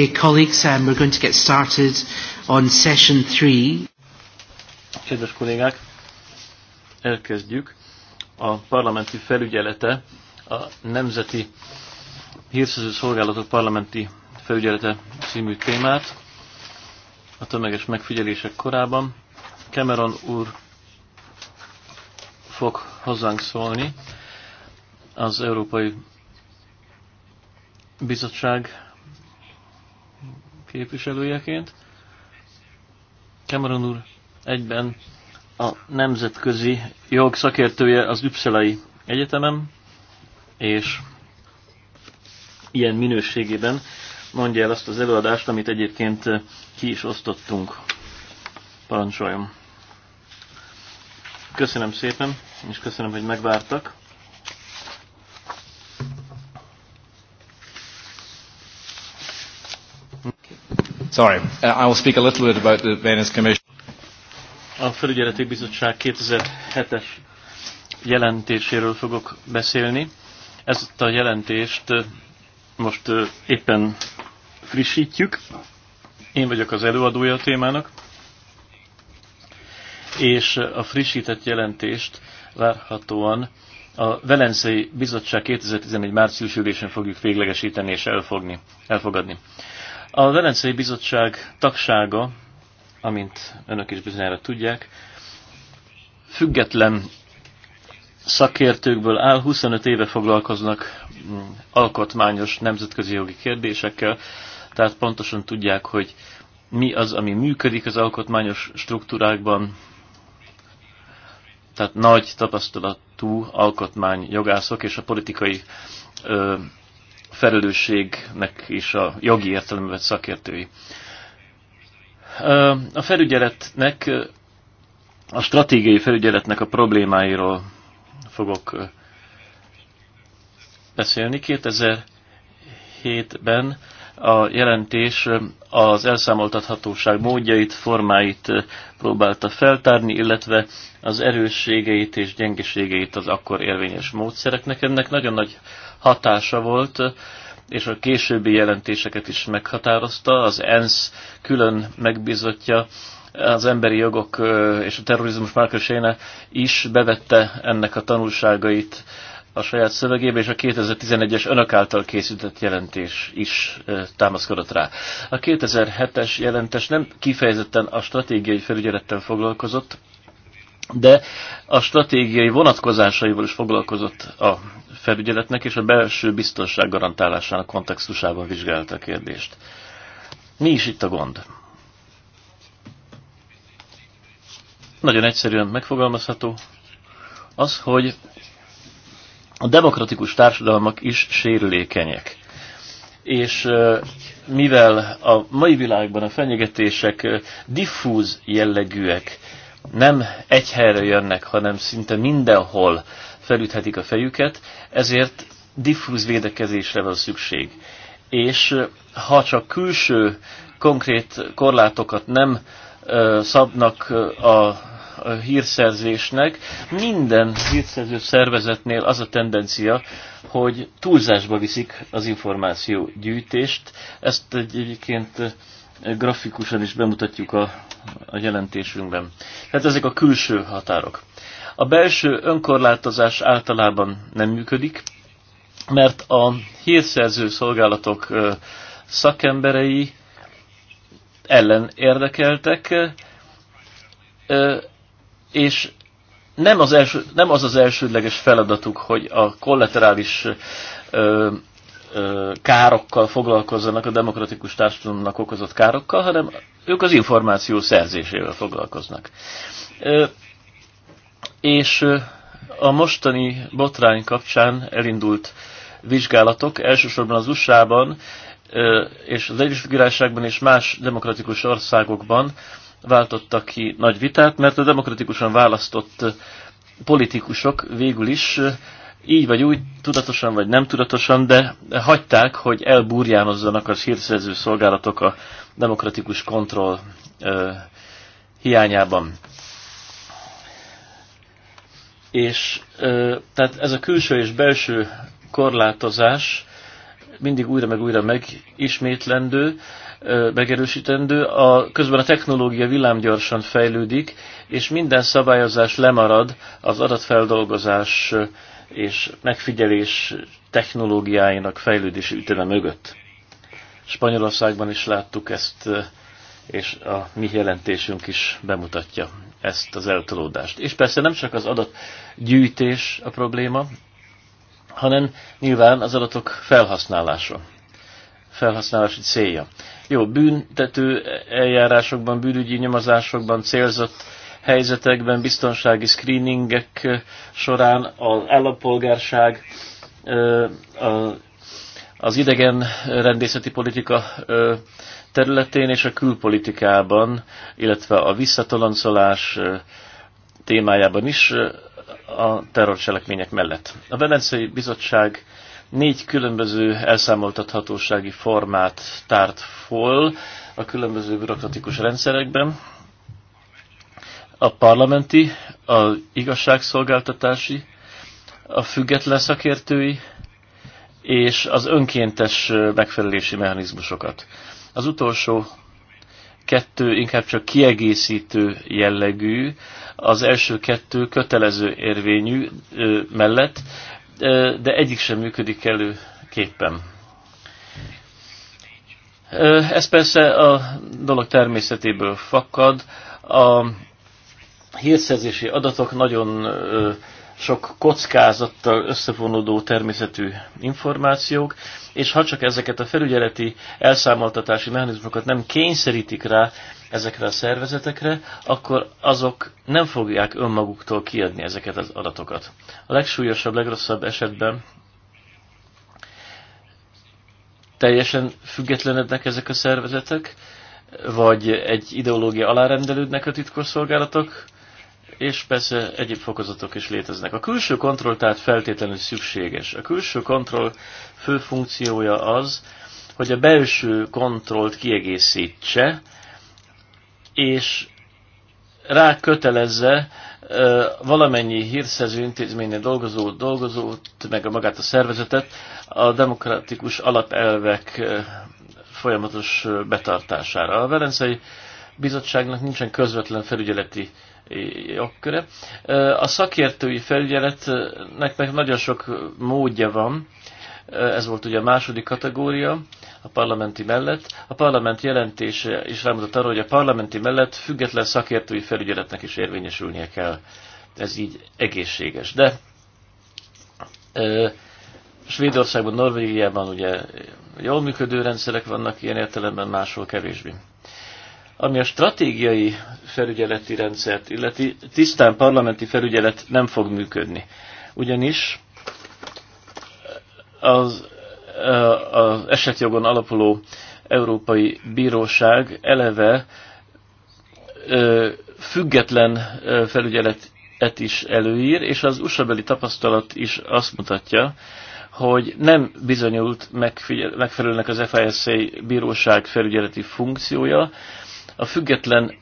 Okay, colleagues, um, we're going to get started on session three. Kedves kollégák, elkezdjük. A parlamenti felügyelete, a Nemzeti Hírszerző Szolgálatok Parlamenti Felügyelete című témát a tömeges megfigyelések korában. Cameron úr fog hozzánk szólni az Európai Bizottság képviselőjeként. Cameron úr egyben a nemzetközi jog szakértője az Üpszelei Egyetemem, és ilyen minőségében mondja el azt az előadást, amit egyébként eh, ki is osztottunk. Parancsoljon! Köszönöm szépen, és köszönöm, hogy megvártak. Sorry, uh, I will speak a little bit about the Venice Commission. A Felügyeleti Bizottság 2007-es jelentéséről fogok beszélni. Ezt a jelentést uh, most uh, éppen frissítjük. Én vagyok az előadója a témának, és a frissített jelentést várhatóan a Velencei Bizottság 2011 március ülésén fogjuk véglegesíteni és elfogni, elfogadni. A Velencei Bizottság tagsága, amint önök is bizonyára tudják, független szakértőkből áll, 25 éve foglalkoznak mm, alkotmányos nemzetközi jogi kérdésekkel, tehát pontosan tudják, hogy mi az, ami működik az alkotmányos struktúrákban, tehát nagy tapasztalatú alkotmányjogászok és a politikai ö, felelősségnek és a jogi értelemben szakértői. A felügyeletnek, a stratégiai felügyeletnek a problémáiról fogok beszélni. 2007-ben a jelentés az elszámoltathatóság módjait, formáit próbálta feltárni, illetve az erősségeit és gyengeségeit az akkor érvényes módszereknek. Ennek nagyon nagy hatása volt, és a későbbi jelentéseket is meghatározta. Az ENSZ külön megbízottja az emberi jogok és a terrorizmus Márköséne is bevette ennek a tanulságait a saját szövegébe, és a 2011-es önök által készített jelentés is támaszkodott rá. A 2007-es jelentés nem kifejezetten a stratégiai felügyelettel foglalkozott, de a stratégiai vonatkozásaival is foglalkozott a felügyeletnek, és a belső biztonság garantálásának kontextusában vizsgálta a kérdést. Mi is itt a gond? Nagyon egyszerűen megfogalmazható az, hogy a demokratikus társadalmak is sérülékenyek. És mivel a mai világban a fenyegetések diffúz jellegűek, nem egy helyre jönnek, hanem szinte mindenhol felüthetik a fejüket, ezért diffúz védekezésre van szükség. És ha csak külső konkrét korlátokat nem szabnak a a hírszerzésnek. Minden hírszerző szervezetnél az a tendencia, hogy túlzásba viszik az információ gyűjtést. Ezt egyébként grafikusan is bemutatjuk a, a jelentésünkben. Tehát ezek a külső határok. A belső önkorlátozás általában nem működik, mert a hírszerző szolgálatok szakemberei ellen érdekeltek, és nem az, első, nem az az elsődleges feladatuk, hogy a kollaterális ö, ö, károkkal foglalkozzanak, a demokratikus társadalomnak okozott károkkal, hanem ők az információ szerzésével foglalkoznak. Ö, és a mostani botrány kapcsán elindult vizsgálatok, elsősorban az USA-ban és az Egyesült Királyságban és más demokratikus országokban váltottak ki nagy vitát, mert a demokratikusan választott politikusok végül is eh, így vagy úgy, tudatosan vagy nem tudatosan, de hagyták, hogy elburjánozzanak a hírszerző szolgálatok a demokratikus kontroll ö, eh, hiányában. És ö, eh, tehát ez a külső és belső korlátozás mindig újra meg újra megismétlendő, megerősítendő. A, közben a technológia villámgyorsan fejlődik, és minden szabályozás lemarad az adatfeldolgozás és megfigyelés technológiáinak fejlődési üteme mögött. Spanyolországban is láttuk ezt, és a mi jelentésünk is bemutatja ezt az eltolódást. És persze nem csak az adatgyűjtés a probléma, hanem nyilván az adatok felhasználása felhasználási célja. Jó, büntető eljárásokban, bűnügyi nyomozásokban, célzott helyzetekben, biztonsági screeningek során az állampolgárság, az idegen rendészeti politika területén és a külpolitikában, illetve a visszatoloncolás témájában is a terrorcselekmények mellett. A Venecei Bizottság Négy különböző elszámoltathatósági formát tárt föl a különböző bürokratikus rendszerekben. A parlamenti, a igazságszolgáltatási, a független szakértői és az önkéntes megfelelési mechanizmusokat. Az utolsó kettő inkább csak kiegészítő jellegű, az első kettő kötelező érvényű ö, mellett de egyik sem működik előképpen. Ez persze a dolog természetéből fakad. A hírszerzési adatok nagyon sok kockázattal összefonódó természetű információk, és ha csak ezeket a felügyeleti elszámoltatási mechanizmokat nem kényszerítik rá ezekre a szervezetekre, akkor azok nem fogják önmaguktól kiadni ezeket az adatokat. A legsúlyosabb, legrosszabb esetben teljesen függetlenednek ezek a szervezetek, vagy egy ideológia alárendelődnek a titkosszolgálatok, és persze egyéb fokozatok is léteznek. A külső kontroll tehát feltétlenül szükséges. A külső kontroll fő funkciója az, hogy a belső kontrollt kiegészítse, és rá kötelezze valamennyi hírszerző intézménye dolgozó dolgozót, meg a magát a szervezetet a demokratikus alapelvek folyamatos betartására. A Velencei Bizottságnak nincsen közvetlen felügyeleti jogköre. A szakértői felügyeletnek meg nagyon sok módja van, ez volt ugye a második kategória, a parlamenti mellett. A parlament jelentése is rámutat arra, hogy a parlamenti mellett független szakértői felügyeletnek is érvényesülnie kell. Ez így egészséges. De ö, Svédországban, Norvégiában ugye jól működő rendszerek vannak, ilyen értelemben máshol kevésbé. Ami a stratégiai felügyeleti rendszert illeti, tisztán parlamenti felügyelet nem fog működni. Ugyanis az az esetjogon alapuló Európai Bíróság eleve független felügyeletet is előír, és az usa tapasztalat is azt mutatja, hogy nem bizonyult megfelelőnek az FISA bíróság felügyeleti funkciója. A független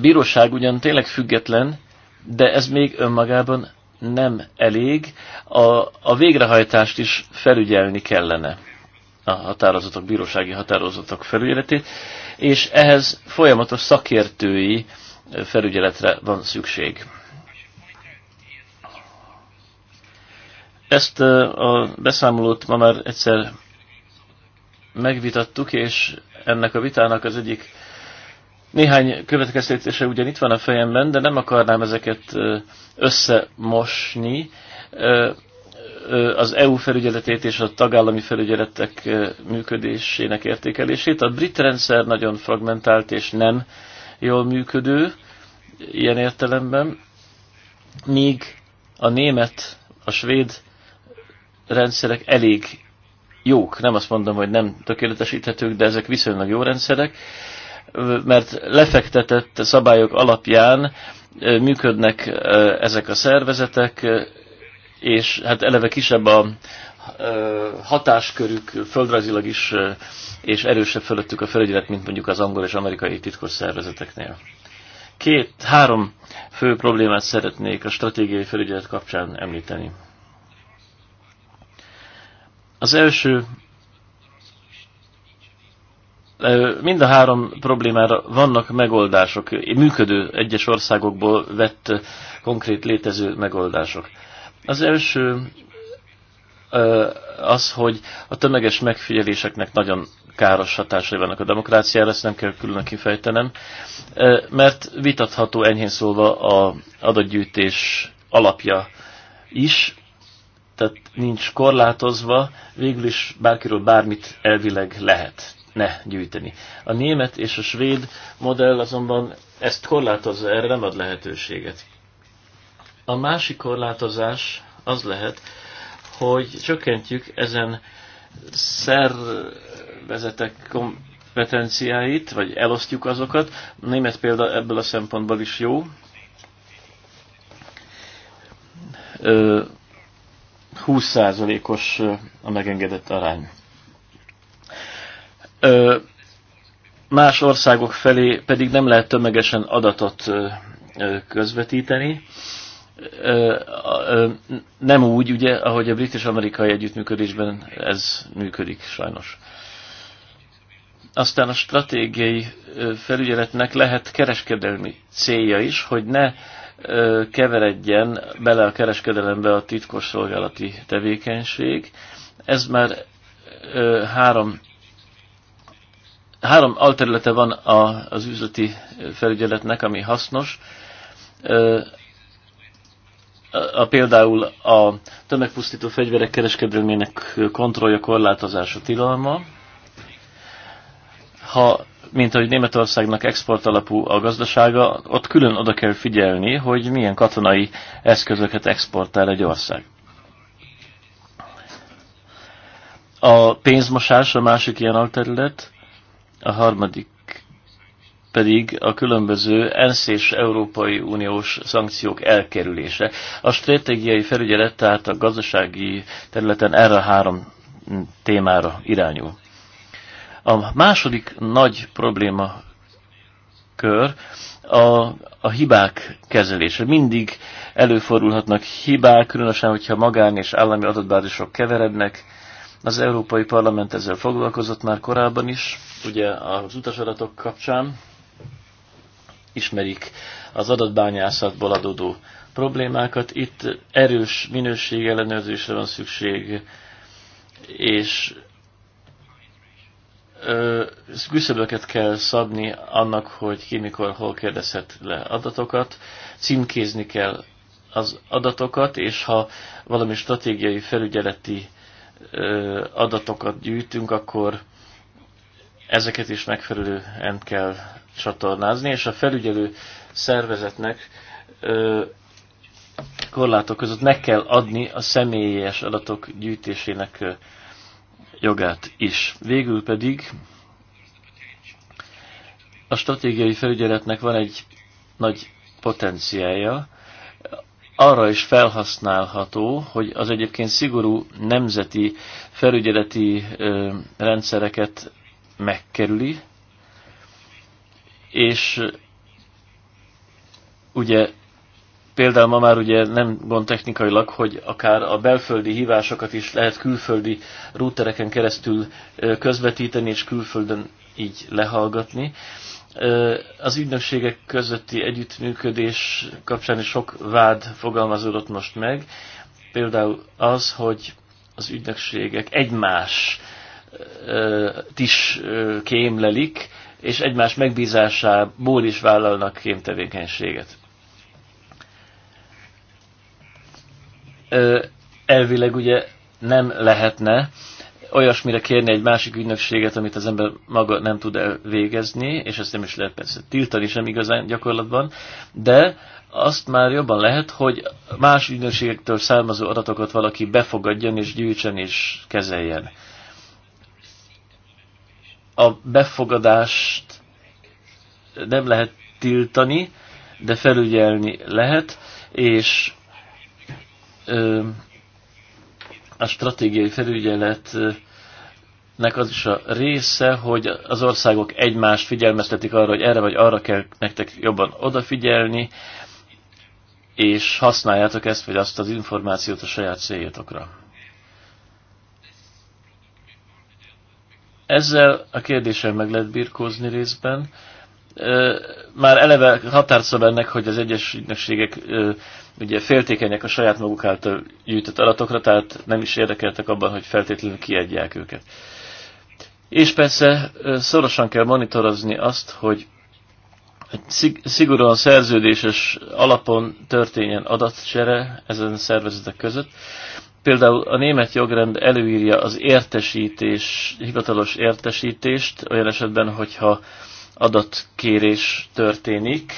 bíróság ugyan tényleg független, de ez még önmagában nem elég, a, a végrehajtást is felügyelni kellene a határozatok, bírósági határozatok felügyeletét, és ehhez folyamatos szakértői felügyeletre van szükség. Ezt a beszámolót ma már egyszer megvitattuk, és ennek a vitának az egyik néhány következtetése ugyan itt van a fejemben, de nem akarnám ezeket összemosni. Az EU felügyeletét és a tagállami felügyeletek működésének értékelését. A brit rendszer nagyon fragmentált és nem jól működő ilyen értelemben, míg a német, a svéd rendszerek elég jók. Nem azt mondom, hogy nem tökéletesíthetők, de ezek viszonylag jó rendszerek mert lefektetett szabályok alapján működnek ezek a szervezetek, és hát eleve kisebb a hatáskörük földrajzilag is, és erősebb fölöttük a felügyelet, mint mondjuk az angol és amerikai titkos szervezeteknél. Két, három fő problémát szeretnék a stratégiai felügyelet kapcsán említeni. Az első Mind a három problémára vannak megoldások, működő egyes országokból vett konkrét létező megoldások. Az első az, hogy a tömeges megfigyeléseknek nagyon káros hatásai vannak a demokráciára, ezt nem kell külön kifejtenem, mert vitatható enyhén szólva a adatgyűjtés alapja is, tehát nincs korlátozva, végül is bárkiről bármit elvileg lehet ne gyűjteni. A német és a svéd modell azonban ezt korlátozza, erre nem ad lehetőséget. A másik korlátozás az lehet, hogy csökkentjük ezen szervezetek kompetenciáit, vagy elosztjuk azokat. A német példa ebből a szempontból is jó. 20%-os a megengedett arány más országok felé pedig nem lehet tömegesen adatot közvetíteni. Nem úgy, ugye, ahogy a british-amerikai együttműködésben ez működik sajnos. Aztán a stratégiai felügyeletnek lehet kereskedelmi célja is, hogy ne keveredjen bele a kereskedelembe a titkos szolgálati tevékenység. Ez már három Három alterülete van a, az üzleti felügyeletnek, ami hasznos. A, a, például a tömegpusztító fegyverek kereskedelmének kontrollja, korlátozása, tilalma. Ha, mint ahogy Németországnak export alapú a gazdasága, ott külön oda kell figyelni, hogy milyen katonai eszközöket exportál egy ország. A pénzmosás a másik ilyen alterület a harmadik pedig a különböző ENSZ és Európai Uniós szankciók elkerülése. A stratégiai felügyelet tehát a gazdasági területen erre a három témára irányul. A második nagy probléma kör a, a hibák kezelése. Mindig előfordulhatnak hibák, különösen, hogyha magán és állami adatbázisok keverednek, az Európai Parlament ezzel foglalkozott már korábban is, ugye az utasadatok kapcsán ismerik az adatbányászatból adódó problémákat. Itt erős minőség ellenőrzésre van szükség, és küszöböket kell szabni annak, hogy ki mikor hol kérdezhet le adatokat, címkézni kell az adatokat, és ha valami stratégiai felügyeleti adatokat gyűjtünk, akkor ezeket is megfelelően kell csatornázni, és a felügyelő szervezetnek korlátok között meg kell adni a személyes adatok gyűjtésének jogát is. Végül pedig a stratégiai felügyeletnek van egy nagy potenciája, arra is felhasználható, hogy az egyébként szigorú nemzeti felügyeleti rendszereket megkerüli, és ugye például ma már ugye nem gond technikailag, hogy akár a belföldi hívásokat is lehet külföldi routereken keresztül közvetíteni és külföldön így lehallgatni. Az ügynökségek közötti együttműködés kapcsán is sok vád fogalmazódott most meg. Például az, hogy az ügynökségek egymás is kémlelik, és egymás megbízásából is vállalnak kémtevékenységet. Elvileg ugye nem lehetne olyasmire kérni egy másik ügynökséget, amit az ember maga nem tud elvégezni, és ezt nem is lehet persze tiltani sem igazán gyakorlatban, de azt már jobban lehet, hogy más ügynökségektől származó adatokat valaki befogadjon és gyűjtsen és kezeljen. A befogadást nem lehet tiltani, de felügyelni lehet, és a stratégiai felügyeletnek az is a része, hogy az országok egymást figyelmeztetik arra, hogy erre vagy arra kell nektek jobban odafigyelni, és használjátok ezt vagy azt az információt a saját céljátokra. Ezzel a kérdéssel meg lehet birkózni részben, már eleve határt szab ennek, hogy az egyes ügynökségek ugye féltékenyek a saját maguk által gyűjtött adatokra, tehát nem is érdekeltek abban, hogy feltétlenül kiadják őket. És persze szorosan kell monitorozni azt, hogy szigorúan szerződéses alapon történjen adatcsere ezen szervezetek között. Például a német jogrend előírja az értesítés, hivatalos értesítést olyan esetben, hogyha adatkérés történik.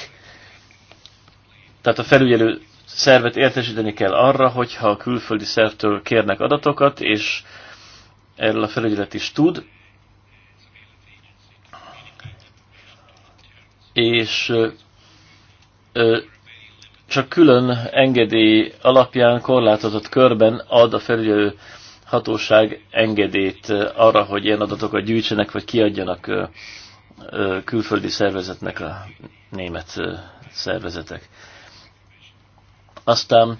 Tehát a felügyelő szervet értesíteni kell arra, hogyha a külföldi szervtől kérnek adatokat, és erről a felügyelet is tud, és csak külön engedély alapján korlátozott körben ad a felügyelő hatóság engedélyt arra, hogy ilyen adatokat gyűjtsenek vagy kiadjanak külföldi szervezetnek a német szervezetek. Aztán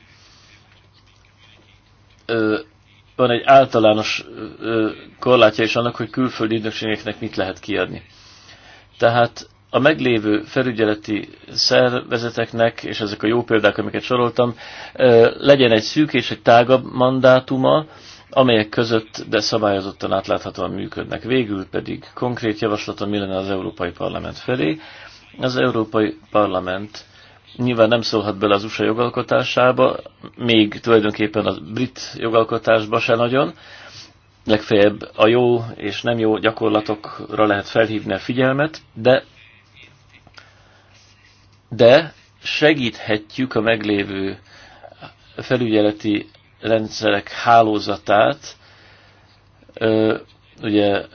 van egy általános korlátja is annak, hogy külföldi ügynökségeknek mit lehet kiadni. Tehát a meglévő felügyeleti szervezeteknek, és ezek a jó példák, amiket soroltam, legyen egy szűk és egy tágabb mandátuma, amelyek között de szabályozottan átláthatóan működnek. Végül pedig konkrét javaslatom mi lenne az Európai Parlament felé. Az Európai Parlament nyilván nem szólhat bele az USA jogalkotásába, még tulajdonképpen a brit jogalkotásba se nagyon. Legfeljebb a jó és nem jó gyakorlatokra lehet felhívni a figyelmet, de, de segíthetjük a meglévő felügyeleti rendszerek hálózatát, ugye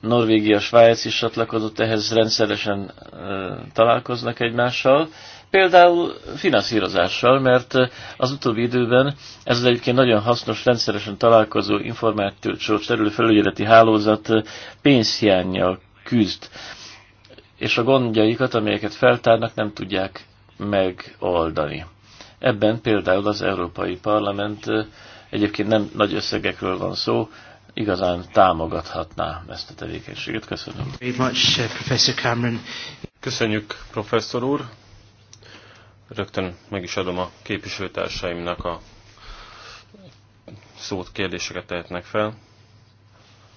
Norvégia, Svájc is csatlakozott, ehhez rendszeresen találkoznak egymással, például finanszírozással, mert az utóbbi időben ez az egyébként nagyon hasznos, rendszeresen találkozó információs területi felügyeleti hálózat pénzhiányjal küzd, és a gondjaikat, amelyeket feltárnak, nem tudják megoldani. Ebben például az Európai Parlament egyébként nem nagy összegekről van szó, igazán támogathatná ezt a tevékenységet. Köszönöm. Uh, Köszönjük, professzor úr. Rögtön meg is adom a képviselőtársaimnak a szót, kérdéseket tehetnek fel.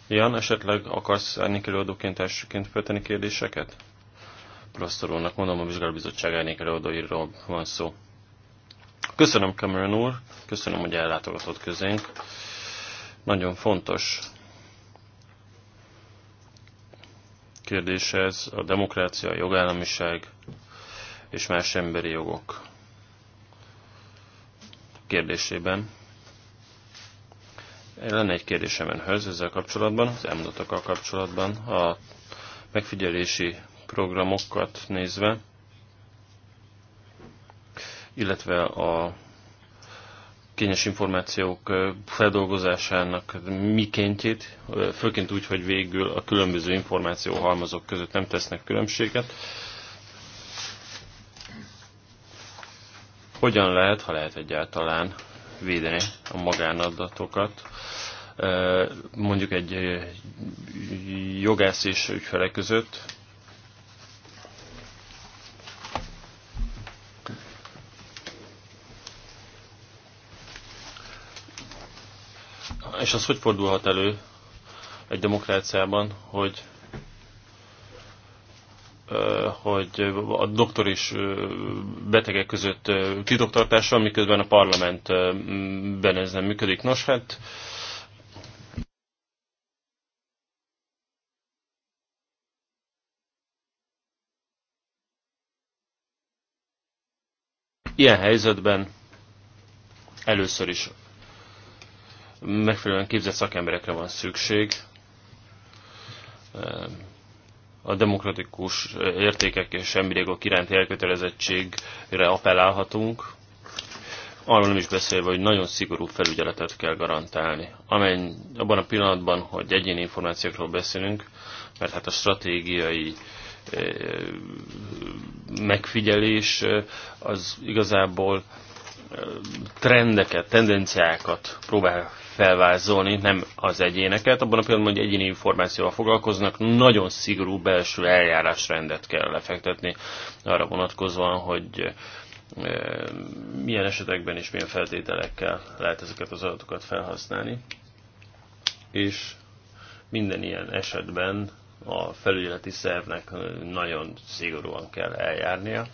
Jan, esetleg akarsz elnékelőadóként elsőként feltenni kérdéseket? Professzor úrnak mondom, a vizsgálóbizottság elnékelőadóiról van szó. Köszönöm Cameron úr, köszönöm, hogy ellátogatott közénk. Nagyon fontos kérdés ez a demokrácia, a jogállamiság és más emberi jogok kérdésében. Lenne egy kérdésem önhöz ezzel kapcsolatban, az elmondottakkal kapcsolatban, a megfigyelési programokat nézve illetve a kényes információk feldolgozásának mikéntjét, főként úgy, hogy végül a különböző információhalmazok között nem tesznek különbséget. Hogyan lehet, ha lehet egyáltalán védeni a magánadatokat, mondjuk egy jogász és ügyfele között, és az hogy fordulhat elő egy demokráciában, hogy hogy a doktor is betegek között titoktartással, miközben a parlamentben ez nem működik. Nos, hát ilyen helyzetben először is megfelelően képzett szakemberekre van szükség. A demokratikus értékek és emberiek iránti elkötelezettségre appellálhatunk, arról nem is beszélve, hogy nagyon szigorú felügyeletet kell garantálni. Amen abban a pillanatban, hogy egyéni információkról beszélünk, mert hát a stratégiai eh, megfigyelés eh, az igazából eh, trendeket, tendenciákat próbál felvázolni, nem az egyéneket. Abban a pillanatban, hogy egyéni információval foglalkoznak, nagyon szigorú belső eljárásrendet kell lefektetni arra vonatkozóan, hogy milyen esetekben és milyen feltételekkel lehet ezeket az adatokat felhasználni. És minden ilyen esetben a felügyeleti szervnek nagyon szigorúan kell eljárnia.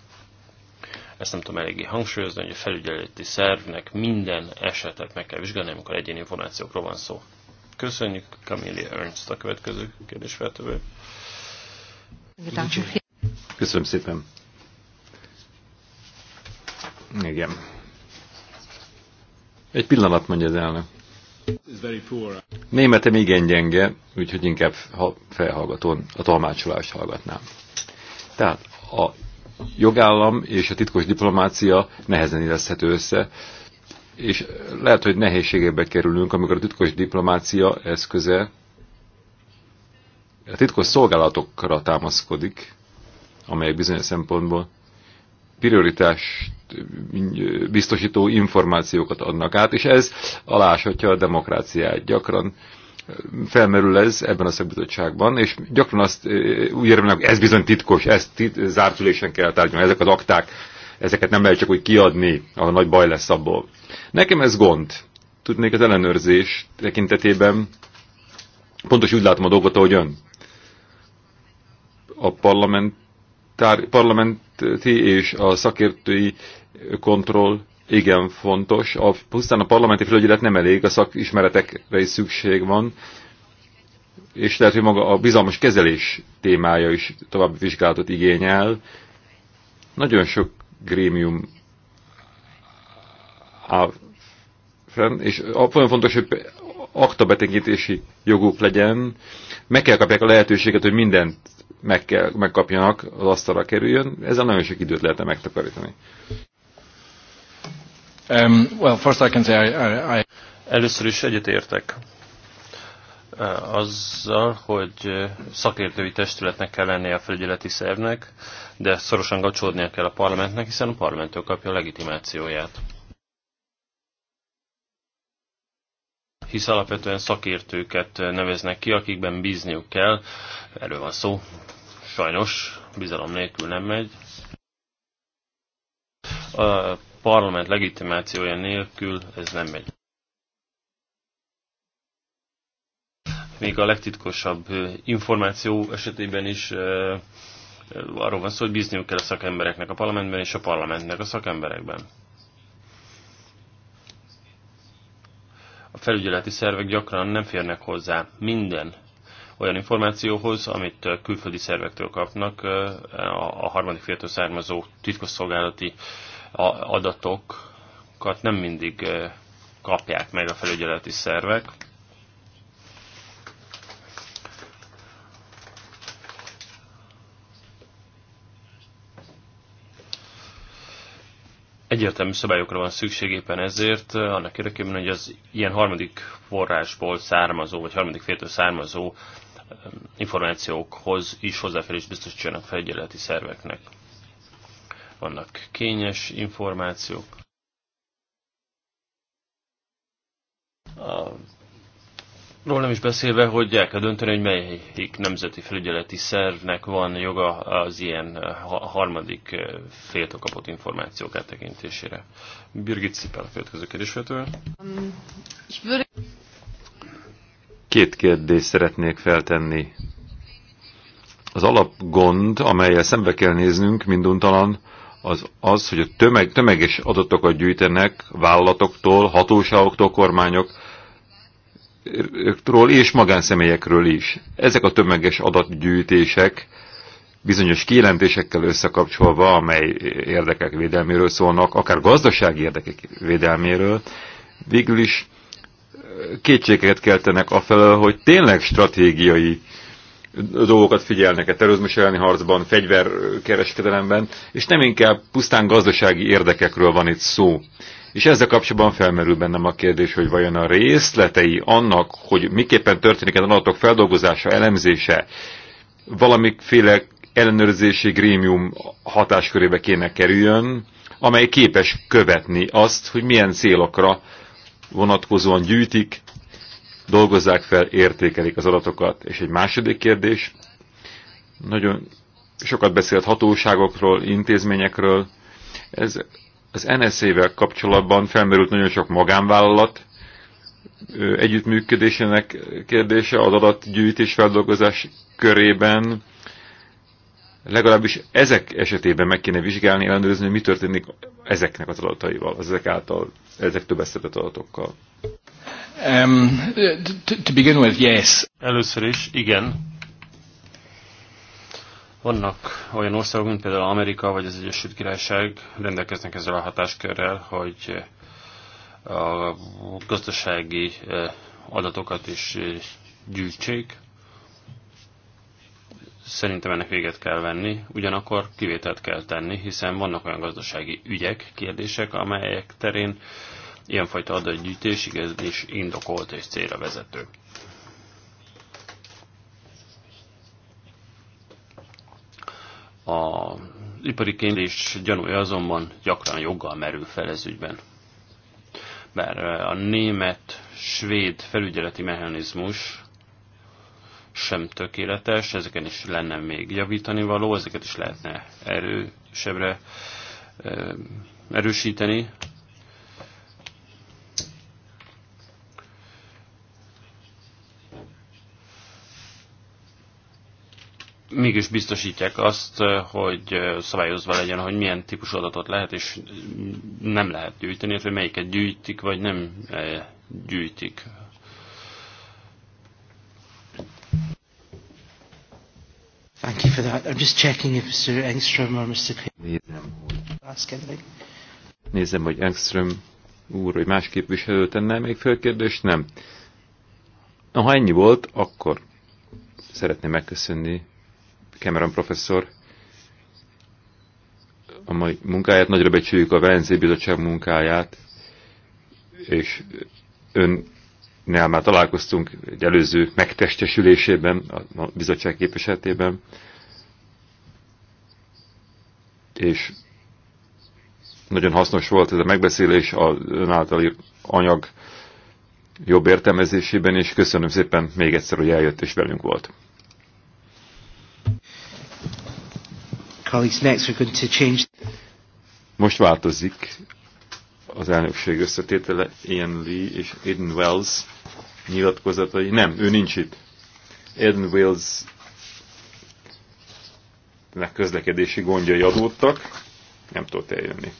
Ezt nem tudom eléggé hangsúlyozni, hogy a felügyeleti szervnek minden esetet meg kell vizsgálni, amikor egyéni információkról van szó. Köszönjük, Camille Ernst a következő kérdésfeltövő. Köszönöm szépen. Igen. Egy pillanat mondja az elnök. Németem igen gyenge, úgyhogy inkább felhallgatón a tolmácsolást hallgatnám. Tehát a jogállam és a titkos diplomácia nehezen érezhető össze, és lehet, hogy nehézségekbe kerülünk, amikor a titkos diplomácia eszköze a titkos szolgálatokra támaszkodik, amelyek bizonyos szempontból prioritást biztosító információkat adnak át, és ez aláshatja a demokráciát. Gyakran felmerül ez ebben a szakbizottságban, és gyakran azt úgy érvelnek, hogy ez bizony titkos, ezt tit, zártülésen kell tárgyalni, ezek az akták, ezeket nem lehet csak úgy kiadni, a nagy baj lesz abból. Nekem ez gond. Tudnék az ellenőrzés tekintetében, pontos úgy látom a dolgot, ahogy ön. A parlamentár, parlamenti és a szakértői kontroll igen fontos. A, pusztán a parlamenti felügyelet nem elég, a szakismeretekre is szükség van, és lehet, hogy maga a bizalmas kezelés témája is további vizsgálatot igényel. Nagyon sok grémium áll fenn, és nagyon fontos, hogy aktabetegítési joguk legyen. Meg kell kapják a lehetőséget, hogy mindent meg kell, megkapjanak, az asztalra kerüljön. Ezzel nagyon sok időt lehetne megtakarítani. Um, well, first I can say I, I, I... Először is egyetértek uh, azzal, hogy uh, szakértői testületnek kell lennie a felügyeleti szervnek, de szorosan kapcsolódnia kell a parlamentnek, hiszen a parlamenttől kapja a legitimációját. hisz alapvetően szakértőket uh, neveznek ki, akikben bízniuk kell. Erről van szó. Sajnos, bizalom nélkül nem megy. A parlament legitimációja nélkül ez nem megy. Még a legtitkosabb információ esetében is arról van szó, hogy bízniuk kell a szakembereknek a parlamentben és a parlamentnek a szakemberekben. A felügyeleti szervek gyakran nem férnek hozzá minden olyan információhoz, amit külföldi szervektől kapnak, a harmadik féltől származó titkosszolgálati a adatokat nem mindig eh, kapják meg a felügyeleti szervek. Egyértelmű szabályokra van szükség éppen ezért, eh, annak érdekében, hogy az ilyen harmadik forrásból származó, vagy harmadik féltől származó eh, információkhoz is hozzáférés biztosítsanak felügyeleti szerveknek vannak kényes információk. A Róla nem is beszélve, hogy el kell dönteni, hogy melyik nemzeti felügyeleti szervnek van joga az ilyen eh, harmadik eh, féltől kapott információk áttekintésére. Birgit Szipel a következő kérdésvető. Um, Két kérdést szeretnék feltenni. Az alapgond, amelyel szembe kell néznünk minduntalan, az az, hogy a tömeg, tömeges adatokat gyűjtenek vállalatoktól, hatóságoktól, kormányokról és magánszemélyekről is. Ezek a tömeges adatgyűjtések bizonyos kijelentésekkel összekapcsolva, amely érdekek védelméről szólnak, akár gazdasági érdekek védelméről, végül is kétségeket keltenek afelől, hogy tényleg stratégiai dolgokat figyelnek a terrorizmus elleni harcban, fegyverkereskedelemben, és nem inkább pusztán gazdasági érdekekről van itt szó. És ezzel kapcsolatban felmerül bennem a kérdés, hogy vajon a részletei annak, hogy miképpen történik az adatok feldolgozása, elemzése, valamiféle ellenőrzési grémium hatáskörébe kéne kerüljön, amely képes követni azt, hogy milyen célokra vonatkozóan gyűjtik, dolgozzák fel, értékelik az adatokat. És egy második kérdés, nagyon sokat beszélt hatóságokról, intézményekről. Ez az NSZ-vel kapcsolatban felmerült nagyon sok magánvállalat együttműködésének kérdése az adatgyűjtés feldolgozás körében. Legalábbis ezek esetében meg kéne vizsgálni, ellenőrizni, hogy mi történik ezeknek az adataival, az ezek által, ezek több adatokkal. Um, to, to begin with, yes. Először is, igen. Vannak olyan országok, mint például Amerika vagy az Egyesült Királyság rendelkeznek ezzel a hatáskörrel, hogy eh, a gazdasági eh, adatokat is eh, gyűjtsék. Szerintem ennek véget kell venni, ugyanakkor kivételt kell tenni, hiszen vannak olyan gazdasági ügyek, kérdések, amelyek terén uh, ilyenfajta adatgyűjtés igenis indokolt és célra vezető. A ipari kérdés gyanúja azonban gyakran joggal merül fel ez ügyben. Bár a német-svéd felügyeleti mechanizmus sem tökéletes, ezeken is lenne még javítani való, ezeket is lehetne erősebbre erősíteni. mégis biztosítják azt, hogy szabályozva legyen, hogy milyen típusú adatot lehet és nem lehet gyűjteni, vagy melyiket gyűjtik, vagy nem gyűjtik. Thank you for that. I'm just checking if Mr. Engström or Mr. Nézem, hogy... Nézem, hogy Engström úr, hogy más képviselő tenne még fölkérdést? Nem. Ha ennyi volt, akkor szeretném megköszönni Cameron professzor a mai munkáját, nagyra becsüljük a Velencei Bizottság munkáját, és önnel már találkoztunk egy előző megtestesülésében, a bizottság képviseletében, és nagyon hasznos volt ez a megbeszélés az ön által anyag jobb értelmezésében, és köszönöm szépen még egyszer, hogy eljött és velünk volt. Most változik az elnökség összetétele Ian Lee és Eden Wells nyilatkozatai. Nem, ő nincs itt. Eden Wells közlekedési gondjai adódtak, nem tudott eljönni.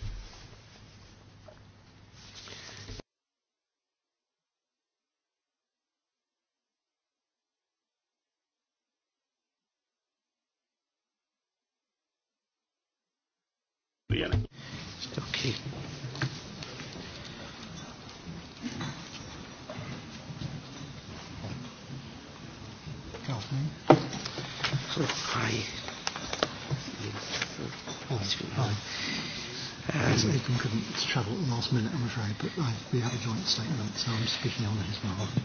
we have a joint statement, so I'm speaking on his behalf.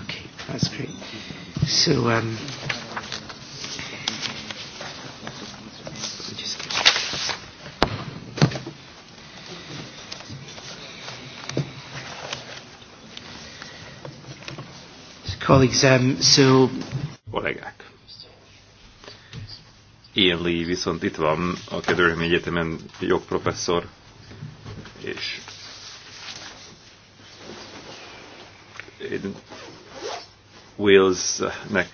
Okay, that's great. So, um, colleagues, um, so... Kollégák. Ian Lee viszont itt van, a Kedőrömi Egyetemen jogprofesszor, és Wales-nek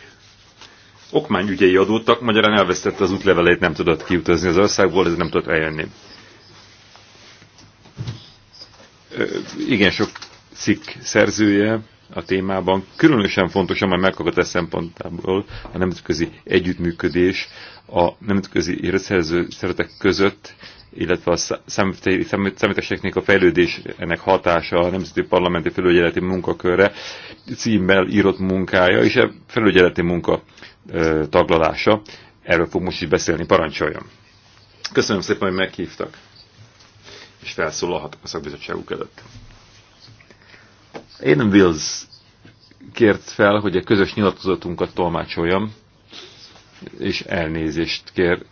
okmányügyei adódtak, magyarán elvesztette az útlevelét, nem tudott kiutazni az országból, ez nem tudott eljönni. Igen sok cikk szerzője, a témában. Különösen fontos, amely meghallgatás e szempontából a nemzetközi együttműködés a nemzetközi érszerző szeretek között, illetve a számítástechnika a fejlődés ennek hatása a Nemzeti Parlamenti Felügyeleti Munkakörre címmel írott munkája, és a e felügyeleti munka ö, taglalása. Erről fog most is beszélni, parancsoljon. Köszönöm szépen, hogy meghívtak, és felszólalhatok a szakbizottságuk előtt. Én Wills kért fel, hogy a közös nyilatkozatunkat tolmácsoljam, és elnézést kér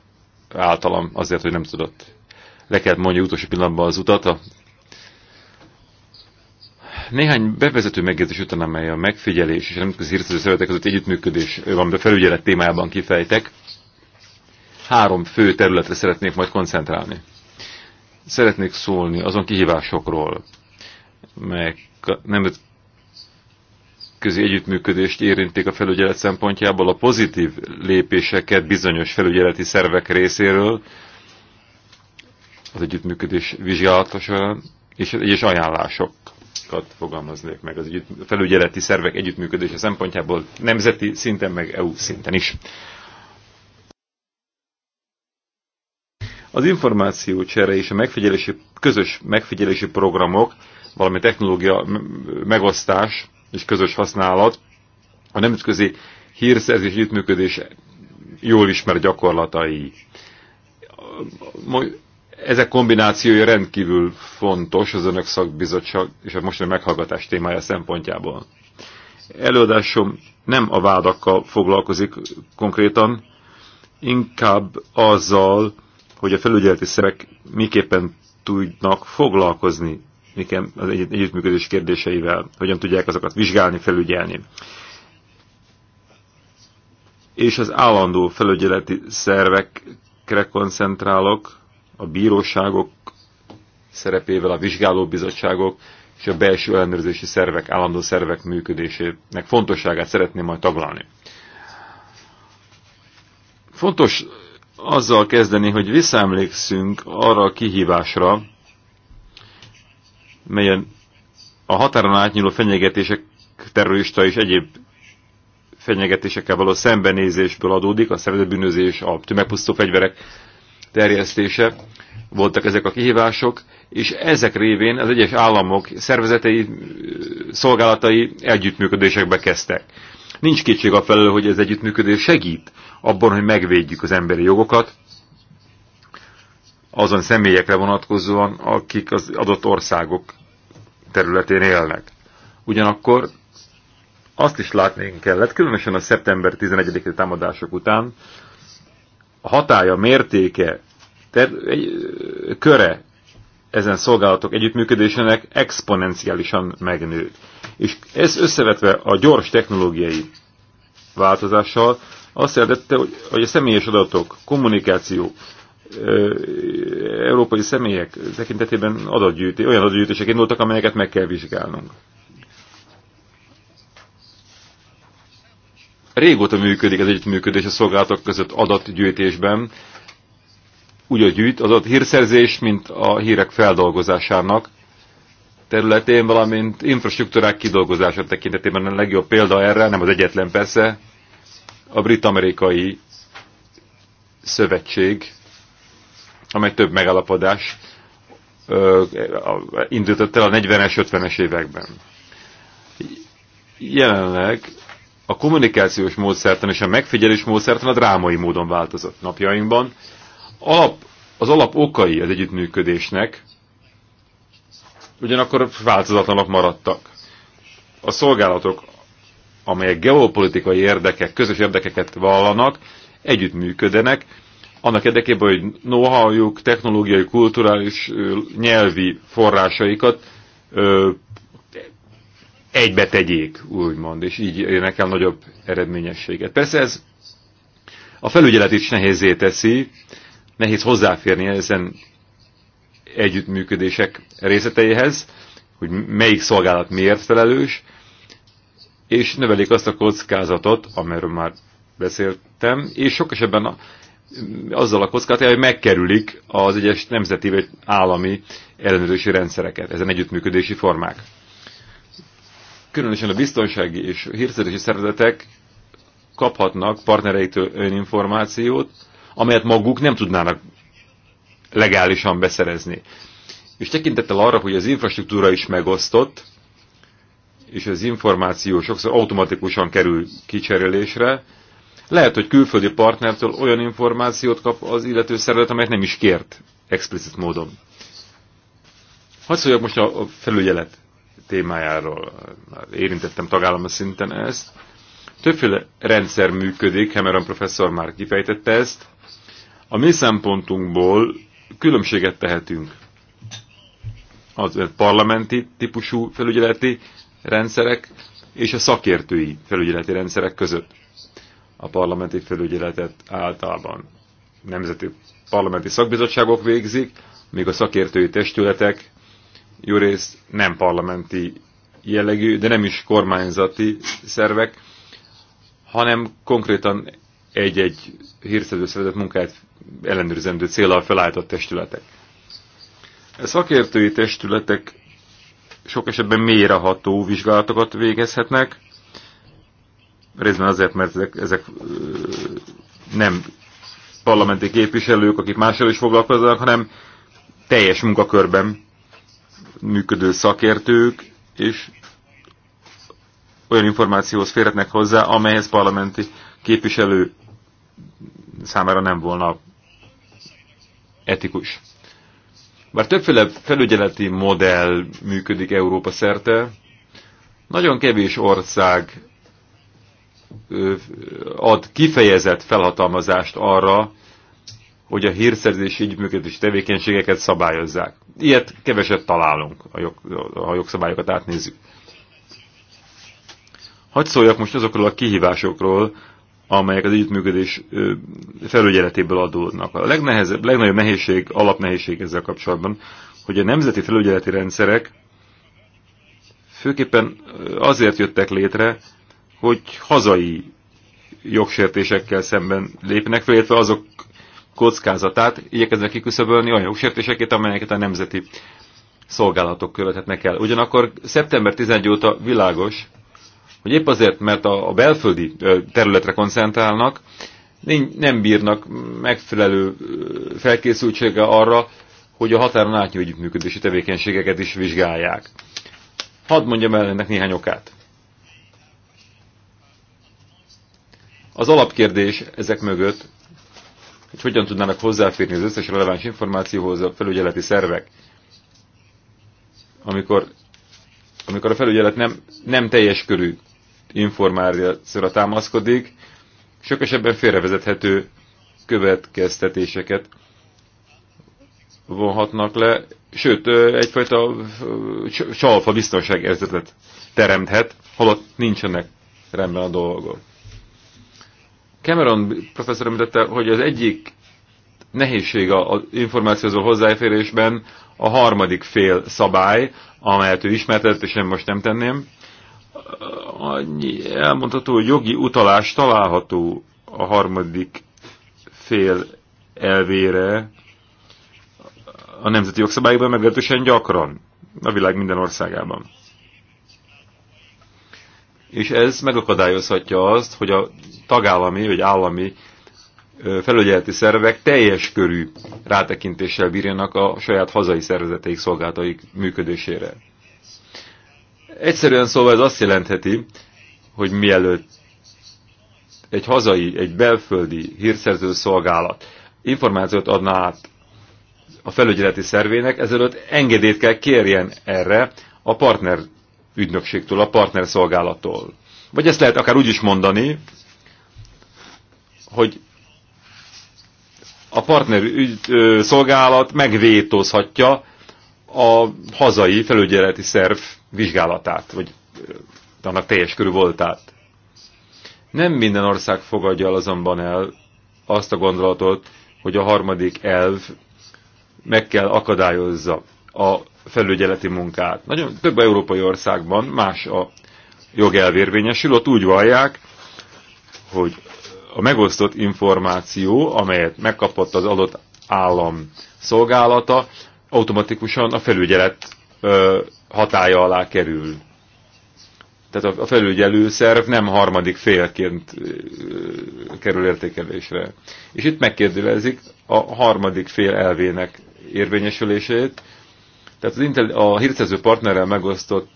általam azért, hogy nem tudott. Le kellett mondja utolsó pillanatban az utat. A... Néhány bevezető megjegyzés után, amely a megfigyelés és a nemzetközi hírszerző szövetek között együttműködés, de felügyelet témájában kifejtek, három fő területre szeretnék majd koncentrálni. Szeretnék szólni azon kihívásokról, melyek nemzetközi együttműködést érintik a felügyelet szempontjából, a pozitív lépéseket bizonyos felügyeleti szervek részéről az együttműködés vizsgálata során, és egyes ajánlásokat fogalmaznék meg az együtt, felügyeleti szervek együttműködése szempontjából nemzeti szinten, meg EU szinten is. Az információcsere és a megfigyelési, közös megfigyelési programok valami technológia megosztás és közös használat a nemzetközi hírszerzés együttműködés jól ismert gyakorlatai. Ezek kombinációja rendkívül fontos az önök szakbizottság és a mostani meghallgatás témája szempontjából. Előadásom nem a vádakkal foglalkozik konkrétan, inkább azzal, hogy a felügyeleti szerek miképpen tudnak foglalkozni nekem az egy együttműködés kérdéseivel, hogyan tudják azokat vizsgálni, felügyelni. És az állandó felügyeleti szervekre koncentrálok, a bíróságok szerepével, a vizsgálóbizottságok és a belső ellenőrzési szervek, állandó szervek működésének fontosságát szeretném majd taglalni. Fontos azzal kezdeni, hogy visszaemlékszünk arra a kihívásra, melyen a határon átnyúló fenyegetések, terrorista és egyéb fenyegetésekkel való szembenézésből adódik, a szervezetbűnözés, a tömegpusztó fegyverek terjesztése, voltak ezek a kihívások, és ezek révén az egyes államok szervezetei, szolgálatai együttműködésekbe kezdtek. Nincs kétség a felől, hogy ez együttműködés segít abban, hogy megvédjük az emberi jogokat, azon személyekre vonatkozóan, akik az adott országok területén élnek. Ugyanakkor azt is látni kellett, különösen a szeptember 11-i támadások után, a hatája, mértéke, ter, egy, köre ezen szolgálatok együttműködésének exponenciálisan megnő. És ez összevetve a gyors technológiai változással azt jelentette, hogy, hogy a személyes adatok, kommunikáció, európai személyek tekintetében adatgyűjté, olyan adatgyűjtések indultak, amelyeket meg kell vizsgálnunk. Régóta működik az együttműködés a szolgálatok között adatgyűjtésben, úgy a gyűjt az hírszerzés, mint a hírek feldolgozásának területén, valamint infrastruktúrák kidolgozása tekintetében a legjobb példa erre, nem az egyetlen persze, a brit-amerikai szövetség amely több megalapodás indított el a 40-es, 50-es években. Jelenleg a kommunikációs módszertan és a megfigyelés módszertan a drámai módon változott napjainkban. Alap, az alap okai az együttműködésnek ugyanakkor változatlanok maradtak. A szolgálatok, amelyek geopolitikai érdekek, közös érdekeket vallanak, együttműködenek, annak érdekében, hogy know juk technológiai, kulturális, nyelvi forrásaikat ö, egybe tegyék, úgymond, és így érnek el nagyobb eredményességet. Persze ez a felügyelet is nehézé teszi, nehéz hozzáférni ezen együttműködések részleteihez, hogy melyik szolgálat miért felelős, és növelik azt a kockázatot, amiről már beszéltem, és sok esetben a azzal a kockát, hogy megkerülik az egyes nemzeti vagy állami ellenőrzési rendszereket, ezen együttműködési formák. Különösen a biztonsági és hírszerzési szervezetek kaphatnak partnereitől öninformációt, amelyet maguk nem tudnának legálisan beszerezni. És tekintettel arra, hogy az infrastruktúra is megosztott, és az információ sokszor automatikusan kerül kicserélésre, lehet, hogy külföldi partnertől olyan információt kap az illető szervezet, amelyet nem is kért explicit módon. Hadd szóljak most a felügyelet témájáról. Már érintettem tagállami szinten ezt. Többféle rendszer működik, Cameron professzor már kifejtette ezt. A mi szempontunkból különbséget tehetünk az parlamenti típusú felügyeleti rendszerek és a szakértői felügyeleti rendszerek között a parlamenti felügyeletet általában nemzeti parlamenti szakbizottságok végzik, míg a szakértői testületek jó részt nem parlamenti jellegű, de nem is kormányzati szervek, hanem konkrétan egy-egy hírszerző szervezet munkáját ellenőrzendő célral felállított testületek. A szakértői testületek sok esetben mélyreható vizsgálatokat végezhetnek, részben azért, mert ezek, ezek nem parlamenti képviselők, akik mással is foglalkoznak, hanem teljes munkakörben működő szakértők, és olyan információhoz férhetnek hozzá, amelyhez parlamenti képviselő számára nem volna etikus. Bár többféle felügyeleti modell működik Európa szerte, nagyon kevés ország ad kifejezett felhatalmazást arra, hogy a hírszerzési ügyműködési tevékenységeket szabályozzák. Ilyet keveset találunk, ha, jog, jogszabályokat átnézzük. Hadd szóljak most azokról a kihívásokról, amelyek az együttműködés felügyeletéből adódnak. A legnehezebb, legnagyobb nehézség, alapnehézség ezzel kapcsolatban, hogy a nemzeti felügyeleti rendszerek főképpen azért jöttek létre, hogy hazai jogsértésekkel szemben lépnek fel, illetve azok kockázatát igyekeznek kiküszöbölni olyan jogsértéseket, amelyeket a nemzeti szolgálatok követhetnek el. Ugyanakkor szeptember 11 óta világos, hogy épp azért, mert a, a belföldi területre koncentrálnak, nem bírnak megfelelő felkészültsége arra, hogy a határon átnyújtjuk működési tevékenységeket is vizsgálják. Hadd mondjam el ennek néhány okát. Az alapkérdés ezek mögött, hogy hogyan tudnának hozzáférni az összes releváns információhoz a felügyeleti szervek, amikor, amikor a felügyelet nem, nem teljes körű információra támaszkodik, sok esetben félrevezethető következtetéseket vonhatnak le, sőt, egyfajta csalfa biztonságérzetet teremthet, holott nincsenek rendben a dolgok. Cameron professzor említette, hogy az egyik nehézség az információhoz hozzáférésben a harmadik fél szabály, amelyet ő ismertett, és én most nem tenném. Annyi elmondható, hogy jogi utalás található a harmadik fél elvére a nemzeti jogszabályokban meglehetősen gyakran a világ minden országában és ez megakadályozhatja azt, hogy a tagállami vagy állami felügyeleti szervek teljes körű rátekintéssel bírjanak a saját hazai szervezeteik szolgáltaik működésére. Egyszerűen szóval ez azt jelentheti, hogy mielőtt egy hazai, egy belföldi hírszerző szolgálat információt adná át a felügyeleti szervének, ezelőtt engedélyt kell kérjen erre a partner ügynökségtől, a partnerszolgálattól. Vagy ezt lehet akár úgy is mondani, hogy a partner szolgálat megvétózhatja a hazai felügyeleti szerv vizsgálatát, vagy annak teljes körű voltát. Nem minden ország fogadja el azonban el azt a gondolatot, hogy a harmadik elv meg kell akadályozza a felügyeleti munkát. Nagyon több európai országban más a jogelvérvényesül, ott úgy vallják, hogy a megosztott információ, amelyet megkapott az adott állam szolgálata, automatikusan a felügyelet ö, hatája alá kerül. Tehát a felügyelő szerv nem harmadik félként kerül értékelésre. És itt megkérdőlezik a harmadik fél elvének érvényesülését, tehát az Intel, a hírszerző partnerrel megosztott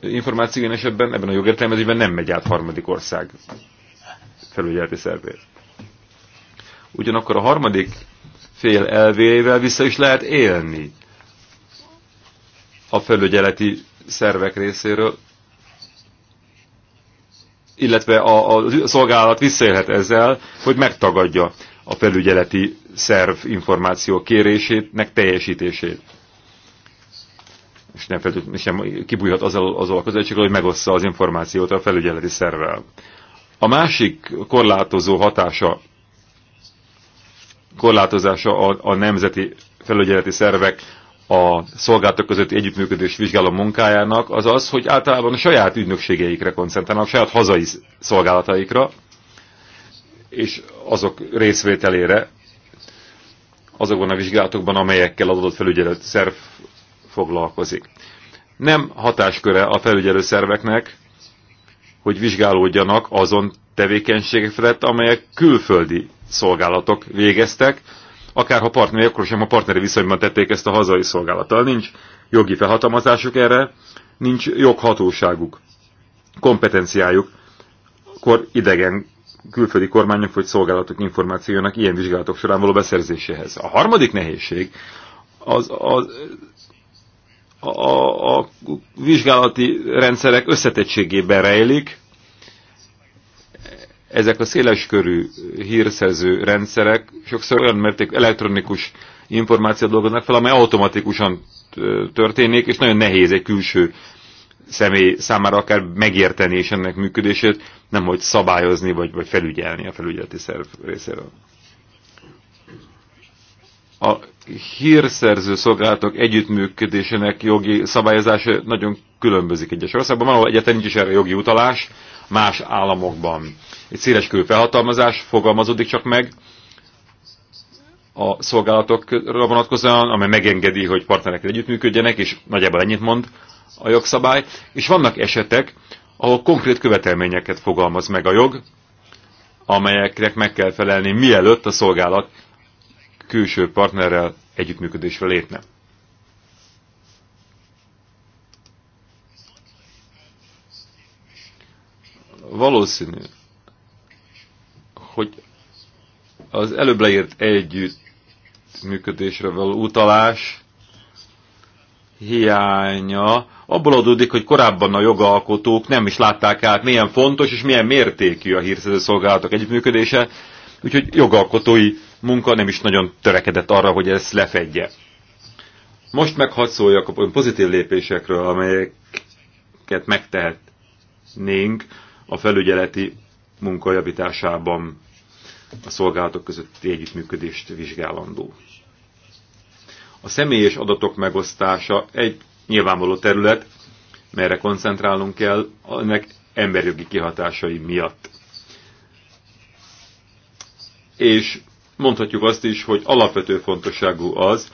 információ esetben, ebben a jogértelmezésben nem megy át harmadik ország felügyeleti szervét. Ugyanakkor a harmadik fél elvével vissza is lehet élni a felügyeleti szervek részéről, illetve a, a szolgálat visszaélhet ezzel, hogy megtagadja a felügyeleti szerv információ kérésének teljesítését. És nem, és nem kibújhat azzal, azzal a közeltséggel, hogy megossza az információt a felügyeleti szervvel. A másik korlátozó hatása, korlátozása a, a nemzeti felügyeleti szervek a szolgáltatók közötti együttműködés vizsgáló munkájának az az, hogy általában a saját ügynökségeikre koncentrálnak, saját hazai szolgálataikra, és azok részvételére azokban a vizsgálatokban, amelyekkel az adott felügyelet szerv foglalkozik. Nem hatásköre a felügyelő szerveknek, hogy vizsgálódjanak azon tevékenységek felett, amelyek külföldi szolgálatok végeztek, akárha partneri, akkor sem a partneri viszonyban tették ezt a hazai szolgálattal. Nincs jogi felhatalmazásuk erre, nincs joghatóságuk, kompetenciájuk, akkor idegen külföldi kormányok vagy szolgálatok információjának ilyen vizsgálatok során való beszerzéséhez. A harmadik nehézség az, az a, a vizsgálati rendszerek összetettségében rejlik. Ezek a széleskörű hírszerző rendszerek sokszor olyan mérték elektronikus információt dolgoznak fel, amely automatikusan történik, és nagyon nehéz egy külső személy számára akár megérteni és ennek működését, nem hogy szabályozni vagy, vagy felügyelni a felügyeleti szerv részéről. A hírszerző szolgálatok együttműködésének jogi szabályozása nagyon különbözik egyes országban. Van, ahol egyáltalán nincs is erre jogi utalás, más államokban. Egy széleskörű felhatalmazás fogalmazódik csak meg, a szolgálatokra vonatkozóan, amely megengedi, hogy partnerekkel együttműködjenek, és nagyjából ennyit mond a jogszabály, és vannak esetek, ahol konkrét követelményeket fogalmaz meg a jog, amelyeknek meg kell felelni, mielőtt a szolgálat külső partnerrel együttműködésre lépne. Valószínű, hogy az előbb leírt együttműködésre való utalás hiánya abból adódik, hogy korábban a jogalkotók nem is látták át, milyen fontos és milyen mértékű a hírszerző szolgálatok együttműködése, úgyhogy jogalkotói munka nem is nagyon törekedett arra, hogy ezt lefedje. Most meg a pozitív lépésekről, amelyeket megtehetnénk a felügyeleti munkajavításában a szolgálatok közötti együttműködést vizsgálandó. A személyes adatok megosztása egy nyilvánvaló terület, merre koncentrálnunk kell, ennek emberjogi kihatásai miatt. És mondhatjuk azt is, hogy alapvető fontosságú az,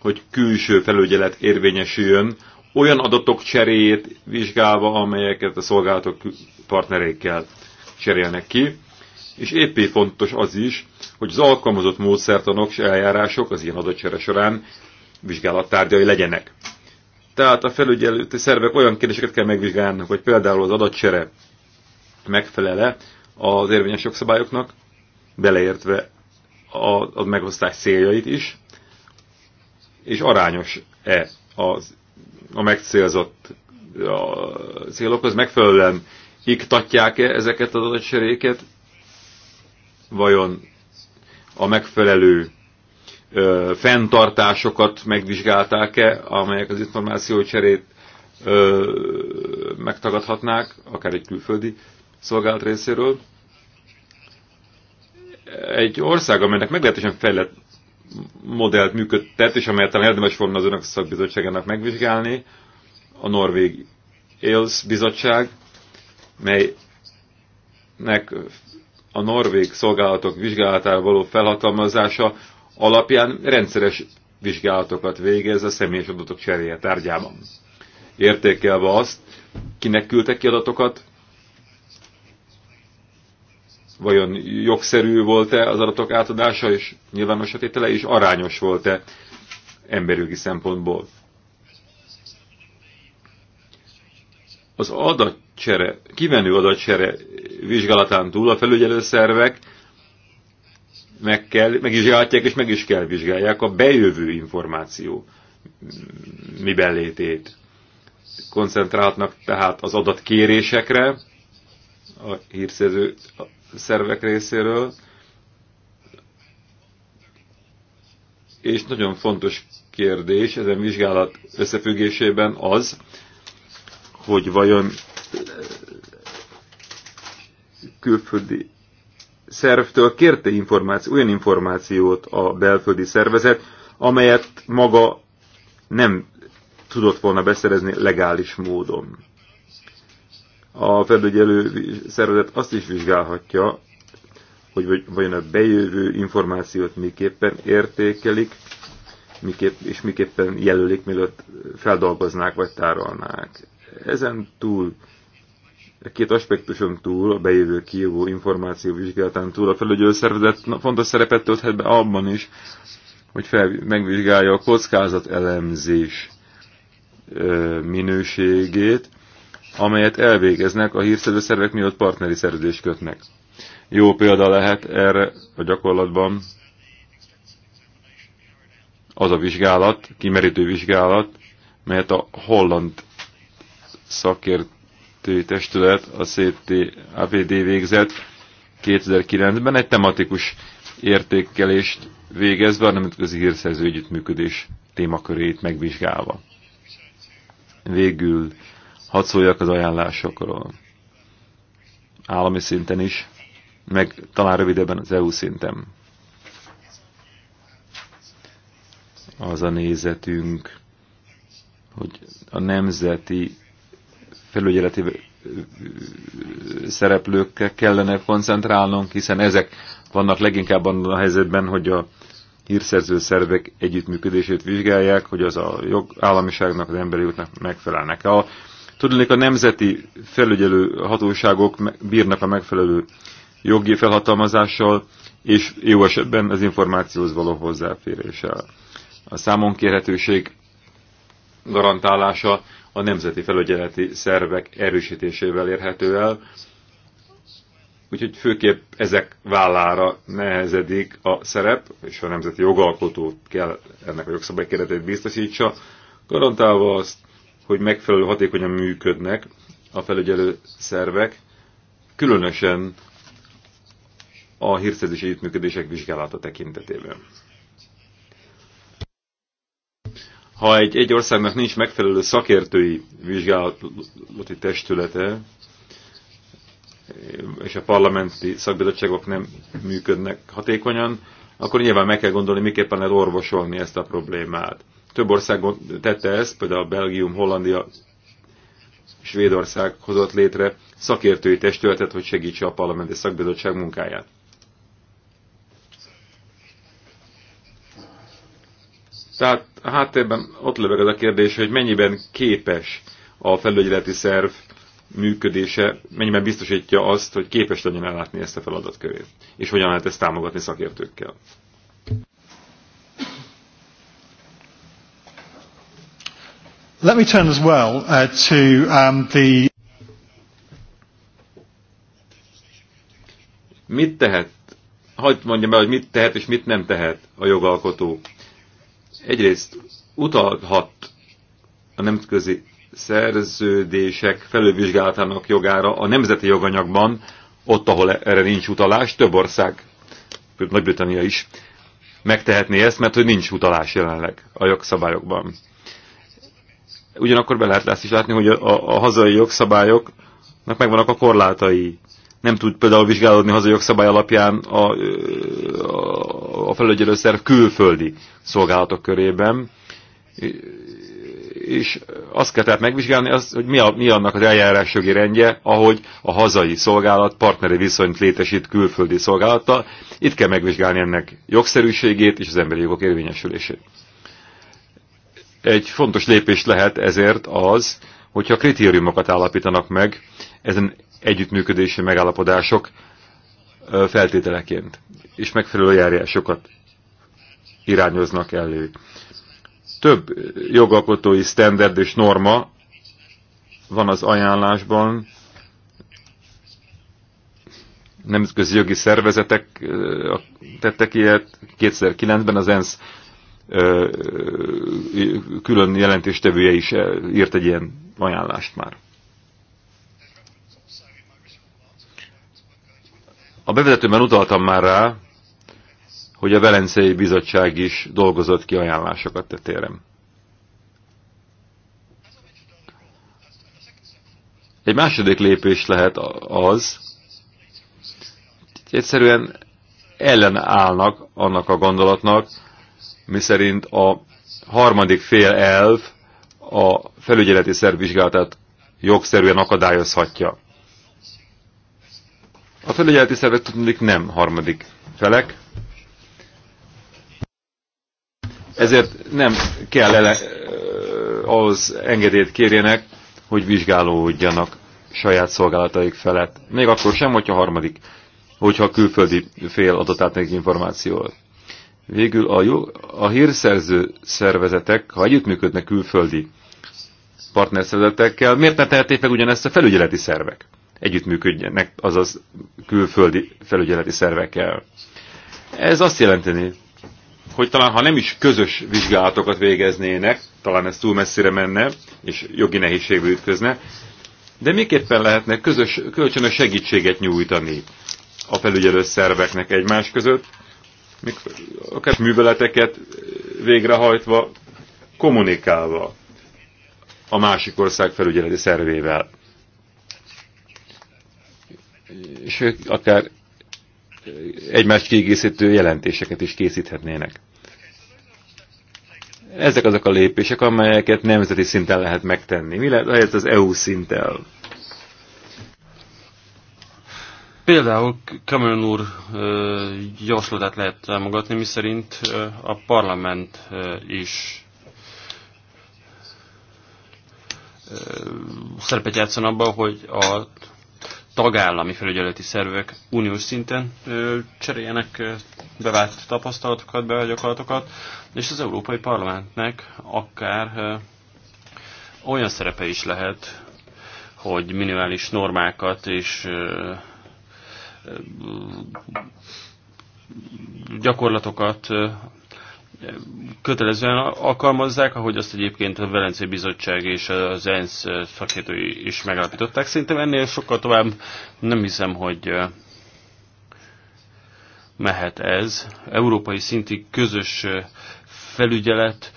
hogy külső felügyelet érvényesüljön, olyan adatok cseréjét vizsgálva, amelyeket a szolgálatok partnereikkel cserélnek ki, és éppé fontos az is, hogy az alkalmazott módszertanok és eljárások az ilyen adatcsere során vizsgálattárgyai legyenek. Tehát a felügyelőti szervek olyan kérdéseket kell megvizsgálnak, hogy például az adatcsere megfelele az érvényes jogszabályoknak, beleértve a, a megosztás céljait is, és arányos-e az, a megcélzott a célokhoz megfelelően iktatják-e ezeket az adatcseréket, vajon a megfelelő ö, fenntartásokat megvizsgálták-e, amelyek az információcserét ö, megtagadhatnák, akár egy külföldi szolgált részéről. Egy ország, amelynek meglehetősen fejlett modellt működtet, és amelyet talán érdemes volna az önök szakbizottságának megvizsgálni, a Norvég ELS bizottság, melynek a norvég szolgálatok vizsgálatára való felhatalmazása alapján rendszeres vizsgálatokat végez a személyes adatok cseréje tárgyában. Értékelve azt, kinek küldtek ki adatokat, vajon jogszerű volt-e az adatok átadása és nyilvánosítétele, és arányos volt-e emberjogi szempontból. Az adatcsere, kivenő adatcsere vizsgálatán túl a felügyelőszervek meg kell, megvizsgálhatják és meg is kell vizsgálják a bejövő információ miben létét. Koncentrálhatnak tehát az adatkérésekre a hírszerző szervek részéről, és nagyon fontos kérdés ezen vizsgálat összefüggésében az, hogy vajon külföldi szervtől kérte információ, olyan információt a belföldi szervezet, amelyet maga nem tudott volna beszerezni legális módon. A felügyelő szervezet azt is vizsgálhatja, hogy vajon a bejövő információt miképpen értékelik, miképp, és miképpen jelölik, mielőtt feldolgoznák vagy tárolnák. Ezen túl E két aspektuson túl, a bejövő kívó információ vizsgálatán túl a felügyelő szervezet fontos szerepet tölthet be abban is, hogy fel, megvizsgálja a kockázat elemzés minőségét, amelyet elvégeznek a hírszerző szervek miatt partneri szerződést kötnek. Jó példa lehet erre a gyakorlatban az a vizsgálat, kimerítő vizsgálat, melyet a holland szakért szakértői testület, a CT, APD végzett 2009-ben egy tematikus értékelést végezve, a nemzetközi hírszerző együttműködés témakörét megvizsgálva. Végül hadd szóljak az ajánlásokról. Állami szinten is, meg talán rövidebben az EU szinten. Az a nézetünk, hogy a nemzeti felügyeleti szereplőkkel kellene koncentrálnunk, hiszen ezek vannak leginkább abban a helyzetben, hogy a hírszerző szervek együttműködését vizsgálják, hogy az a jogállamiságnak, az emberi útnak megfelelnek. A, tudnék, a nemzeti felügyelő hatóságok bírnak a megfelelő jogi felhatalmazással, és jó esetben az információhoz való hozzáféréssel. A számonkérhetőség garantálása a nemzeti felügyeleti szervek erősítésével érhető el, úgyhogy főképp ezek vállára nehezedik a szerep, és a nemzeti jogalkotó kell ennek a jogszabálykeretét biztosítsa, garantálva azt, hogy megfelelő hatékonyan működnek a felügyelő szervek, különösen a hírszerzési együttműködések vizsgálata tekintetében. ha egy, egy országnak nincs megfelelő szakértői vizsgálati testülete, és a parlamenti szakbizottságok nem működnek hatékonyan, akkor nyilván meg kell gondolni, miképpen lehet orvosolni ezt a problémát. Több ország tette ezt, például Belgium, Hollandia, Svédország hozott létre szakértői testületet, hogy segítse a parlamenti szakbizottság munkáját. Tehát a háttérben ott lebeg az a kérdés, hogy mennyiben képes a felügyeleti szerv működése, mennyiben biztosítja azt, hogy képes legyen ellátni ezt a feladatkörét, és hogyan lehet ezt támogatni szakértőkkel. Let me turn as well uh, to um, the Mit tehet? Hagy mondjam el, hogy mit tehet és mit nem tehet a jogalkotó egyrészt utalhat a nemzetközi szerződések felülvizsgálatának jogára a nemzeti joganyagban, ott, ahol erre nincs utalás, több ország, például Nagy-Britannia is, megtehetné ezt, mert hogy nincs utalás jelenleg a jogszabályokban. Ugyanakkor be lehet ezt is látni, hogy a, a, a hazai jogszabályoknak megvannak a korlátai nem tud például vizsgálódni hazai jogszabály alapján a, a, a felügyelőszerv külföldi szolgálatok körében. És azt kell tehát megvizsgálni, az, hogy mi, a, mi annak az eljárás jogi rendje, ahogy a hazai szolgálat partneri viszonyt létesít külföldi szolgálattal. Itt kell megvizsgálni ennek jogszerűségét és az emberi jogok érvényesülését. Egy fontos lépés lehet ezért az, hogyha kritériumokat állapítanak meg ezen együttműködési megállapodások feltételeként, és megfelelő járásokat irányoznak elő. Több jogalkotói standard és norma van az ajánlásban, nemzetközi jogi szervezetek tettek ilyet, 2009-ben az ENSZ külön jelentéstevője is írt egy ilyen ajánlást már. A bevezetőben utaltam már rá, hogy a Velencei Bizottság is dolgozott ki ajánlásokat tetérem. Egy második lépés lehet az, hogy egyszerűen ellenállnak annak a gondolatnak, miszerint a harmadik fél elv a felügyeleti szervvizsgálatát jogszerűen akadályozhatja. A felügyeleti szervek tudnék nem harmadik felek, ezért nem kell ele, az engedélyt kérjenek, hogy vizsgálódjanak saját szolgálataik felett. Még akkor sem, hogyha harmadik, hogyha a külföldi fél adott át nekik információt. Végül a, jó, a hírszerző szervezetek, ha együttműködnek külföldi partnerszervezetekkel, miért ne tehetnék meg ugyanezt a felügyeleti szervek? együttműködjenek, azaz külföldi felügyeleti szervekkel. Ez azt jelenteni, hogy talán ha nem is közös vizsgálatokat végeznének, talán ez túl messzire menne, és jogi nehézségbe ütközne, de miképpen lehetne közös, kölcsönös segítséget nyújtani a felügyelő szerveknek egymás között, akár műveleteket végrehajtva, kommunikálva a másik ország felügyeleti szervével ők akár egymást kiegészítő jelentéseket is készíthetnének. Ezek azok a lépések, amelyeket nemzeti szinten lehet megtenni. Mi lehet ahelyett az EU szinttel? Például Cameron úr javaslatát lehet támogatni, miszerint a parlament is szerepet játszan abban, hogy a tagállami felügyeleti szervek uniós szinten cseréljenek bevált tapasztalatokat, bevált gyakorlatokat, és az Európai Parlamentnek akár olyan szerepe is lehet, hogy minimális normákat és gyakorlatokat kötelezően alkalmazzák, ahogy azt egyébként a Velencei Bizottság és az ENSZ szakértői is megállapították. Szerintem ennél sokkal tovább nem hiszem, hogy mehet ez. Európai szinti közös felügyelet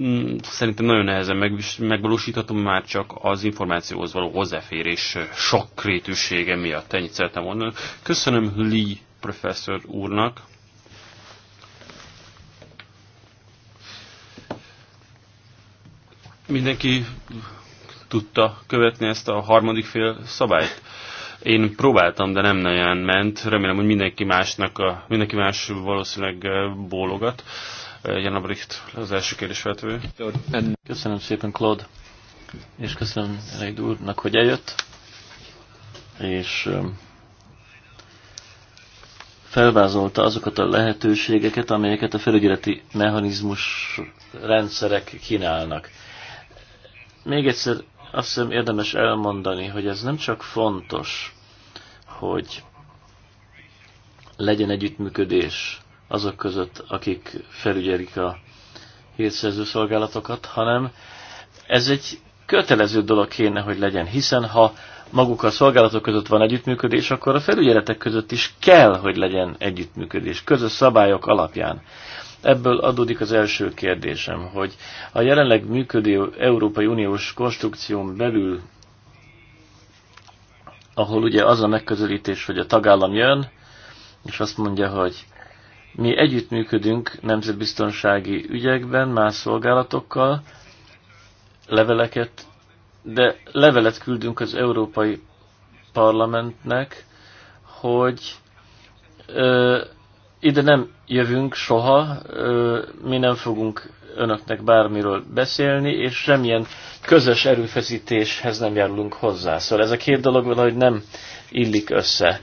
mm, szerintem nagyon nehezen meg, megvalósítható már csak az információhoz való hozzáférés sokrétűsége miatt. Ennyit szeretem mondani. Köszönöm Lee professzor úrnak. Mindenki tudta követni ezt a harmadik fél szabályt? Én próbáltam, de nem nagyon ment. Remélem, hogy mindenki másnak, a, mindenki más valószínűleg eh, bólogat. Eh, Jan Abricht, az első kérdés feltevő. Köszönöm szépen, Claude, és köszönöm Reid úrnak, hogy eljött, és eh, felvázolta azokat a lehetőségeket, amelyeket a felügyeleti mechanizmus rendszerek kínálnak. Még egyszer azt hiszem érdemes elmondani, hogy ez nem csak fontos, hogy legyen együttműködés azok között, akik felügyelik a hírszerző szolgálatokat, hanem ez egy kötelező dolog kéne, hogy legyen, hiszen ha maguk a szolgálatok között van együttműködés, akkor a felügyeletek között is kell, hogy legyen együttműködés, közös szabályok alapján. Ebből adódik az első kérdésem, hogy a jelenleg működő Európai Uniós konstrukción belül, ahol ugye az a megközelítés, hogy a tagállam jön, és azt mondja, hogy mi együttműködünk nemzetbiztonsági ügyekben, más szolgálatokkal, leveleket, de levelet küldünk az Európai Parlamentnek, hogy ö, ide nem jövünk soha, mi nem fogunk önöknek bármiről beszélni, és semmilyen közös erőfeszítéshez nem járulunk hozzá. Szóval ez a két dolog valahogy nem illik össze.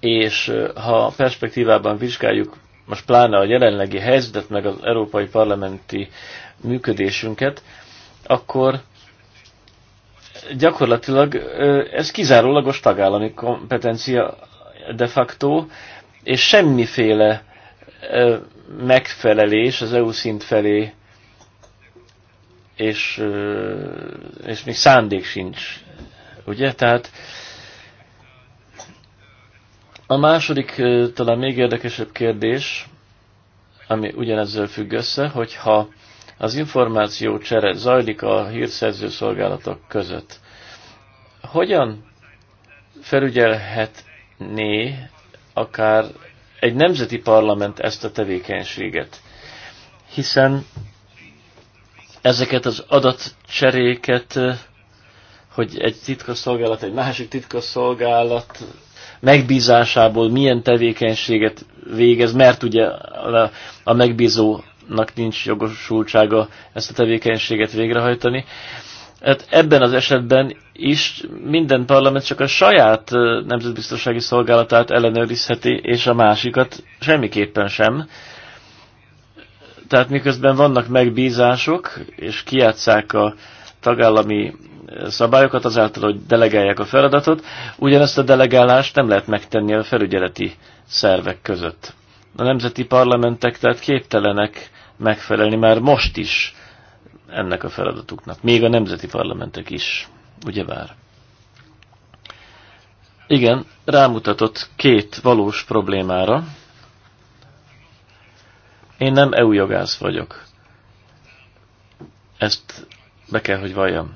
És ha perspektívában vizsgáljuk most pláne a jelenlegi helyzetet, meg az európai parlamenti működésünket, akkor gyakorlatilag ez kizárólagos tagállami kompetencia de facto, és semmiféle megfelelés az EU szint felé, és, és még szándék sincs. Ugye? Tehát a második, talán még érdekesebb kérdés, ami ugyanezzel függ össze, hogyha az információ csere zajlik a hírszerző szolgálatok között, hogyan felügyelhet Né, akár egy nemzeti parlament ezt a tevékenységet, hiszen ezeket az adatcseréket, eh, hogy egy titkosszolgálat, egy másik titkosszolgálat megbízásából milyen tevékenységet végez, mert ugye a megbízónak nincs jogosultsága ezt a tevékenységet végrehajtani. Hát ebben az esetben is minden parlament csak a saját nemzetbiztonsági szolgálatát ellenőrizheti, és a másikat semmiképpen sem. Tehát miközben vannak megbízások, és kiátszák a tagállami szabályokat azáltal, hogy delegálják a feladatot, ugyanezt a delegálást nem lehet megtenni a felügyeleti szervek között. A nemzeti parlamentek tehát képtelenek megfelelni már most is ennek a feladatuknak. Még a nemzeti parlamentek is, ugye vár. Igen, rámutatott két valós problémára. Én nem EU jogász vagyok. Ezt be kell, hogy valljam.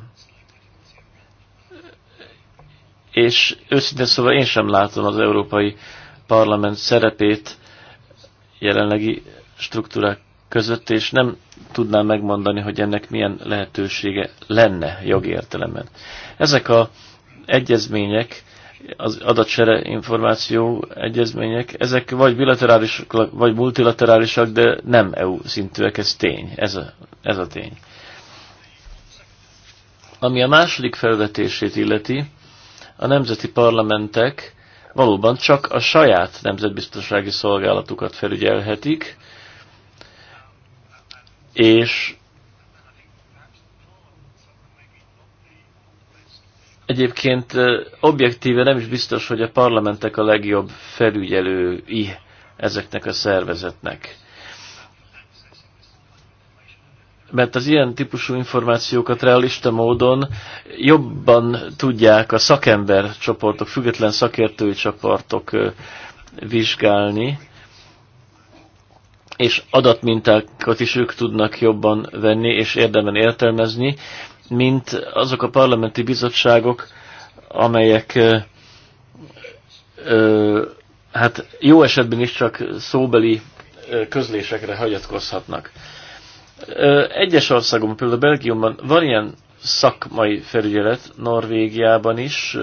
És őszintén szóval én sem látom az Európai Parlament szerepét jelenlegi struktúrák között, és nem tudnám megmondani, hogy ennek milyen lehetősége lenne jogi értelemben. Ezek a egyezmények, az adatsere információ egyezmények, ezek vagy bilaterálisak, vagy multilaterálisak, de nem EU szintűek, ez tény, ez a, ez a tény. Ami a második felvetését illeti, a nemzeti parlamentek valóban csak a saját nemzetbiztonsági szolgálatukat felügyelhetik, és egyébként objektíve nem is biztos, hogy a parlamentek a legjobb felügyelői ezeknek a szervezetnek. Mert az ilyen típusú információkat realista módon jobban tudják a szakember csoportok, független szakértői csoportok vizsgálni, és adatmintákat is ők tudnak jobban venni és érdemben értelmezni, mint azok a parlamenti bizottságok, amelyek ö, ö, hát jó esetben is csak szóbeli közlésekre hagyatkozhatnak. Egyes országokban, például Belgiumban van ilyen szakmai felügyelet, Norvégiában is,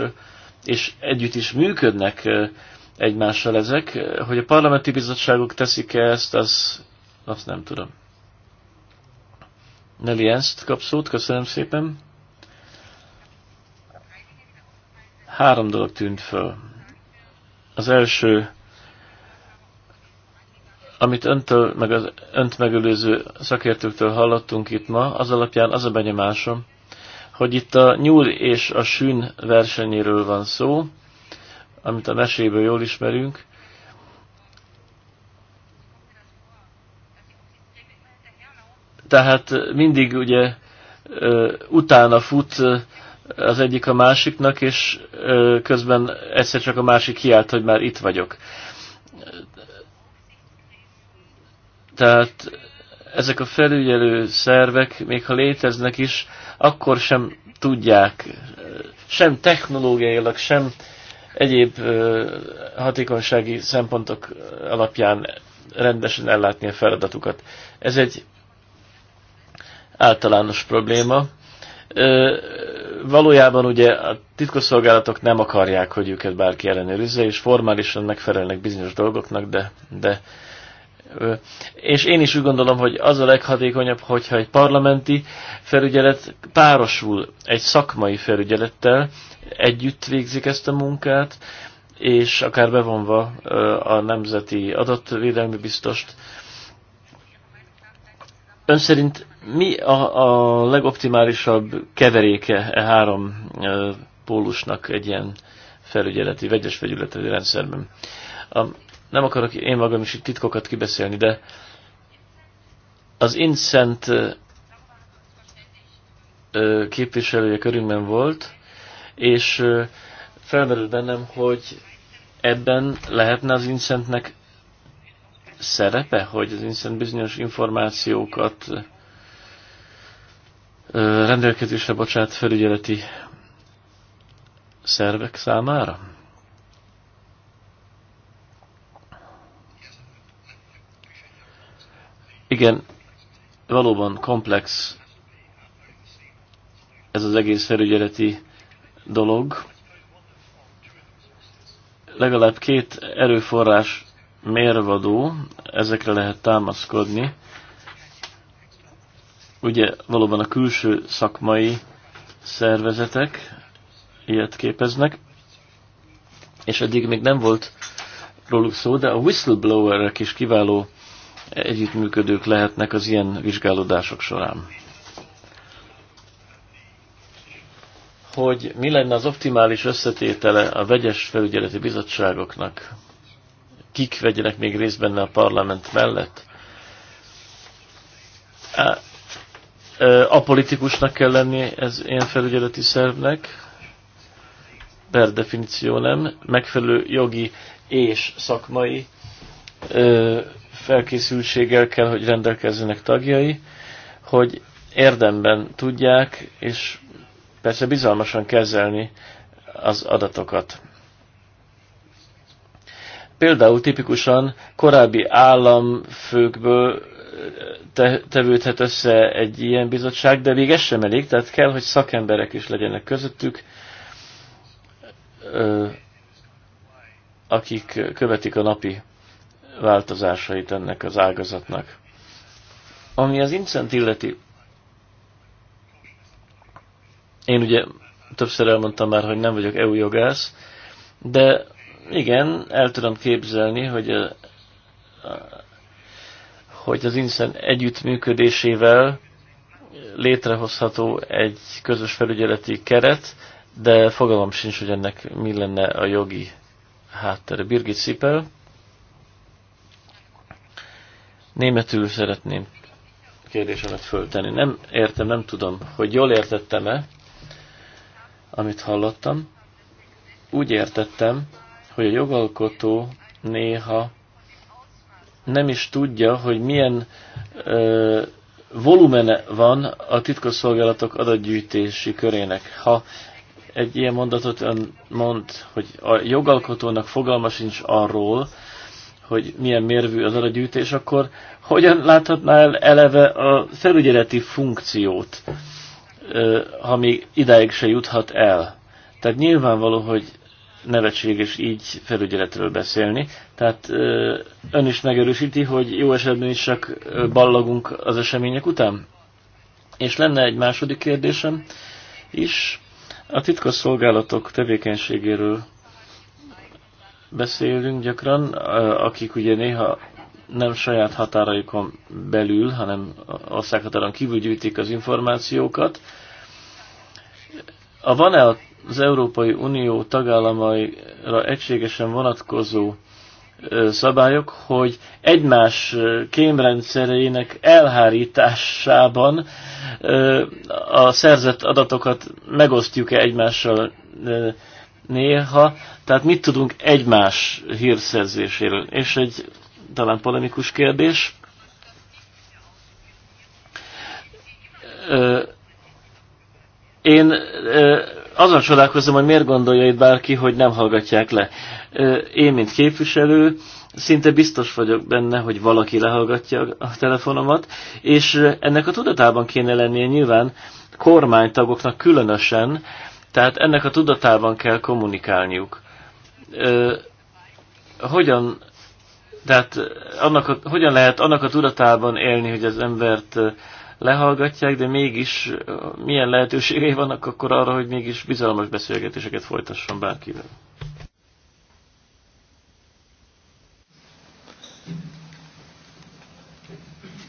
és együtt is működnek egymással ezek. Hogy a parlamenti bizottságok teszik-e ezt, az azt nem tudom. Nelly Enst kap szót, köszönöm szépen. Három dolog tűnt föl. Az első, amit öntől, meg az önt megölőző szakértőktől hallottunk itt ma, az alapján az a benyomásom, hogy itt a nyúl és a sűn versenyéről van szó, amit a meséből jól ismerünk, tehát mindig ugye utána fut az egyik a másiknak, és közben egyszer csak a másik kiált, hogy már itt vagyok. Tehát ezek a felügyelő szervek, még ha léteznek is, akkor sem tudják sem technológiailag, sem egyéb hatékonysági szempontok alapján rendesen ellátni a feladatukat. Ez egy általános probléma. Valójában ugye a titkosszolgálatok nem akarják, hogy őket bárki ellenőrizze, és formálisan megfelelnek bizonyos dolgoknak, de, de és én is úgy gondolom, hogy az a leghatékonyabb, hogyha egy parlamenti felügyelet párosul egy szakmai felügyelettel, együtt végzik ezt a munkát, és akár bevonva a Nemzeti Adatvédelmi Biztost. Ön szerint mi a, a legoptimálisabb keveréke e három pólusnak egy ilyen felügyeleti, vegyes felügyeleti rendszerben? A, nem akarok én magam is itt titkokat kibeszélni, de az Incent képviselője körülben volt, és felmerül bennem, hogy ebben lehetne az incentnek szerepe, hogy az incent bizonyos információkat rendelkezésre bocsát felügyeleti szervek számára? Igen, valóban komplex ez az egész felügyeleti dolog. Legalább két erőforrás mérvadó, ezekre lehet támaszkodni. Ugye valóban a külső szakmai szervezetek ilyet képeznek, és eddig még nem volt róluk szó, de a whistleblowerek is kiváló együttműködők lehetnek az ilyen vizsgálódások során. hogy mi lenne az optimális összetétele a vegyes felügyeleti bizottságoknak, kik vegyenek még részt benne a parlament mellett. politikusnak kell lenni ez ilyen felügyeleti szervnek, per definíció nem, megfelelő jogi és szakmai felkészültséggel kell, hogy rendelkezzenek tagjai, hogy érdemben tudják és persze bizalmasan kezelni az adatokat. Például tipikusan korábbi államfőkből te, tevődhet össze egy ilyen bizottság, de még ez sem elég, tehát kell, hogy szakemberek is legyenek közöttük, akik követik a napi változásait ennek az ágazatnak. Ami az incent illeti, én ugye többször elmondtam már, hogy nem vagyok EU jogász, de igen, el tudom képzelni, hogy, a, a, hogy az INSZEN együttműködésével létrehozható egy közös felügyeleti keret, de fogalmam sincs, hogy ennek mi lenne a jogi háttere. Birgit Szipel. Németül szeretném kérdésemet föltenni. Nem értem, nem tudom, hogy jól értettem-e, amit hallottam. Úgy értettem, hogy a jogalkotó néha nem is tudja, hogy milyen ö, volumene van a titkosszolgálatok adatgyűjtési körének. Ha egy ilyen mondatot ön mond, hogy a jogalkotónak fogalma sincs arról, hogy milyen mérvű az adatgyűjtés, akkor hogyan láthatná el eleve a felügyeleti funkciót? ha még idáig se juthat el. Tehát nyilvánvaló, hogy nevetséges így felügyeletről beszélni. Tehát ön is megerősíti, hogy jó esetben is csak ballagunk az események után. És lenne egy második kérdésem is. A titkos szolgálatok tevékenységéről beszélünk gyakran, akik ugye néha nem saját határaikon belül, hanem országhatáron kívül gyűjtik az információkat. A van-e az Európai Unió tagállamaira egységesen vonatkozó szabályok, hogy egymás kémrendszerének elhárításában a szerzett adatokat megosztjuk-e egymással néha, tehát mit tudunk egymás hírszerzéséről. És egy talán polemikus kérdés. Én azon csodálkozom, hogy miért gondolja itt bárki, hogy nem hallgatják le. Én, mint képviselő, szinte biztos vagyok benne, hogy valaki lehallgatja a telefonomat, és ennek a tudatában kéne lennie nyilván kormánytagoknak különösen, tehát ennek a tudatában kell kommunikálniuk. Hogyan de hát eh, annak a, hogyan lehet annak a tudatában élni, hogy az embert eh, lehallgatják, de mégis eh, milyen lehetőségei vannak akkor arra, hogy mégis bizalmas beszélgetéseket folytasson bárkivel?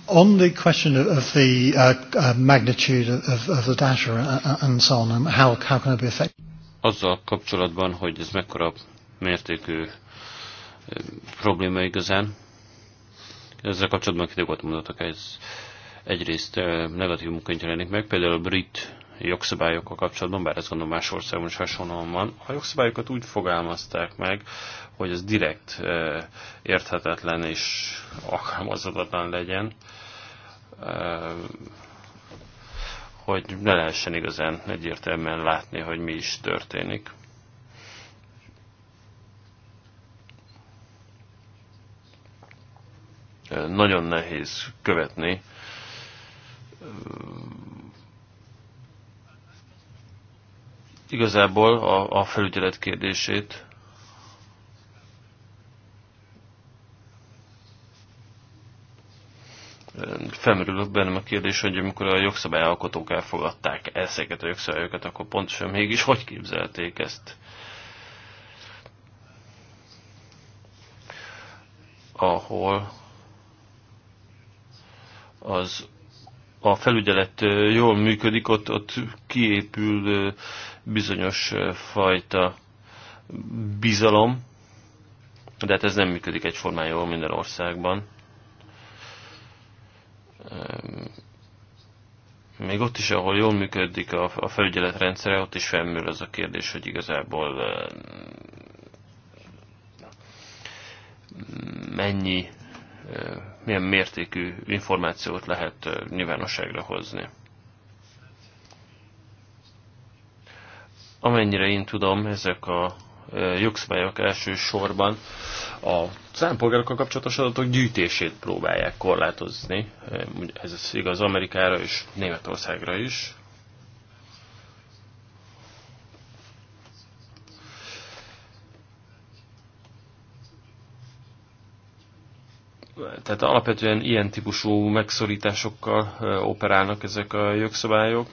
On the question of the uh, uh magnitude of, of the data and so on, and um, how, how can it be affected? Azzal kapcsolatban, hogy ez mekkora mértékű probléma igazán. Ezzel kapcsolatban két jogot mondatok, ez egyrészt negatív munkaként jelenik meg, például a brit jogszabályokkal kapcsolatban, bár ezt gondolom más országban is hasonlóan van, a jogszabályokat úgy fogalmazták meg, hogy ez direkt érthetetlen és alkalmazhatatlan legyen, hogy ne lehessen igazán egyértelműen látni, hogy mi is történik. nagyon nehéz követni. Igazából a, a felügyelet kérdését felmerül bennem a kérdés, hogy amikor a jogszabályalkotók elfogadták ezeket a jogszabályokat, akkor pontosan mégis hogy képzelték ezt? Ahol az a felügyelet jól működik, ott, ott kiépül bizonyos fajta bizalom, de hát ez nem működik egyformán jól minden országban. Még ott is, ahol jól működik a, a felügyelet rendszere, ott is felmerül az a kérdés, hogy igazából mennyi milyen mértékű információt lehet nyilvánosságra hozni. Amennyire én tudom, ezek a jogszabályok elsősorban a számpolgárokkal kapcsolatos adatok gyűjtését próbálják korlátozni. Ez igaz Amerikára és Németországra is. tehát alapvetően ilyen típusú megszorításokkal operálnak ezek a jogszabályok.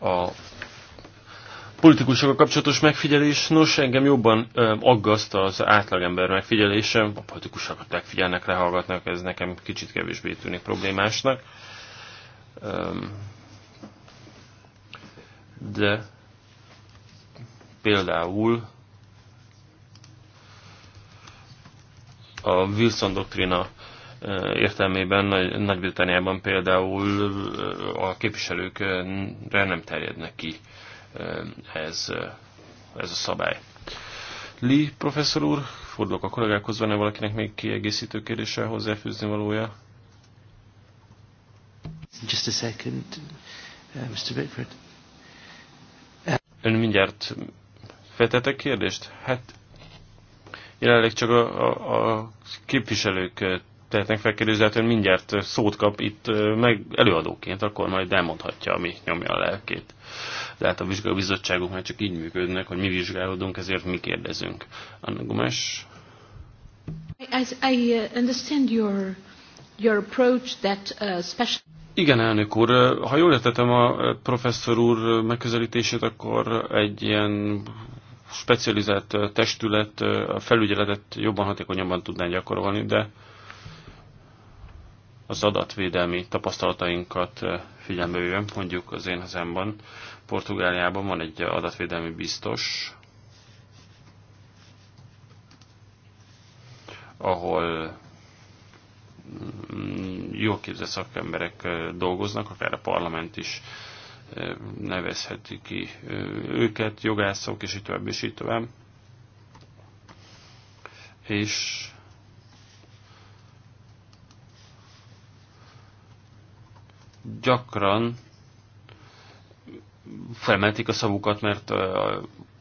A politikusokkal kapcsolatos megfigyelés, nos, engem jobban aggaszt az átlagember megfigyelése. A politikusokat megfigyelnek, lehallgatnak, ez nekem kicsit kevésbé tűnik problémásnak. De például a Wilson doktrina értelmében Nagy-Britanniában például a képviselőkre nem terjednek ki ez, ez a szabály. Lee professzor úr, fordulok a kollégákhoz, van-e valakinek még kiegészítő kérdéssel hozzáfűzni valója? Just a second, uh, Mr. Bickford. Ön mindjárt feltettek kérdést? Hát Jelenleg csak a, a, a képviselők tehetnek fel hogy mindjárt szót kap itt meg előadóként, akkor majd elmondhatja, ami nyomja a lelkét. De hát a vizsgálóbizottságok már csak így működnek, hogy mi vizsgálódunk, ezért mi kérdezünk. Anna Gomes? Uh, uh, Igen, elnök úr. Ha jól értettem a professzor úr megközelítését, akkor egy ilyen specializált testület a felügyeletet jobban hatékonyabban tudná gyakorolni, de az adatvédelmi tapasztalatainkat figyelembe véve, mondjuk az én hazámban, Portugáliában van egy adatvédelmi biztos, ahol mm, jó képzett szakemberek dolgoznak, akár a parlament is nevezheti ki őket, jogászok, és így tovább, és így tovább. És gyakran felmentik a szavukat, mert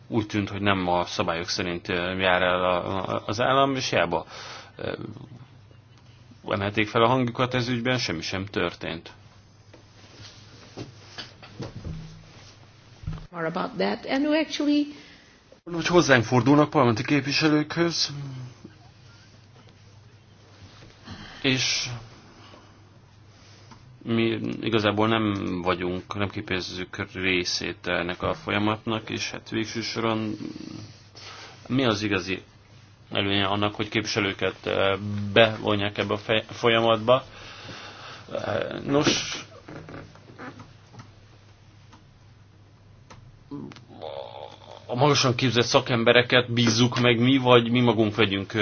úgy tűnt, hogy nem a szabályok szerint jár el az állam, és hiába emelték fel a hangjukat ez ügyben, semmi sem történt. are about that, and who actually hogy hozzánk fordulnak parlamenti képviselőkhöz, és mi igazából nem vagyunk, nem képezzük részét ennek a folyamatnak, és hát végső soron mi az igazi előnye annak, hogy képviselőket eh, bevonják ebbe a folyamatba. Eh, nos, a magasan képzett szakembereket bízzuk meg mi, vagy mi magunk vegyünk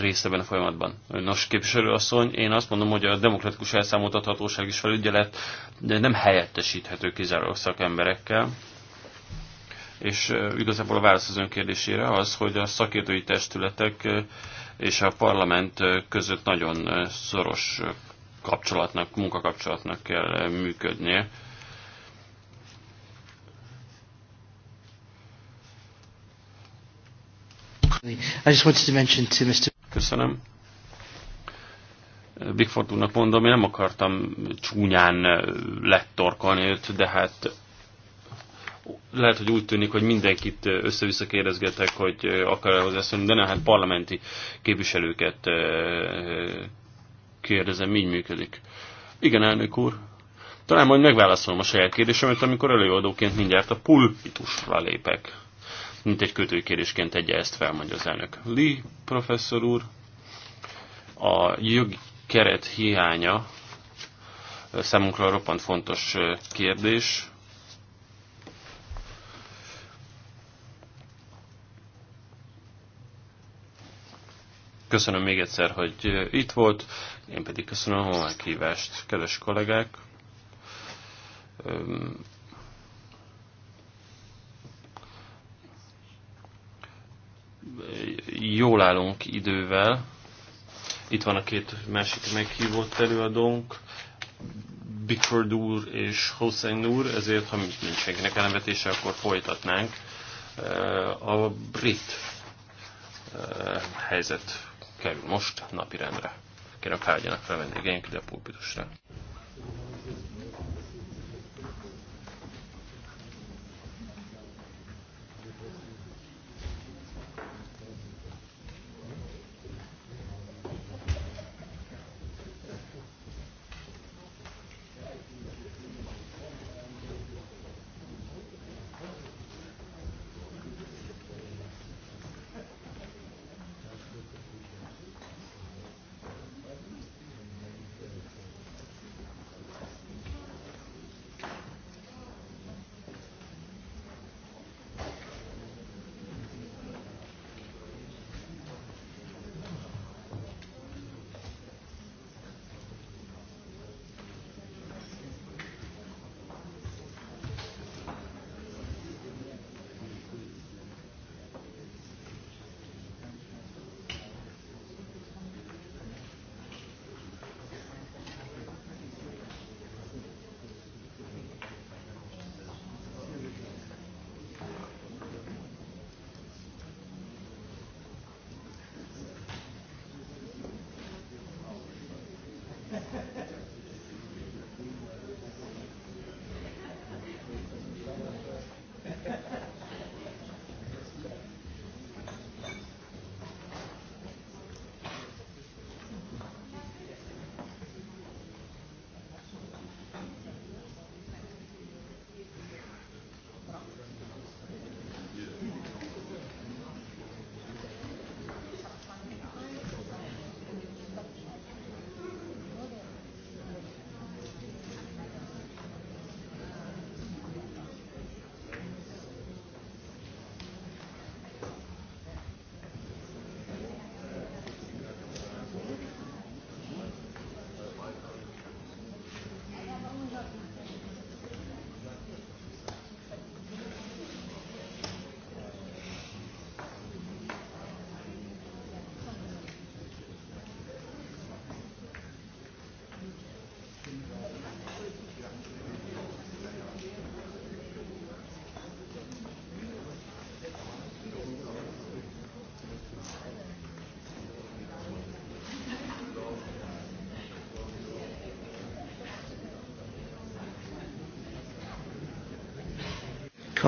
részt ebben a folyamatban. Nos, képviselőasszony, én azt mondom, hogy a demokratikus elszámoltathatóság is felügyelet de nem helyettesíthető kizárólag szakemberekkel. És igazából a válasz az ön kérdésére az, hogy a szakértői testületek és a parlament között nagyon szoros kapcsolatnak, munkakapcsolatnak kell működnie. Köszönöm. Bigford mondom, én nem akartam csúnyán lettorkolni őt, de hát lehet, hogy úgy tűnik, hogy mindenkit össze-vissza kérdezgetek, hogy akar hozzászólni, de nem, hát parlamenti képviselőket kérdezem, így működik. Igen, elnök úr. Talán majd megválaszolom a saját kérdésemet, amikor előadóként mindjárt a pulpitusra lépek mint egy kötőkérésként tegye ezt fel, mondja az elnök. Li professzor úr, a jogi keret hiánya számunkra roppant fontos kérdés. Köszönöm még egyszer, hogy itt volt, én pedig köszönöm a meghívást, kedves kollégák. jól állunk idővel. Itt van a két másik meghívott előadónk, Bickford úr és Hossein úr, ezért ha nincs senkinek ellenvetése, akkor folytatnánk eh, a brit eh, helyzet kerül most napirendre. Kérem, fájdjanak fel vendégeink ide a pulpitusra.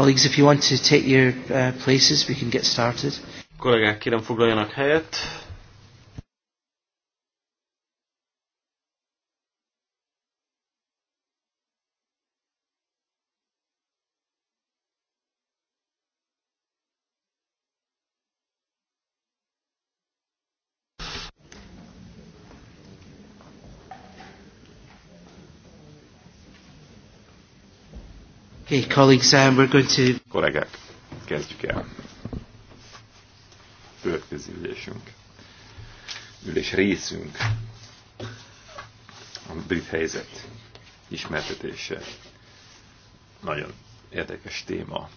Colleagues, if you want to take your uh, places, we can get started. Kollégák, kérem foglaljanak helyet. colleagues, um, we're going to... Kollégák, kezdjük el. Következő ülésünk. Ülés részünk. A brit helyzet ismertetése. Nagyon érdekes téma.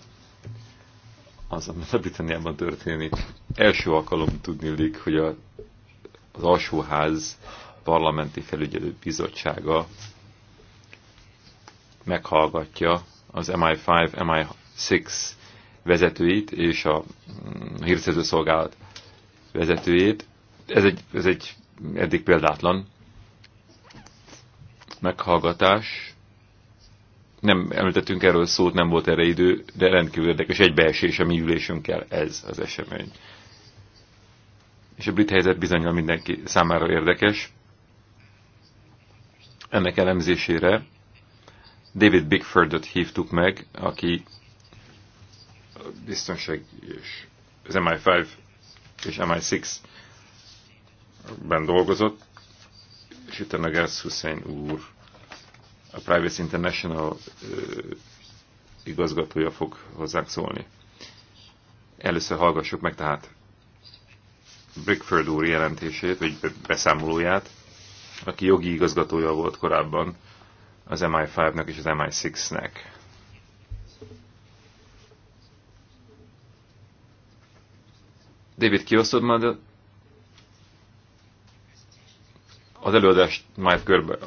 Az, ami a Britanniában történik. Első alkalom lik, hogy a, az alsóház parlamenti felügyelő bizottsága meghallgatja az MI5, MI6 vezetőit és a mm, hírszerző szolgálat vezetőjét. Ez egy, ez egy eddig példátlan meghallgatás. Nem említettünk erről szót, nem volt erre idő, de rendkívül érdekes egybeesés a mi ülésünkkel ez az esemény. És a brit helyzet bizonyal mindenki számára érdekes. Ennek elemzésére David Bigfordot hívtuk meg, aki biztonság és az MI5 és MI6-ben dolgozott, és itt a Gersz Hussein úr, a Privacy International igazgatója fog hozzánk szólni. Először hallgassuk meg tehát Brickford úr jelentését, vagy beszámolóját, aki jogi igazgatója volt korábban az MI5-nak és az MI6-nek. David, kiosztod majd az előadást majd körbe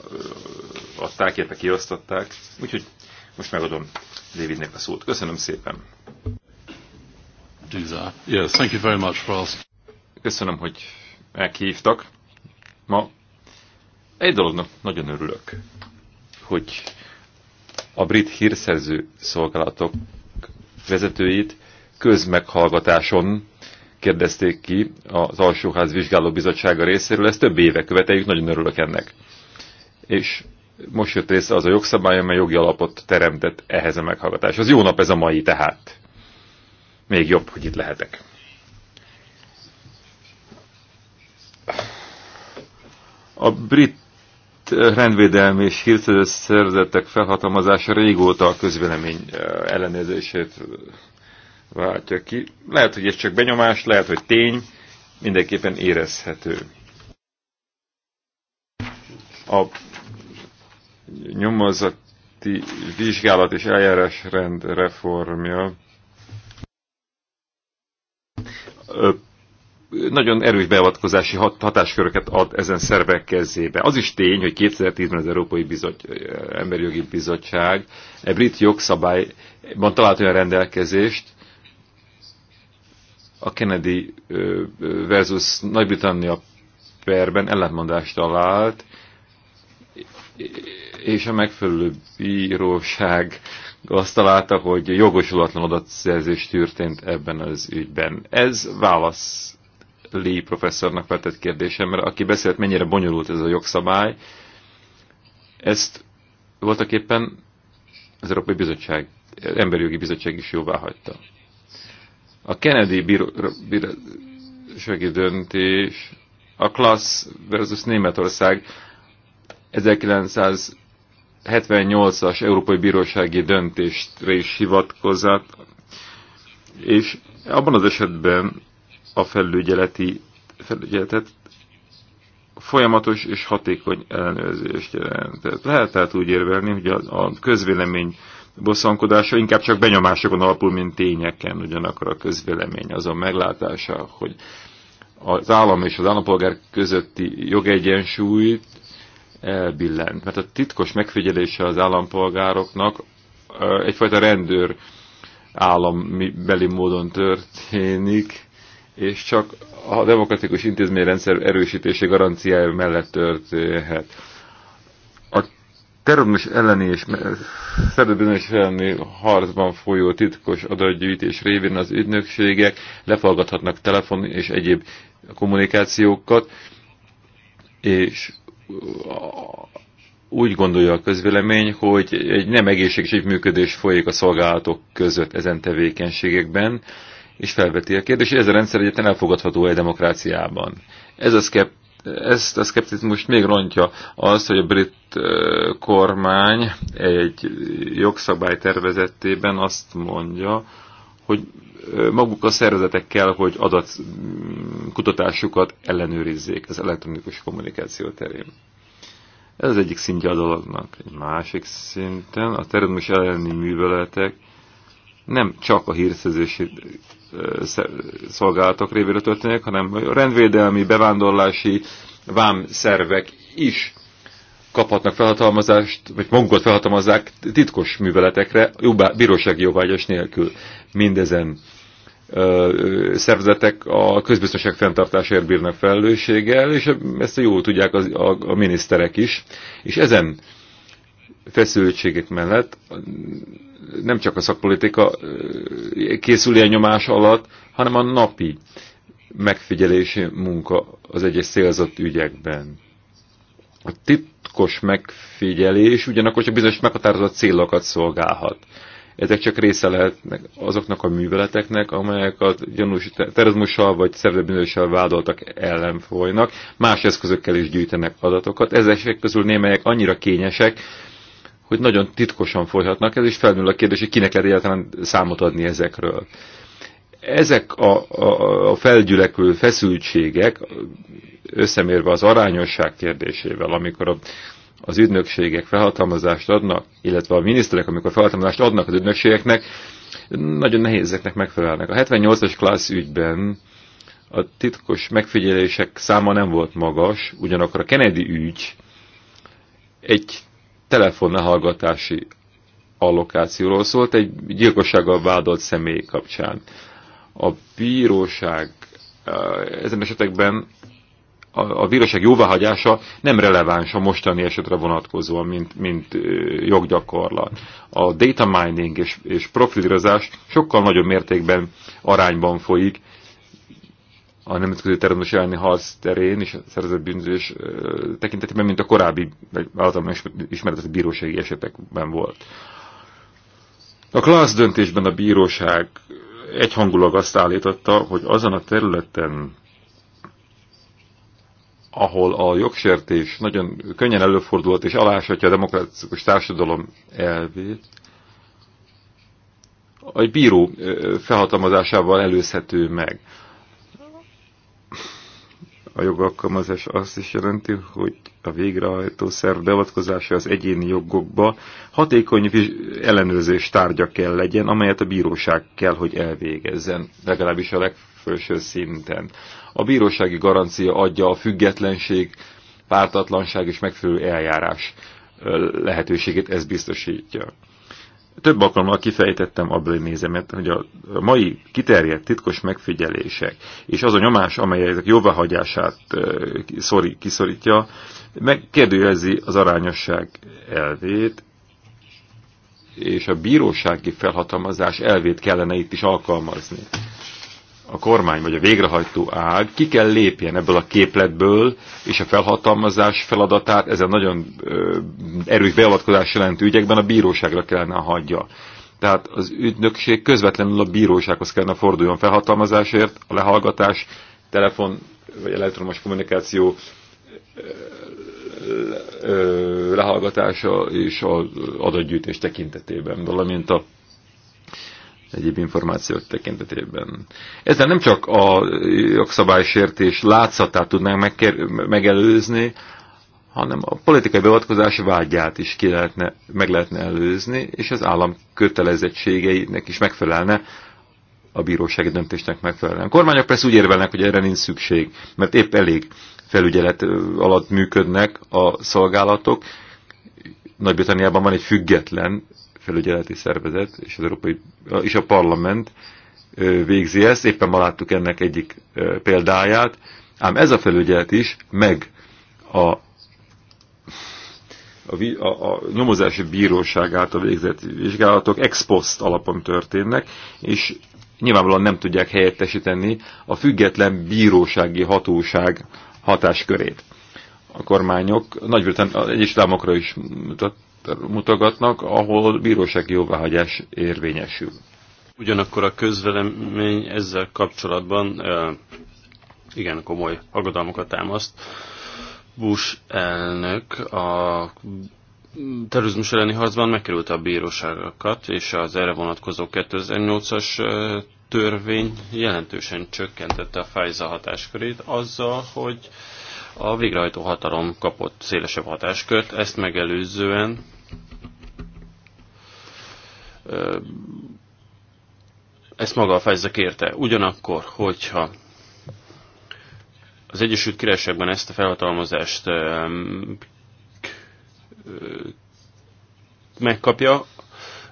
adták, illetve kiosztották, úgyhogy most megadom Davidnek a szót. Köszönöm szépen. Yes, thank you very much for asking. Köszönöm, hogy meghívtak. Ma egy dolognak nagyon örülök hogy a brit hírszerző szolgálatok vezetőit közmeghallgatáson kérdezték ki az Alsóház Bizottsága részéről, ez több éve követeljük, nagyon örülök ennek. És most jött része az a jogszabály, amely jogi alapot teremtett ehhez a Az Jó nap ez a mai tehát. Még jobb, hogy itt lehetek. A brit rendvédelmi és hírszerzett szerzetek felhatalmazása régóta a közvélemény ellenőrzését váltja ki. Lehet, hogy ez csak benyomás, lehet, hogy tény, mindenképpen érezhető. A nyomozati vizsgálat és eljárásrend reformja nagyon erős beavatkozási hat, hatásköröket ad ezen szervek kezébe. Az is tény, hogy 2010-ben az Európai Bizottság, eh, Emberi Jogi Bizottság egy brit jogszabályban talált olyan rendelkezést, a Kennedy eh, versus Nagy-Britannia perben ellentmondást talált, és a megfelelő bíróság azt találta, hogy jogosulatlan adatszerzés történt ebben az ügyben. Ez válasz Lee professzornak vetett kérdésemre, aki beszélt, mennyire bonyolult ez a jogszabály. Ezt voltak éppen az Európai Bizottság, az Emberi Jogi Bizottság is jóvá hagyta. A Kennedy bírósági döntés, a Klassz versus Németország 1978-as Európai Bírósági döntést is hivatkozott, és abban az esetben, a felügyeleti felügyeletet folyamatos és hatékony ellenőrzést jelent. Tehát lehet tehát úgy érvelni, hogy a, a közvélemény bosszankodása inkább csak benyomásokon alapul, mint tényeken, ugyanakkor a közvélemény azon meglátása, hogy az állam és az állampolgár közötti jogegyensúlyt elbillent. Mert a titkos megfigyelése az állampolgároknak egyfajta rendőr állambeli módon történik, és csak a demokratikus intézményrendszer erősítése garanciája mellett történhet. A terrorizmus elleni és szervezetbűnös elleni harcban folyó titkos adatgyűjtés révén az ügynökségek lefallgathatnak telefon és egyéb kommunikációkat, és úgy gondolja a közvélemény, hogy egy nem egészséges működés folyik a szolgálatok között ezen tevékenységekben, és felveti a kérdést, hogy ez a rendszer egyetlen elfogadható egy demokráciában. Ez a szkept, ezt a most még rontja az, hogy a brit kormány egy jogszabály tervezetében azt mondja, hogy maguk a szervezetek kell, hogy adatkutatásukat mm, ellenőrizzék az elektronikus kommunikáció terén. Ez az egyik szintje a dolognak. Egy másik szinten a terrorizmus elleni műveletek nem csak a hírszerzési szolgálatok révére történik, hanem a rendvédelmi, bevándorlási vámszervek is kaphatnak felhatalmazást, vagy magukat felhatalmazzák titkos műveletekre, jobbá, bírósági jóvágyas nélkül. Mindezen ö, szervezetek a közbiztonság fenntartásáért bírnak felelősséggel, és ezt jól tudják az, a, a miniszterek is. És ezen feszültségek mellett nem csak a szakpolitika készül ilyen nyomás alatt, hanem a napi megfigyelési munka az egyes célzott ügyekben. A titkos megfigyelés ugyanakkor csak bizonyos meghatározott célokat szolgálhat. Ezek csak része lehetnek azoknak a műveleteknek, amelyek a gyanús terrorizmussal vagy szervezetbűnössel vádoltak ellen folynak. Más eszközökkel is gyűjtenek adatokat. Ezek közül némelyek annyira kényesek, hogy nagyon titkosan folyhatnak ez, és felnül a kérdés, hogy kinek lehet egyáltalán számot adni ezekről. Ezek a, a, a felgyülekvő feszültségek, összemérve az arányosság kérdésével, amikor a, az ügynökségek felhatalmazást adnak, illetve a miniszterek, amikor felhatalmazást adnak az ügynökségeknek, nagyon nehézeknek megfelelnek. A 78-as klassz ügyben a titkos megfigyelések száma nem volt magas, ugyanakkor a Kennedy ügy egy telefonlehallgatási allokációról szólt egy gyilkossággal vádolt személy kapcsán. A bíróság ezen esetekben a, a bíróság jóváhagyása nem releváns a mostani esetre vonatkozóan, mint, mint joggyakorlat. A data mining és, és profilírozás sokkal nagyobb mértékben arányban folyik a nemzetközi terrorizmus elleni harc terén és a szerzett bűnzés tekintetében, mint a korábbi általában ismeretes bírósági esetekben volt. A klassz döntésben a bíróság egyhangulag azt állította, hogy azon a területen, ahol a jogsértés nagyon könnyen előfordulhat és aláshatja a demokratikus társadalom elvét, egy bíró felhatalmazásával előzhető meg. A jogalkalmazás azt is jelenti, hogy a végrehajtó szerv beavatkozása az egyéni jogokba hatékony ellenőrzés tárgya kell legyen, amelyet a bíróság kell, hogy elvégezzen, legalábbis a legfőső szinten. A bírósági garancia adja a függetlenség, pártatlanság és megfelelő eljárás lehetőségét ez biztosítja több alkalommal kifejtettem a blénézemet, hogy a mai kiterjedt titkos megfigyelések és az a nyomás, amely ezek jóváhagyását szori, kiszorítja, megkérdőjelezi az arányosság elvét, és a bírósági felhatalmazás elvét kellene itt is alkalmazni a kormány vagy a végrehajtó ág ki kell lépjen ebből a képletből, és a felhatalmazás feladatát ezen nagyon ö, erős beavatkozás jelentő ügyekben a bíróságra kellene hagyja. Tehát az ügynökség közvetlenül a bírósághoz kellene forduljon felhatalmazásért, a lehallgatás, telefon vagy elektromos kommunikáció lehallgatása és az adatgyűjtés tekintetében, valamint a egyéb információk tekintetében. Ezzel nem csak a jogszabálysértés látszatát tudnánk megelőzni, hanem a politikai beavatkozás vágyát is ki lehetne, meg lehetne előzni, és az állam kötelezettségeinek is megfelelne a bírósági döntésnek megfelelően. A kormányok persze úgy érvelnek, hogy erre nincs szükség, mert épp elég felügyelet alatt működnek a szolgálatok. Nagy-Britanniában van egy független felügyeleti szervezet és, az Európai, és a parlament végzi ezt. Éppen ma láttuk ennek egyik példáját, ám ez a felügyelet is, meg a a, a, a nyomozási bíróság által végzett vizsgálatok ex post alapon történnek, és nyilvánvalóan nem tudják helyettesíteni a független bírósági hatóság hatáskörét. A kormányok nagy az egyes is mutat, mutogatnak, ahol bírósági jóváhagyás érvényesül. Ugyanakkor a közvelemény ezzel kapcsolatban igen komoly aggodalmakat támaszt. Bush elnök a terrorizmus elleni harcban megkerült a bíróságokat, és az erre vonatkozó 2008-as törvény jelentősen csökkentette a Pfizer hatáskörét azzal, hogy a végrehajtó hatalom kapott szélesebb hatáskört, ezt megelőzően ezt maga a Pfizer kérte. Ugyanakkor, hogyha az Egyesült Királyságban ezt a felhatalmazást megkapja,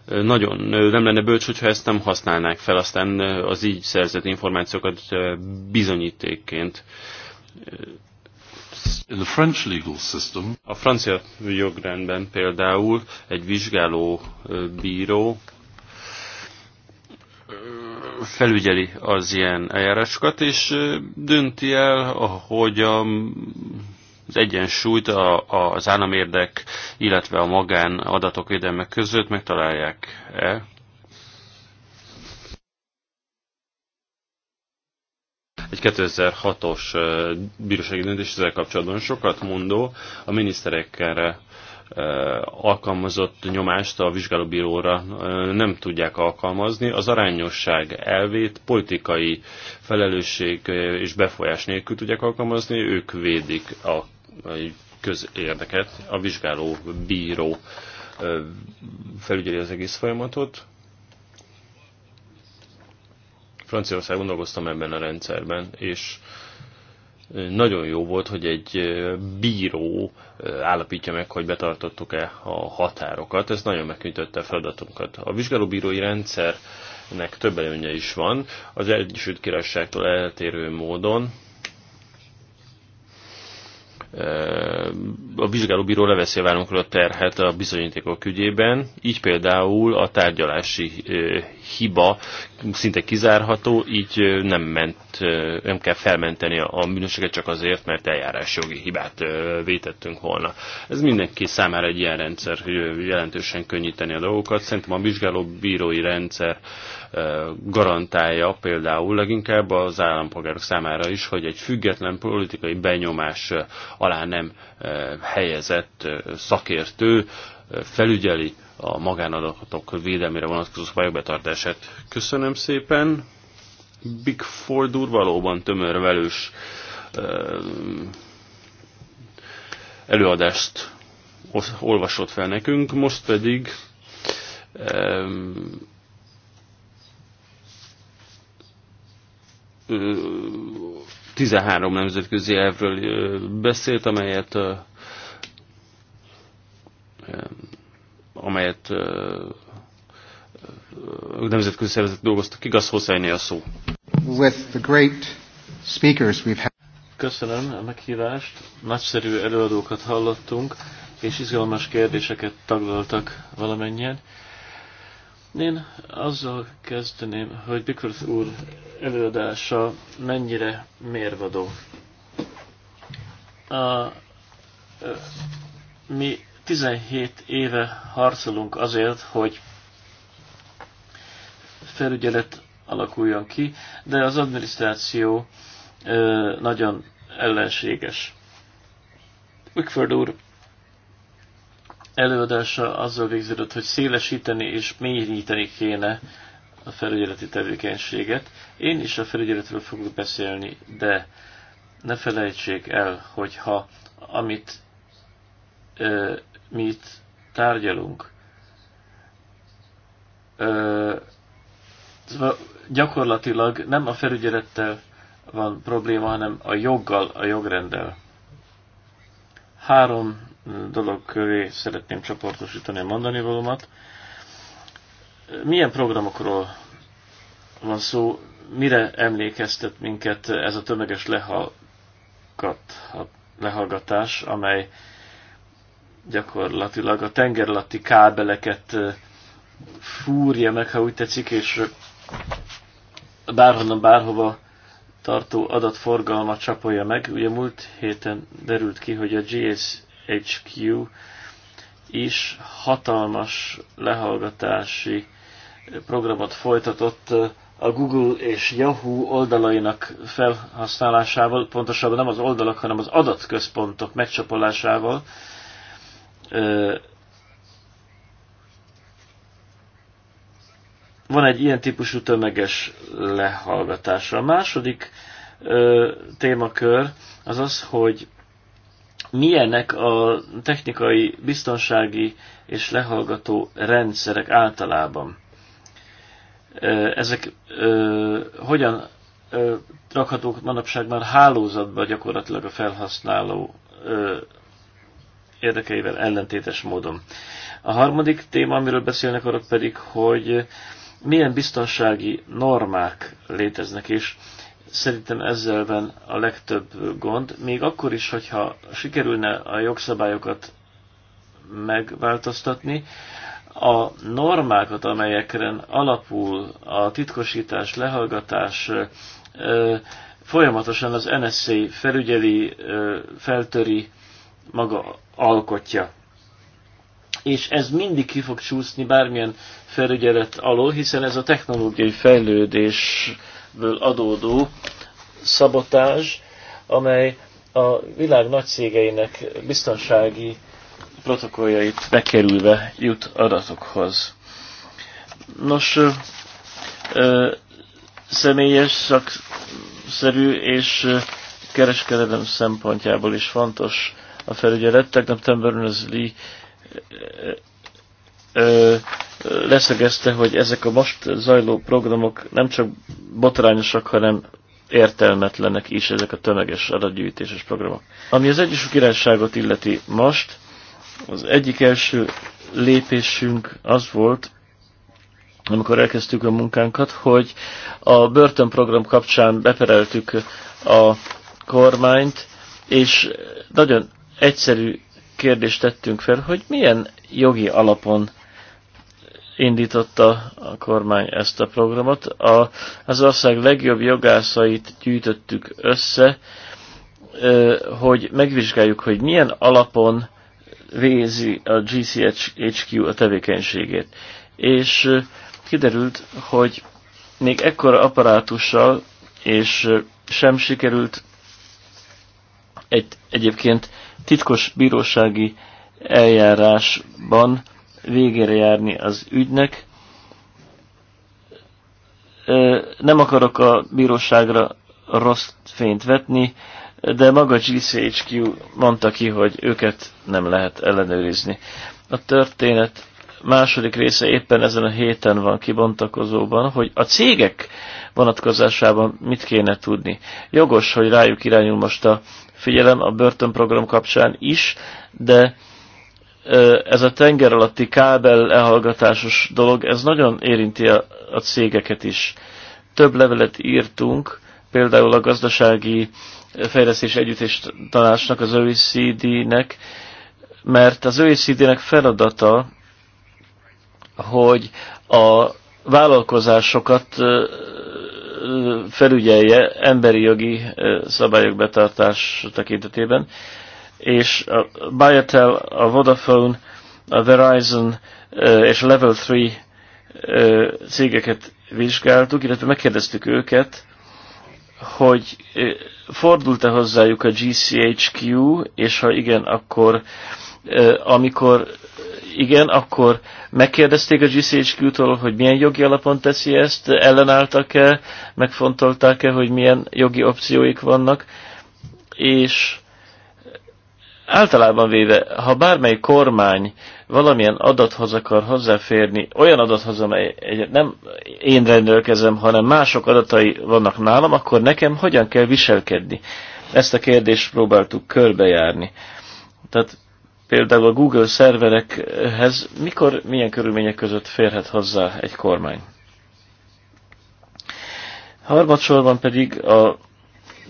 nagyon nem lenne bölcs, hogyha ezt nem használnák fel, aztán az így szerzett információkat bizonyítékként a francia jogrendben például egy vizsgáló bíró felügyeli az ilyen eljárásokat, és dönti el, hogy a, az egyensúlyt a, a, az államérdek, illetve a magán adatok védelme között megtalálják-e. egy 2006-os bírósági döntés ezzel kapcsolatban sokat mondó, a miniszterekkel alkalmazott nyomást a vizsgálóbíróra nem tudják alkalmazni. Az arányosság elvét politikai felelősség és befolyás nélkül tudják alkalmazni, ők védik a közérdeket, a vizsgáló bíró felügyeli az egész folyamatot. Franciaországon dolgoztam ebben a rendszerben, és nagyon jó volt, hogy egy bíró állapítja meg, hogy betartottuk-e a határokat. Ez nagyon megkönnyítette a feladatunkat. A vizsgálóbírói rendszernek több előnye is van. Az Egyesült Királyságtól eltérő módon a vizsgálóbíró leveszi a a terhet a bizonyítékok ügyében, így például a tárgyalási hiba szinte kizárható, így nem ment nem kell felmenteni a bűnösöket csak azért, mert eljárásjogi hibát vétettünk volna. Ez mindenki számára egy ilyen rendszer, hogy jelentősen könnyíteni a dolgokat. Szerintem a vizsgáló bírói rendszer garantálja például leginkább az állampolgárok számára is, hogy egy független politikai benyomás alá nem helyezett szakértő felügyeli a magánadatok védelmére vonatkozó szabályok betartását. Köszönöm szépen! Big Four durvalóban valóban tömörvelős előadást olvasott fel nekünk, most pedig ö, 13 nemzetközi elvről beszélt, amelyet amelyet nemzetközi szervezet dolgoztak. Igaz, Hosszainé a szó. With the great speakers we've had. Köszönöm a meghívást. Nagyszerű előadókat hallottunk, és izgalmas kérdéseket taglaltak valamennyien. Én azzal kezdeném, hogy Bickworth úr előadása mennyire mérvadó. A, mi 17 éve harcolunk azért, hogy felügyelet alakuljon ki, de az adminisztráció nagyon ellenséges. Wickford úr előadása azzal végződött, hogy szélesíteni és mélyíteni kéne a felügyeleti tevékenységet. Én is a felügyeletről fogok beszélni, de ne felejtsék el, hogyha amit ö, mi tárgyalunk, ö, Szóval gyakorlatilag nem a felügyelettel van probléma, hanem a joggal, a jogrendel. Három dolog köré szeretném csoportosítani a mondani valamat. Milyen programokról van szó, mire emlékeztet minket ez a tömeges lehallgatás, amely gyakorlatilag a tenger alatti kábeleket fúrja meg, ha úgy tetszik, és bárhonnan bárhova tartó adatforgalma csapolja meg. Ugye múlt héten derült ki, hogy a GSHQ is hatalmas lehallgatási programot folytatott eh, a Google és Yahoo oldalainak felhasználásával, pontosabban nem az oldalak, hanem az adatközpontok megcsapolásával eh, Van egy ilyen típusú tömeges lehallgatása A második ö, témakör az az, hogy milyenek a technikai, biztonsági és lehallgató rendszerek általában. Ezek ö, hogyan ö, rakhatók manapság már hálózatba gyakorlatilag a felhasználó ö, érdekeivel ellentétes módon. A harmadik téma, amiről beszélnek arra pedig, hogy milyen biztonsági normák léteznek, és szerintem ezzel van a legtöbb gond, még akkor is, hogyha sikerülne a jogszabályokat megváltoztatni, a normákat, amelyekre alapul a titkosítás, lehallgatás, folyamatosan az NSA felügyeli, feltöri, maga alkotja és ez mindig ki fog csúszni bármilyen felügyelet alól, hiszen ez a technológiai fejlődésből adódó szabotás, amely a világ nagy cégeinek biztonsági protokolljait bekerülve jut adatokhoz. Nos, ö, személyes, szakszerű és kereskedelem szempontjából is fontos a felügyelet. Tegnap Tamburner's lee ö, leszögezte, hogy ezek a most zajló programok nem csak botrányosak, hanem értelmetlenek is ezek a tömeges adatgyűjtéses programok. Ami az Egyesült Királyságot illeti most, az egyik első lépésünk az volt, amikor elkezdtük a munkánkat, hogy a börtönprogram kapcsán bepereltük a kormányt, és nagyon egyszerű kérdést tettünk fel, hogy milyen jogi alapon indította a kormány ezt a programot. A, az ország legjobb jogászait gyűjtöttük össze, hogy megvizsgáljuk, hogy milyen alapon vézi a GCHQ a tevékenységét. És kiderült, hogy még ekkora apparátussal és sem sikerült egy egyébként titkos bírósági eljárásban végére járni az ügynek. Nem akarok a bíróságra rossz fényt vetni, de maga GCHQ mondta ki, hogy őket nem lehet ellenőrizni. A történet második része éppen ezen a héten van kibontakozóban, hogy a cégek vonatkozásában mit kéne tudni. Jogos, hogy rájuk irányul most a figyelem a börtönprogram kapcsán is, de ez a tenger alatti kábel elhallgatásos dolog, ez nagyon érinti a, a cégeket is. Több levelet írtunk, például a gazdasági fejlesztés együttés tanácsnak, az OECD-nek, mert az OECD-nek feladata, hogy a vállalkozásokat felügyelje emberi jogi szabályok betartás tekintetében, és a Biotel, a Vodafone, a Verizon és a Level 3 cégeket vizsgáltuk, illetve megkérdeztük őket, hogy fordult-e hozzájuk a GCHQ, és ha igen, akkor amikor igen, akkor megkérdezték a GCHQ-tól, hogy milyen jogi alapon teszi ezt, ellenálltak-e, megfontolták-e, hogy milyen jogi opcióik vannak, és általában véve, ha bármely kormány valamilyen adathoz akar hozzáférni, olyan adathoz, amely nem én rendelkezem, hanem mások adatai vannak nálam, akkor nekem hogyan kell viselkedni? Ezt a kérdést próbáltuk körbejárni. Tehát például a Google szerverekhez mikor, milyen körülmények között férhet hozzá egy kormány. Harmadsorban pedig a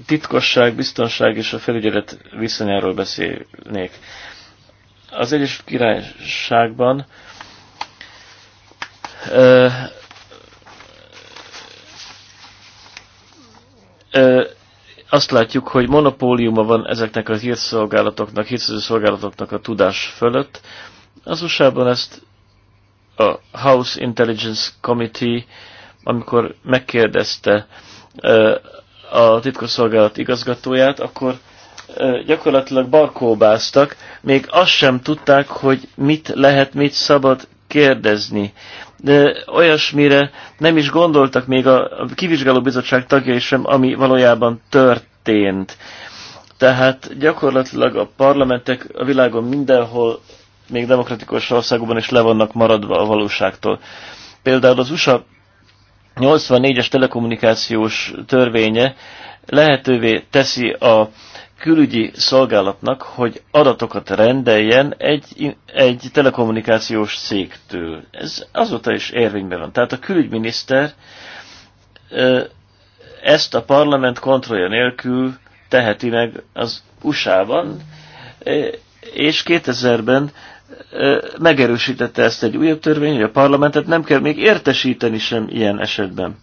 titkosság, biztonság és a felügyelet viszonyáról beszélnék. Az Egyesült Királyságban ö, ö, azt látjuk, hogy monopóliuma van ezeknek a hírszolgálatoknak, hírszerző szolgálatoknak a tudás fölött. Az USA-ban ezt a House Intelligence Committee, amikor megkérdezte a titkosszolgálat igazgatóját, akkor gyakorlatilag barkóbáztak, még azt sem tudták, hogy mit lehet, mit szabad kérdezni de olyasmire nem is gondoltak még a, kivizsgáló bizottság tagjai sem, ami valójában történt. Tehát gyakorlatilag a parlamentek a világon mindenhol, még demokratikus országokban is le vannak maradva a valóságtól. Például az USA 84-es telekommunikációs törvénye lehetővé teszi a külügyi szolgálatnak, hogy adatokat rendeljen egy, egy telekommunikációs cégtől. Ez azóta is érvényben van. Tehát a külügyminiszter ezt a parlament kontrollja nélkül teheti meg az USA-ban, és 2000-ben megerősítette ezt egy újabb törvény, hogy a parlamentet nem kell még értesíteni sem ilyen esetben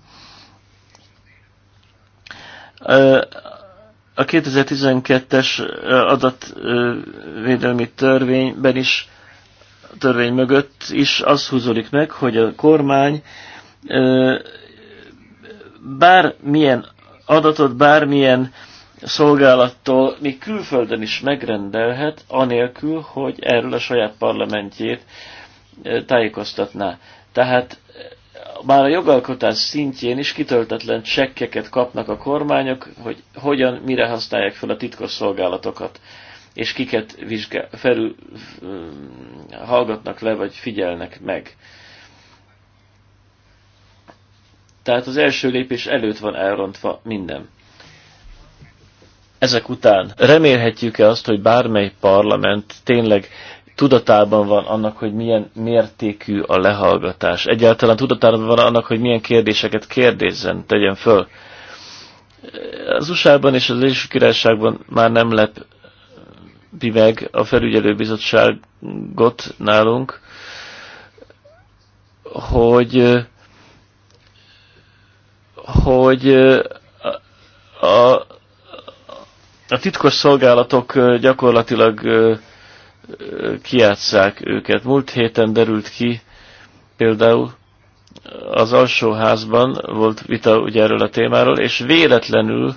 a 2012-es adatvédelmi törvényben is, a törvény mögött is az húzódik meg, hogy a kormány bármilyen adatot, bármilyen szolgálattól még külföldön is megrendelhet, anélkül, hogy erről a saját parlamentjét tájékoztatná. Tehát már a jogalkotás szintjén is kitöltetlen csekkeket kapnak a kormányok, hogy hogyan, mire használják fel a titkos szolgálatokat, és kiket vizsgál, felül, hallgatnak le, vagy figyelnek meg. Tehát az első lépés előtt van elrontva minden. Ezek után remélhetjük-e azt, hogy bármely parlament tényleg tudatában van annak, hogy milyen mértékű a lehallgatás. Egyáltalán tudatában van annak, hogy milyen kérdéseket kérdézzen, tegyen föl. Az USA-ban és az Egyesült Királyságban már nem lep meg a felügyelőbizottságot nálunk, hogy hogy a, a titkos szolgálatok gyakorlatilag kiátszák őket. Múlt héten derült ki például az alsóházban volt vita ugye erről a témáról, és véletlenül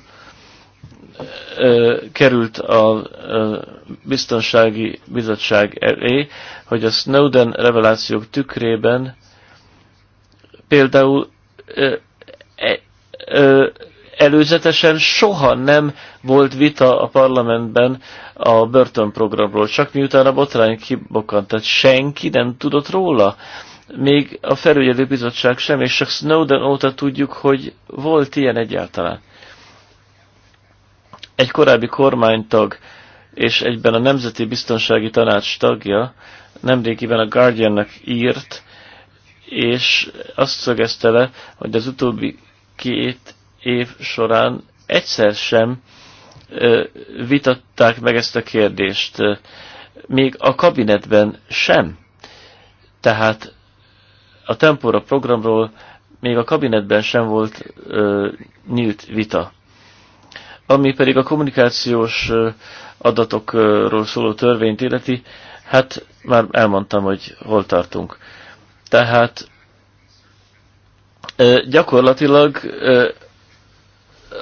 ö, került a ö, biztonsági bizottság elé, hogy a Snowden revelációk tükrében például ö, e, ö, előzetesen soha nem volt vita a parlamentben a börtönprogramról, csak miután a botrány kibokant. tehát senki nem tudott róla. Még a felügyelő bizottság sem, és csak Snowden óta tudjuk, hogy volt ilyen egyáltalán. Egy korábbi kormánytag és egyben a Nemzeti Biztonsági Tanács tagja nemrégiben a Guardiannak írt, és azt szögezte le, hogy az utóbbi két év során egyszer sem vitatták meg ezt a kérdést, még a kabinetben sem. Tehát a tempóra programról még a kabinetben sem volt nyílt vita. Ami pedig a kommunikációs adatokról szóló törvényt illeti, hát már elmondtam, hogy hol tartunk. Tehát gyakorlatilag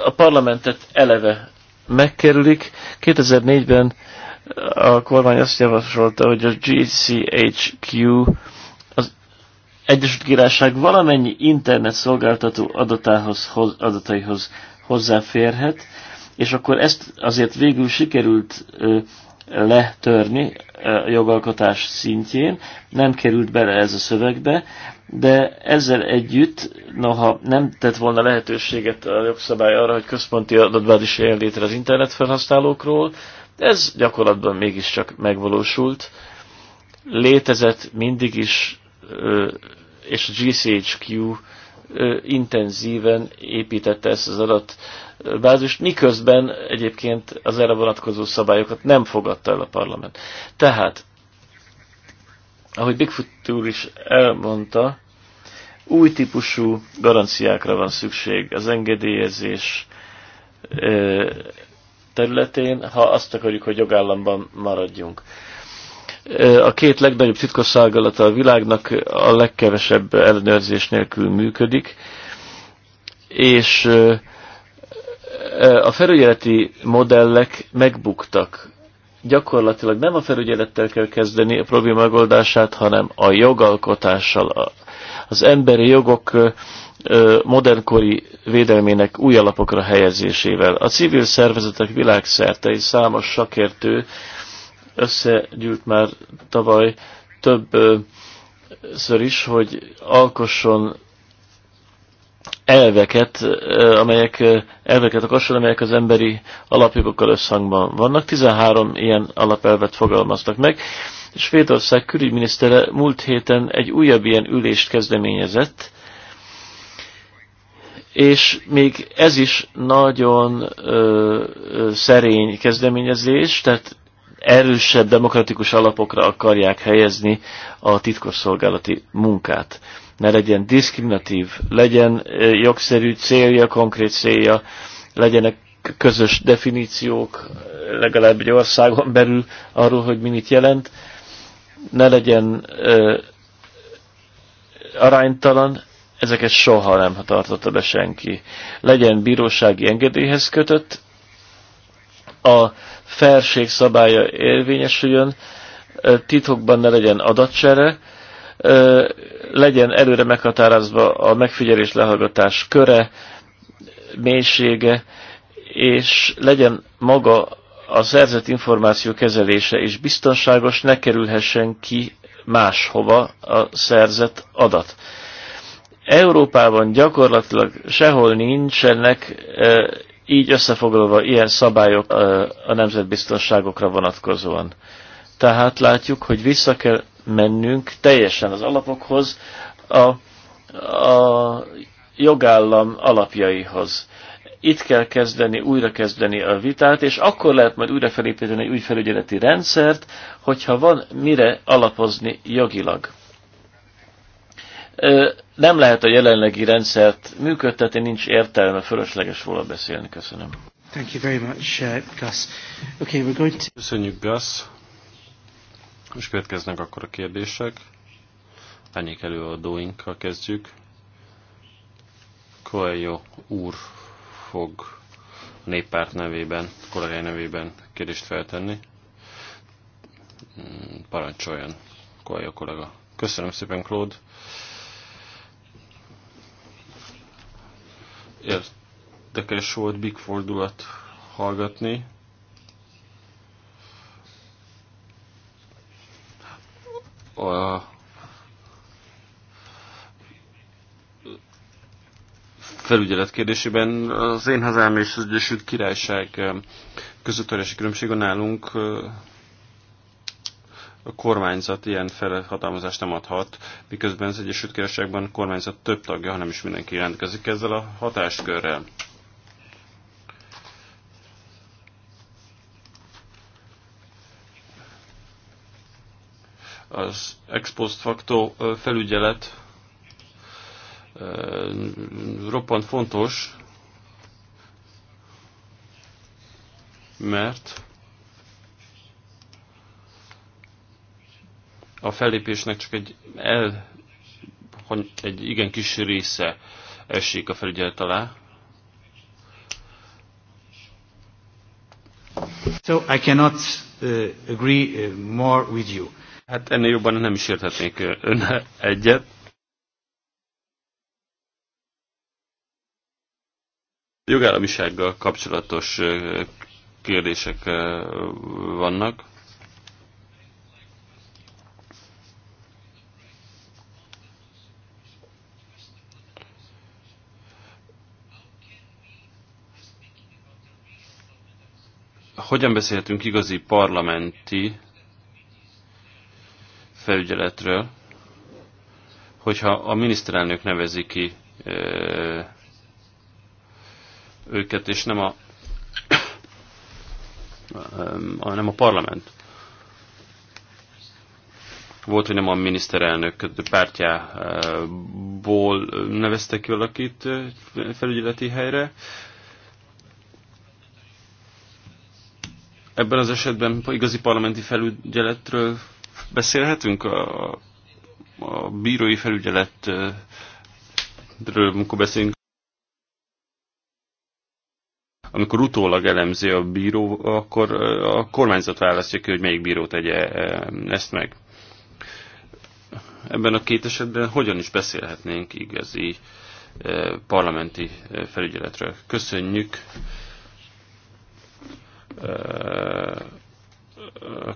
a parlamentet eleve megkerülik. 2004-ben a kormány azt javasolta, hogy a GCHQ az Egyesült Királyság valamennyi internet szolgáltató adatához, adataihoz hozzáférhet, és akkor ezt azért végül sikerült letörni a jogalkotás szintjén. Nem került bele ez a szövegbe, de ezzel együtt, noha nem tett volna lehetőséget a jogszabály arra, hogy központi adatbázis jön létre az internet felhasználókról, ez gyakorlatban mégiscsak megvalósult. Létezett mindig is, és a GCHQ intenzíven építette ezt az adatbázist, miközben egyébként az erre vonatkozó szabályokat nem fogadta el a parlament. Tehát, ahogy Bigfoot úr is elmondta, új típusú garanciákra van szükség az engedélyezés területén, ha azt akarjuk, hogy jogállamban maradjunk a két legnagyobb titkosszolgálata a világnak a legkevesebb ellenőrzés nélkül működik, és eh, a felügyeleti modellek megbuktak. Gyakorlatilag nem a felügyelettel kell kezdeni a probléma megoldását, hanem a jogalkotással, az emberi jogok eh, modernkori védelmének új alapokra helyezésével. A civil szervezetek világszerte és számos sakértő összegyűlt már tavaly több ször is, hogy alkosson elveket, amelyek, elveket akarsan, amelyek az emberi alapjogokkal összhangban vannak. 13 ilyen alapelvet fogalmaztak meg. Svédország külügyminisztere múlt héten egy újabb ilyen ülést kezdeményezett, és még ez is nagyon ö, ö, szerény kezdeményezés, tehát erősebb demokratikus alapokra akarják helyezni a titkosszolgálati munkát. Ne legyen diszkriminatív, legyen jogszerű célja, konkrét célja, legyenek közös definíciók legalább egy országon belül arról, hogy mi mit jelent, ne legyen ö, aránytalan, ezeket soha nem tartotta be senki. Legyen bírósági engedélyhez kötött, a felség szabálya érvényesüljön, titokban ne legyen adatsere, legyen előre meghatározva a megfigyelés lehallgatás köre, mélysége, és legyen maga a szerzett információ kezelése is biztonságos, ne kerülhessen ki máshova a szerzett adat. Európában gyakorlatilag sehol nincsenek így összefoglalva ilyen szabályok a nemzetbiztonságokra vonatkozóan. Tehát látjuk, hogy vissza kell mennünk teljesen az alapokhoz, a, a jogállam alapjaihoz. Itt kell kezdeni, újra kezdeni a vitát, és akkor lehet majd újra felépíteni egy új felügyeleti rendszert, hogyha van mire alapozni jogilag nem lehet a jelenlegi rendszert működtetni, nincs értelme, fölösleges volna beszélni. Köszönöm. Thank you very much, uh, Gus. Okay, we're going to... Köszönjük, Gus. Most következnek akkor a kérdések. Ányék előadóinkkal kezdjük. Koelyo úr fog a néppárt nevében, korai nevében kérdést feltenni. Mm, parancsoljon, Koelyo kollega. Köszönöm szépen, Claude. érdekes volt Big Fordulat hallgatni. A felügyelet kérdésében az én hazám és az Egyesült Királyság között óriási különbség a nálunk a kormányzat ilyen felhatalmazást nem adhat, miközben az Egyesült Királyságban a kormányzat több tagja, hanem is mindenki jelentkezik ezzel a hatáskörrel. Az ex post facto felügyelet roppant fontos, mert a fellépésnek csak egy, el, egy igen kis része esik a felügyelet alá. So I cannot uh, agree uh, more with you. Hát ennél jobban nem is érthetnék uh, ön egyet. Jogállamisággal kapcsolatos uh, kérdések vannak. hogyan beszélhetünk igazi parlamenti felügyeletről, hogyha a miniszterelnök nevezi ki őket, és nem a, a nem a parlament. Volt, hogy nem a miniszterelnök pártjából nevezte ki valakit felügyeleti helyre, Ebben az esetben igazi parlamenti felügyeletről beszélhetünk? A, a bírói felügyeletről, amikor beszélünk, amikor utólag elemzi a bíró, akkor a kormányzat választja ki, hogy melyik bíró tegye e, ezt meg. Ebben a két esetben hogyan is beszélhetnénk igazi e, parlamenti e, felügyeletről. Köszönjük!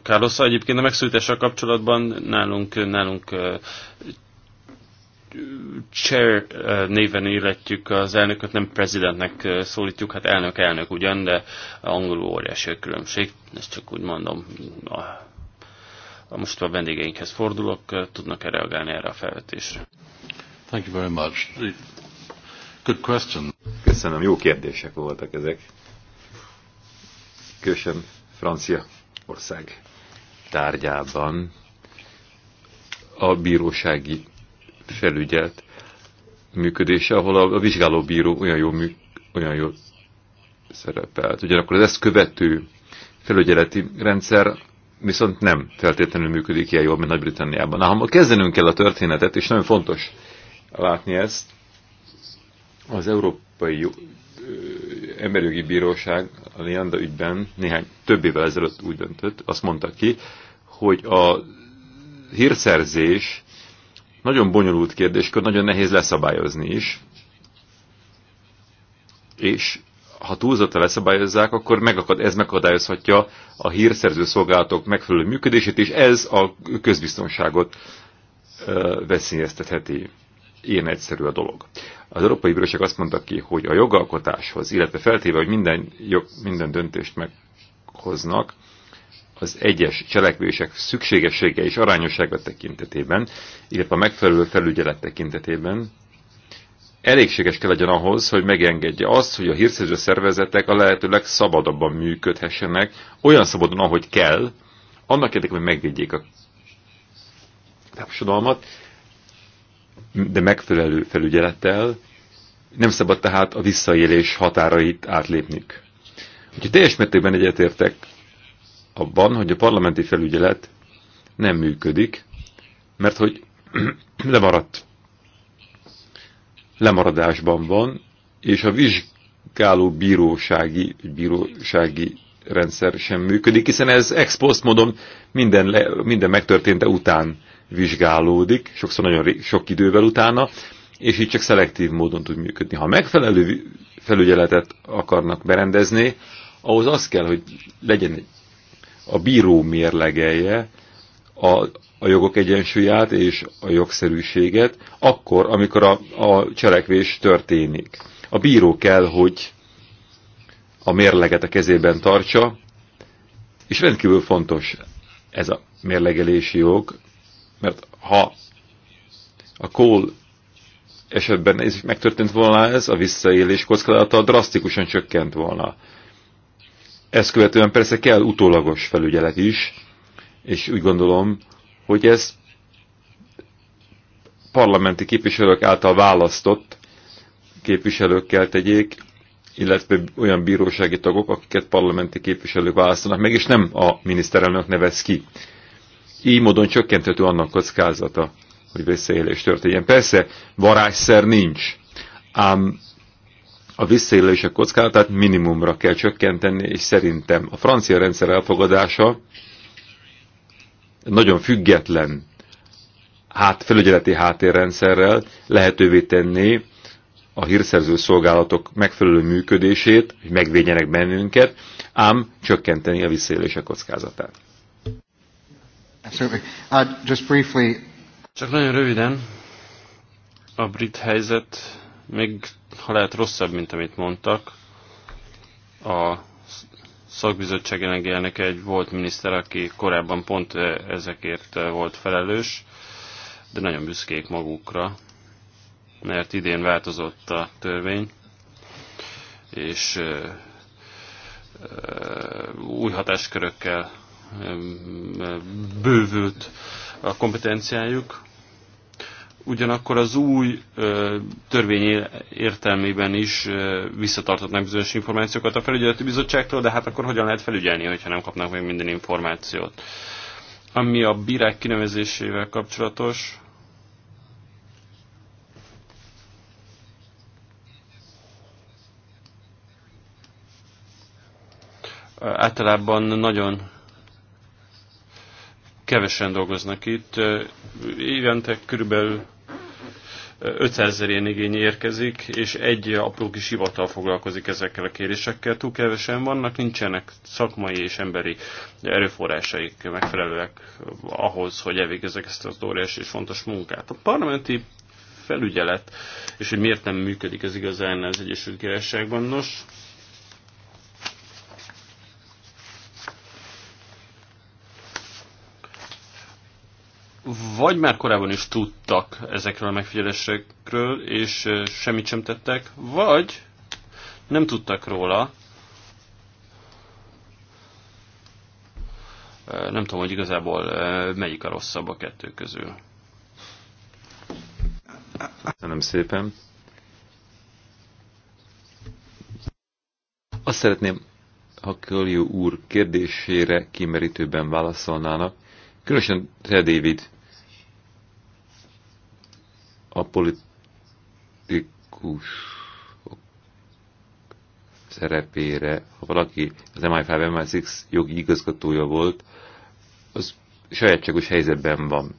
Carlos, egyébként a megszültéssel kapcsolatban nálunk, nálunk chair néven illetjük az elnököt, nem prezidentnek szólítjuk, hát elnök elnök ugyan, de angolul óriási a különbség, ezt csak úgy mondom. A, most a vendégeinkhez fordulok, tudnak-e reagálni erre a felvetésre? Thank you very much. Good question. Köszönöm, jó kérdések voltak ezek különösen Francia ország tárgyában a bírósági felügyelt működése, ahol a, vizsgáló vizsgálóbíró olyan jó, mű, olyan jó szerepelt. Ugyanakkor az ezt követő felügyeleti rendszer viszont nem feltétlenül működik ilyen jól, mint Nagy-Britanniában. ha kezdenünk kell a történetet, és nagyon fontos látni ezt, az európai emberjogi bíróság a Leanda ügyben néhány több évvel ezelőtt úgy döntött, azt mondta ki, hogy a hírszerzés nagyon bonyolult kérdéskör, nagyon nehéz leszabályozni is, és ha túlzottan leszabályozzák, akkor megakad, ez megakadályozhatja a hírszerző szolgálatok megfelelő működését, és ez a közbiztonságot veszélyeztetheti. Ilyen egyszerű a dolog. Az Európai Bíróság azt mondta ki, hogy a jogalkotáshoz, illetve feltéve, hogy minden, jog, minden döntést meghoznak, az egyes cselekvések szükségessége és arányossága tekintetében, illetve a megfelelő felügyelet tekintetében elégséges kell legyen ahhoz, hogy megengedje azt, hogy a hírszerző szervezetek a lehető legszabadabban működhessenek, olyan szabadon, ahogy kell, annak érdekében, hogy megvédjék a társadalmat, de megfelelő felügyelettel, nem szabad tehát a visszaélés határait átlépnük. Úgyhogy teljes mértékben egyetértek abban, hogy a parlamenti felügyelet nem működik, mert hogy lemaradt, lemaradásban van, és a vizsgáló bírósági, bírósági rendszer sem működik, hiszen ez ex post módon minden, minden megtörténte után vizsgálódik, sokszor nagyon sok idővel utána, és így csak szelektív módon tud működni. Ha megfelelő felügyeletet akarnak berendezni, ahhoz az kell, hogy legyen a bíró mérlegelje a, a jogok egyensúlyát és a jogszerűséget, akkor, amikor a, a cselekvés történik. A bíró kell, hogy a mérleget a kezében tartsa, és rendkívül fontos ez a mérlegelési jog, mert ha a kól esetben ez megtörtént volna ez, a visszaélés kockázata drasztikusan csökkent volna. Ezt követően persze kell utólagos felügyelet is, és úgy gondolom, hogy ez parlamenti képviselők által választott képviselőkkel tegyék, illetve olyan bírósági tagok, akiket parlamenti képviselők választanak meg, és nem a miniszterelnök nevez ki így módon csökkenthető annak kockázata, hogy visszaélés történjen. Persze, varázsszer nincs, ám a visszaélések kockázatát minimumra kell csökkenteni, és szerintem a francia rendszer elfogadása nagyon független hát, felügyeleti háttérrendszerrel lehetővé tenni a hírszerző szolgálatok megfelelő működését, hogy megvédjenek bennünket, ám csökkenteni a visszaélések kockázatát. Absolutely. Uh, Csak nagyon röviden. A brit helyzet még, ha lehet, rosszabb, mint amit mondtak. A szakbizottság elnöke egy volt miniszter, aki korábban pont eh, ezekért eh, volt felelős, de nagyon büszkék magukra, mert idén változott a törvény, és eh, új hatáskörökkel bővült a kompetenciájuk. Ugyanakkor az új törvény értelmében is visszatartatnak bizonyos információkat a felügyeleti bizottságtól, de hát akkor hogyan lehet felügyelni, hogyha nem kapnak meg minden információt. Ami a bírák kinevezésével kapcsolatos, általában nagyon kevesen dolgoznak itt. Évente körülbelül 500 ezer ilyen igény érkezik, és egy apró kis hivatal foglalkozik ezekkel a kérésekkel. Túl kevesen vannak, nincsenek szakmai és emberi erőforrásaik megfelelőek ahhoz, hogy elvégezzek ezt az óriási és fontos munkát. A parlamenti felügyelet, és hogy miért nem működik ez igazán az Egyesült Királyságban. Nos, vagy már korábban is tudtak ezekről a megfigyelésekről, és semmit sem tettek, vagy nem tudtak róla. Nem tudom, hogy igazából melyik a rosszabb a kettő közül. Köszönöm szépen. Azt szeretném, ha Kölyő úr kérdésére kimerítőben válaszolnának, különösen Te David a politikus szerepére, ha valaki az MI5, MI6 jogi igazgatója volt, az sajátságos helyzetben van.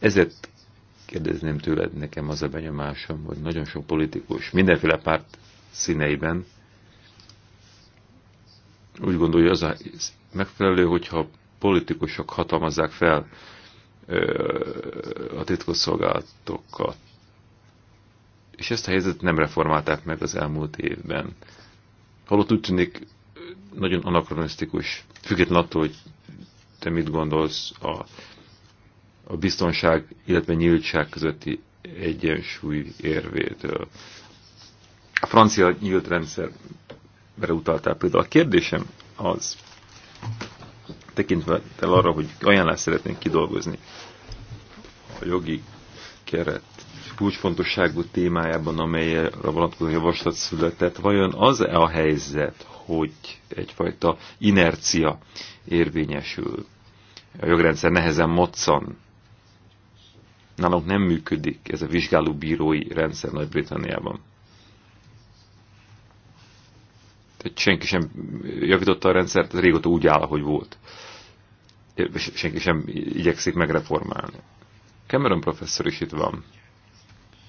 Ezért kérdezném tőled, nekem az a benyomásom, hogy nagyon sok politikus mindenféle párt színeiben úgy gondolja, az a megfelelő, hogyha politikusok hatalmazzák fel a titkosszolgálatokat. És ezt a helyzetet nem reformálták meg az elmúlt évben. Holott úgy tűnik nagyon anakronisztikus, független attól, hogy te mit gondolsz a, a biztonság, illetve nyíltság közötti egyensúly érvétől. A francia nyílt rendszerre utaltál például. A kérdésem az, tekintettel arra, hogy ajánlást szeretnénk kidolgozni a jogi keret kulcsfontosságú témájában, amelyre vonatkozó javaslat született, vajon az-e a helyzet, hogy egyfajta inercia érvényesül? A jogrendszer nehezen moccan. Nálunk nem működik ez a vizsgálóbírói rendszer Nagy-Britanniában. senki sem javította a rendszert, ez régóta úgy áll, ahogy volt. Senki sem igyekszik megreformálni. Cameron professzor is itt van.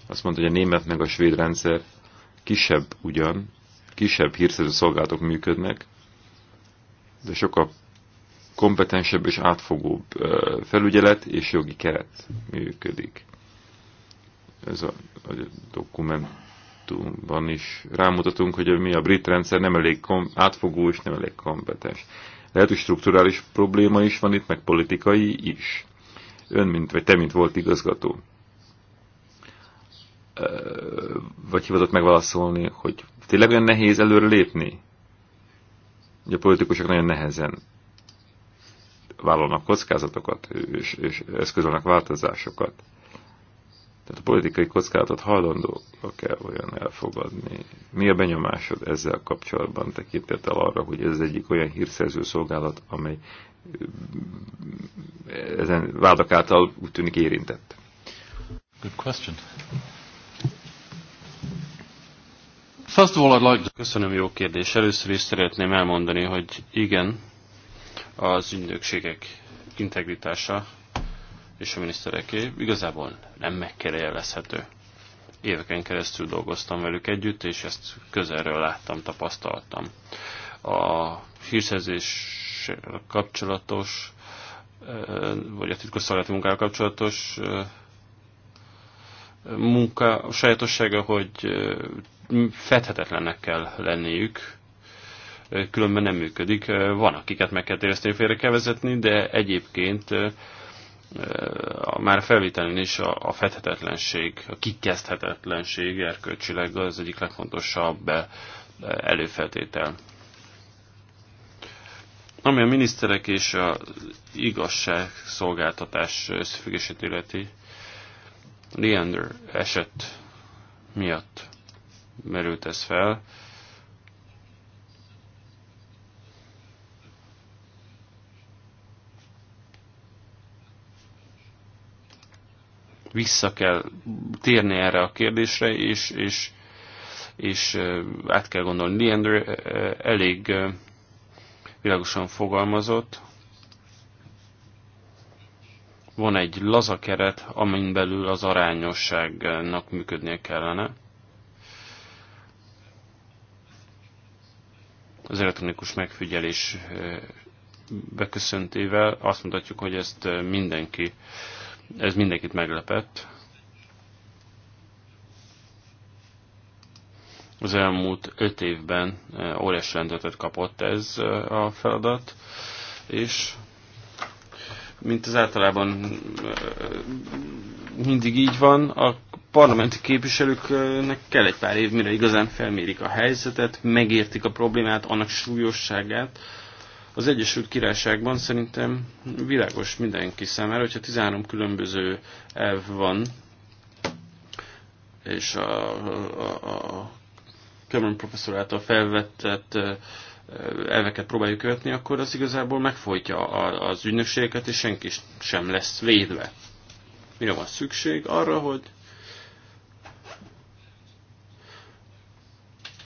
Azt mondta, hogy a német meg a svéd rendszer kisebb ugyan, kisebb hírszerző szolgálatok működnek, de sokkal kompetensebb és átfogóbb felügyelet és jogi keret működik. Ez a, a dokumentum dokumentumban is rámutatunk, hogy mi a brit rendszer nem elég átfogó és nem elég kompetens. Lehet, hogy strukturális probléma is van itt, meg politikai is. Ön, mint, vagy te, mint volt igazgató, vagy hivatott megválaszolni, hogy tényleg olyan nehéz előre lépni? Ugye a politikusok nagyon nehezen vállalnak kockázatokat, és, és eszközölnek változásokat. Tehát a politikai kockázatot hajlandóak kell olyan elfogadni. Mi a benyomásod ezzel kapcsolatban tekintettel arra, hogy ez egyik olyan hírszerző szolgálat, amely eh, ezen vádak által úgy tűnik érintett? Good question. First of all, I'd like to... Köszönöm, jó kérdés. Először is szeretném elmondani, hogy igen, az ügynökségek integritása és a minisztereké igazából nem megkérdőjelezhető. Éveken keresztül dolgoztam velük együtt, és ezt közelről láttam, tapasztaltam. A hírszerzéssel kapcsolatos, eh, vagy a titkosszolgálati munkával kapcsolatos eh, munka sajátossága, hogy eh, fedhetetlennek kell lenniük, különben nem működik. Van, akiket meg kell téreszteni, félre kell vezetni, de egyébként már a felvételen is a, a fethetetlenség, a kikezdhetetlenség erkölcsileg az egyik legfontosabb előfeltétel. Ami a miniszterek és az igazságszolgáltatás összefüggését illeti, Leander eset miatt merült ez fel. vissza kell térni erre a kérdésre, és, és, és át kell gondolni. Leander elég világosan fogalmazott. Van egy laza keret, amin belül az arányosságnak működnie kellene. Az elektronikus megfigyelés beköszöntével azt mutatjuk, hogy ezt mindenki ez mindenkit meglepett. Az elmúlt öt évben eh, óriás rendetet kapott ez eh, a feladat, és mint az általában eh, mindig így van, a parlamenti képviselőknek kell egy pár év, mire igazán felmérik a helyzetet, megértik a problémát, annak súlyosságát, az Egyesült Királyságban szerintem világos mindenki számára, hogyha 13 különböző elv van, és a, a, a Cameron professzor által felvetett elveket próbáljuk követni, akkor az igazából megfojtja az ügynökségeket, és senki sem lesz védve. Mire van szükség? Arra, hogy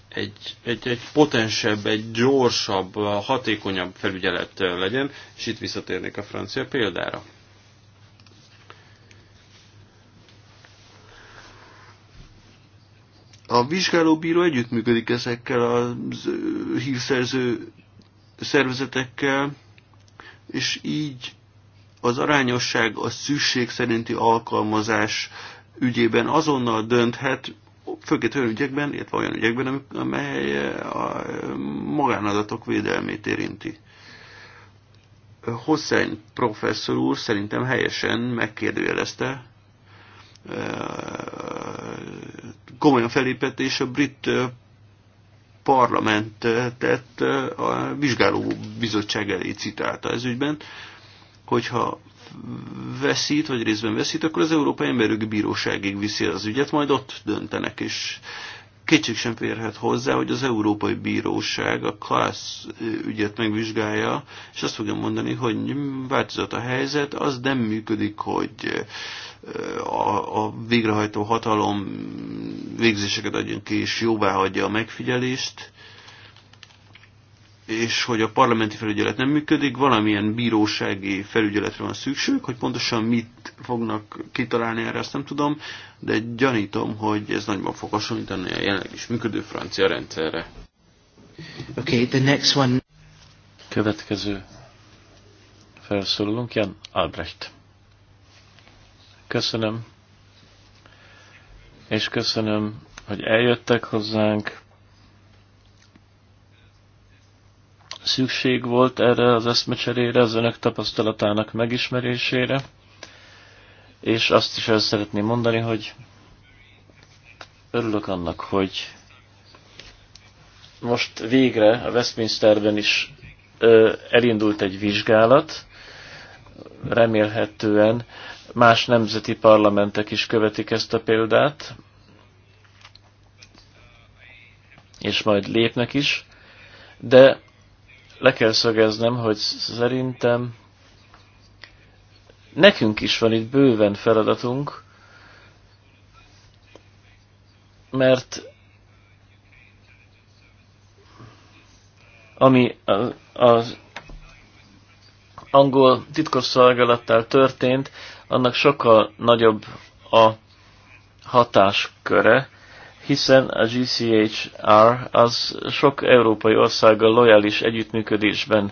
egy, egy, egy potensebb, egy gyorsabb, hatékonyabb felügyelet legyen, és itt visszatérnék a francia példára. A vizsgálóbíró együttműködik ezekkel a hírszerző szervezetekkel, és így az arányosság a szükség szerinti alkalmazás ügyében azonnal dönthet, főként olyan ügyekben, illetve olyan ügyekben, amely eh, a magánadatok védelmét érinti. Hossein professzor úr szerintem helyesen megkérdőjelezte, eh, komolyan felépett, és a brit eh, parlamentet a vizsgáló bizottság elé citálta ez ügyben, hogyha veszít, vagy részben veszít, akkor az Európai Emberjogi Bíróságig viszi az ügyet, majd ott döntenek, és kétség sem férhet hozzá, hogy az Európai Bíróság a klassz ügyet megvizsgálja, és azt fogja mondani, hogy változott a helyzet, az nem működik, hogy a, a végrehajtó hatalom végzéseket adjon ki, és jóvá hagyja a megfigyelést, és hogy a parlamenti felügyelet nem működik, valamilyen bírósági felügyeletre van szükség, hogy pontosan mit fognak kitalálni erre, azt nem tudom, de gyanítom, hogy ez nagyban fog hasonlítani a jelenleg is működő francia rendszerre. Okay, the next one. Következő felszólulunk, Jan Albrecht. Köszönöm, és köszönöm, hogy eljöttek hozzánk, szükség volt erre az eszmecserére, az önök tapasztalatának megismerésére, és azt is el szeretném mondani, hogy örülök annak, hogy most végre a Westminsterben is ö, elindult egy vizsgálat, remélhetően más nemzeti parlamentek is követik ezt a példát, és majd lépnek is, de le kell szögeznem, hogy szerintem nekünk is van itt bőven feladatunk, mert ami az angol titkosszolgálattal történt, annak sokkal nagyobb a hatásköre, hiszen a GCHR az sok európai országgal lojális együttműködésben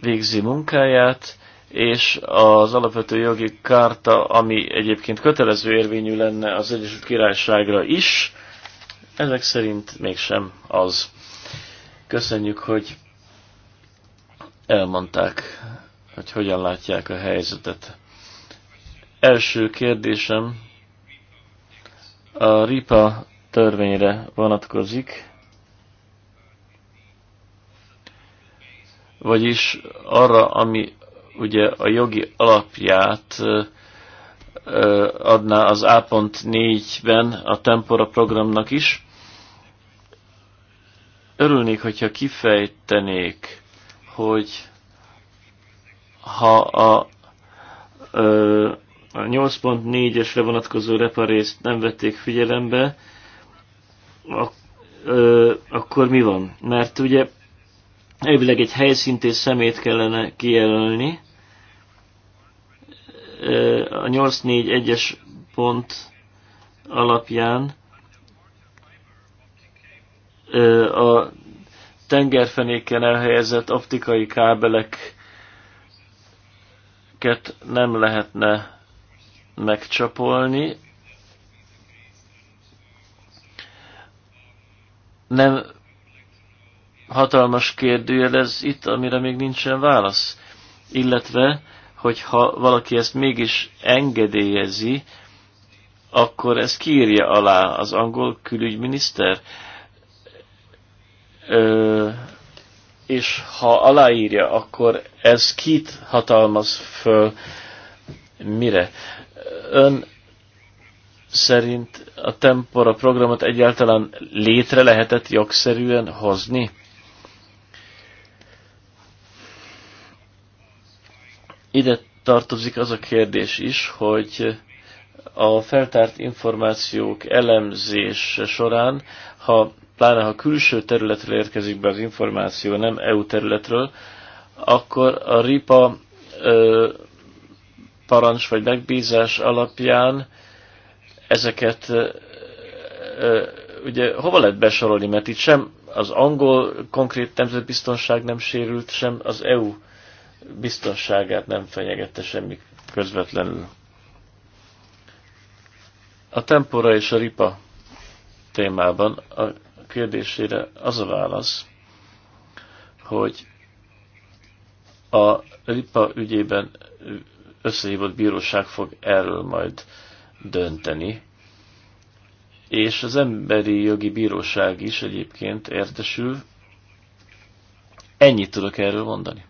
végzi munkáját, és az alapvető jogi kárta, ami egyébként kötelező érvényű lenne az Egyesült Királyságra is, ezek szerint mégsem az. Köszönjük, hogy elmondták, hogy hogyan látják a helyzetet. Első kérdésem a RIPA törvényre vonatkozik, vagyis arra, ami ugye a jogi alapját adná az A.4-ben a Tempora programnak is. Örülnék, hogyha kifejtenék, hogy ha a ö, a 8.4-esre vonatkozó reparészt nem vették figyelembe, a, ö, akkor mi van? Mert ugye elvileg egy helyszínt és szemét kellene kijelölni. A 8.4.1-es pont alapján a tengerfenéken elhelyezett optikai kábeleket nem lehetne megcsapolni. Nem hatalmas kérdőjelez itt, amire még nincsen válasz. Illetve, hogyha valaki ezt mégis engedélyezi, akkor ez kiírja alá az angol külügyminiszter. Ö, és ha aláírja, akkor ez kit hatalmaz föl mire. Ön szerint a Tempora programot egyáltalán létre lehetett jogszerűen hozni? Ide tartozik az a kérdés is, hogy a feltárt információk elemzése során, ha pláne ha külső területről érkezik be az információ, nem EU területről, akkor a RIPA ö, parancs vagy megbízás alapján ezeket ugye hova lehet besorolni, mert itt sem az angol konkrét nemzetbiztonság nem sérült, sem az EU biztonságát nem fenyegette semmi közvetlenül. A tempora és a ripa témában a kérdésére az a válasz, hogy a ripa ügyében összehívott bíróság fog erről majd dönteni. És az emberi jogi bíróság is egyébként értesül. Ennyit tudok erről mondani.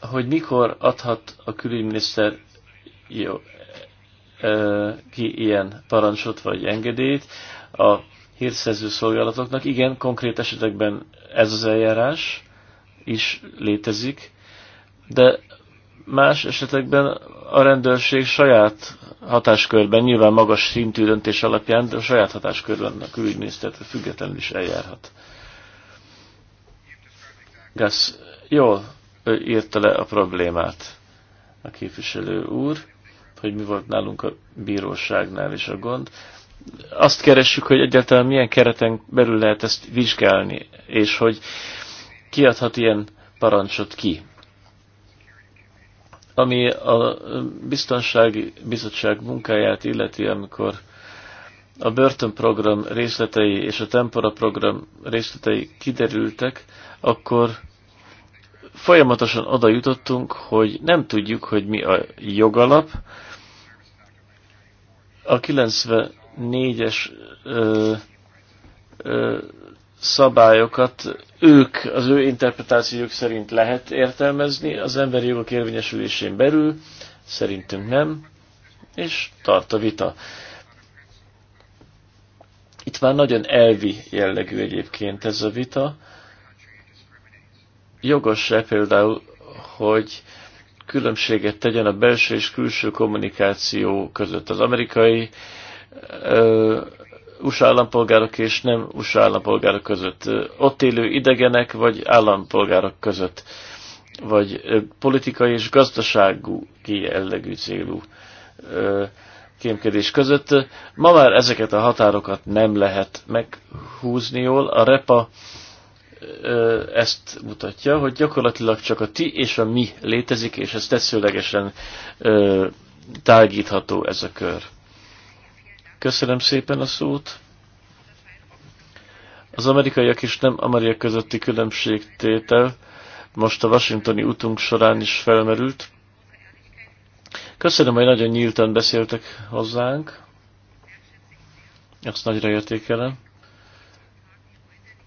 Hogy mikor adhat a külügyminiszter jó, ki ilyen parancsot vagy engedélyt a hírszerző szolgálatoknak. Igen, konkrét esetekben ez az eljárás is létezik, de más esetekben a rendőrség saját hatáskörben, nyilván magas szintű döntés alapján, de a saját hatáskörben a külügyminisztertől függetlenül is eljárhat. Gász jól írta le a problémát a képviselő úr, hogy mi volt nálunk a bíróságnál is a gond. Azt keressük, hogy egyáltalán milyen kereten belül lehet ezt vizsgálni, és hogy kiadhat ilyen parancsot ki. Ami a biztonsági bizottság munkáját illeti, amikor a börtönprogram részletei és a tempora program részletei kiderültek, akkor folyamatosan oda jutottunk, hogy nem tudjuk, hogy mi a jogalap. A 94-es szabályokat ők az ő interpretációjuk szerint lehet értelmezni, az emberi jogok érvényesülésén belül szerintünk nem, és tart a vita. Itt már nagyon elvi jellegű egyébként ez a vita. Jogos-e például, hogy különbséget tegyen a belső és külső kommunikáció között. Az amerikai ö, USA állampolgárok és nem USA állampolgárok között, ott élő idegenek vagy állampolgárok között, vagy politikai és gazdasági jellegű célú kémkedés között. Ma már ezeket a határokat nem lehet meghúzni jól. A REPA ezt mutatja, hogy gyakorlatilag csak a ti és a mi létezik, és ez tetszőlegesen tágítható ez a kör. Köszönöm szépen a szót. Az amerikaiak és nem amerikai közötti különbségtétel most a washingtoni utunk során is felmerült. Köszönöm, hogy nagyon nyíltan beszéltek hozzánk. Ezt nagyra értékelem.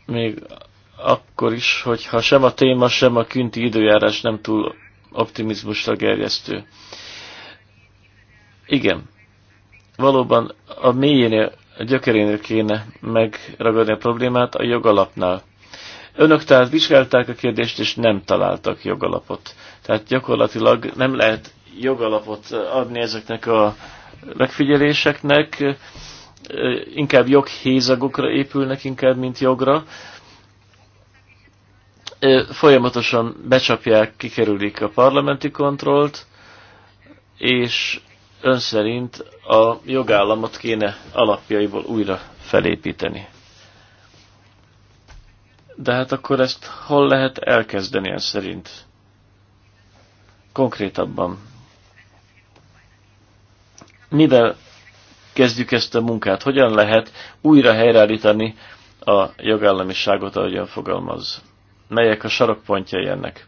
Még akkor is, hogyha sem a téma, sem a künti időjárás nem túl optimizmusra gerjesztő. Igen valóban a mélyénél, a gyökerénél kéne megragadni a problémát a jogalapnál. Önök tehát vizsgálták a kérdést, és nem találtak jogalapot. Tehát gyakorlatilag nem lehet jogalapot adni ezeknek a megfigyeléseknek, inkább joghézagokra épülnek inkább, mint jogra. Folyamatosan becsapják, kikerülik a parlamenti kontrollt, és ön szerint a jogállamot kéne alapjaiból újra felépíteni. De hát akkor ezt hol lehet elkezdeni ön szerint? Konkrétabban. Mivel kezdjük ezt a munkát? Hogyan lehet újra helyreállítani a jogállamiságot, ahogyan fogalmaz? Melyek a sarokpontjai ennek?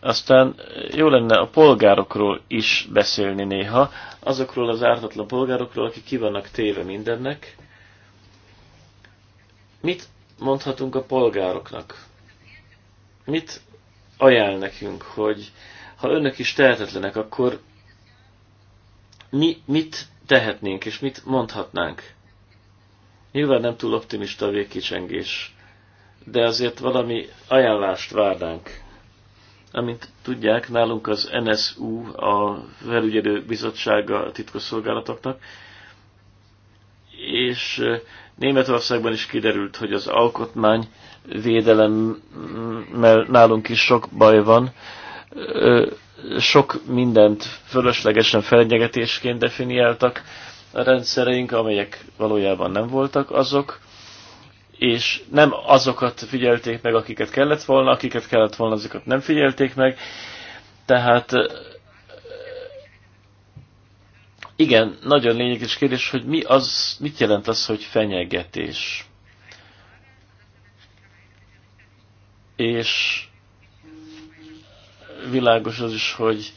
Aztán jó lenne a polgárokról is beszélni néha, azokról az ártatlan polgárokról, akik ki vannak téve mindennek. Mit mondhatunk a polgároknak? Mit ajánl nekünk, hogy ha önök is tehetetlenek, akkor mi mit tehetnénk és mit mondhatnánk? Nyilván nem túl optimista a végkicsengés, de azért valami ajánlást várnánk Amint tudják, nálunk az NSU, a felügyelő bizottsága a titkosszolgálatoknak, és Németországban is kiderült, hogy az alkotmány mert nálunk is sok baj van. Sok mindent fölöslegesen felnyegetésként definiáltak a rendszereink, amelyek valójában nem voltak azok és nem azokat figyelték meg, akiket kellett volna, akiket kellett volna, azokat nem figyelték meg. Tehát eh, igen, nagyon lényeges kérdés, hogy mi az, mit jelent az, hogy fenyegetés. És világos az is, hogy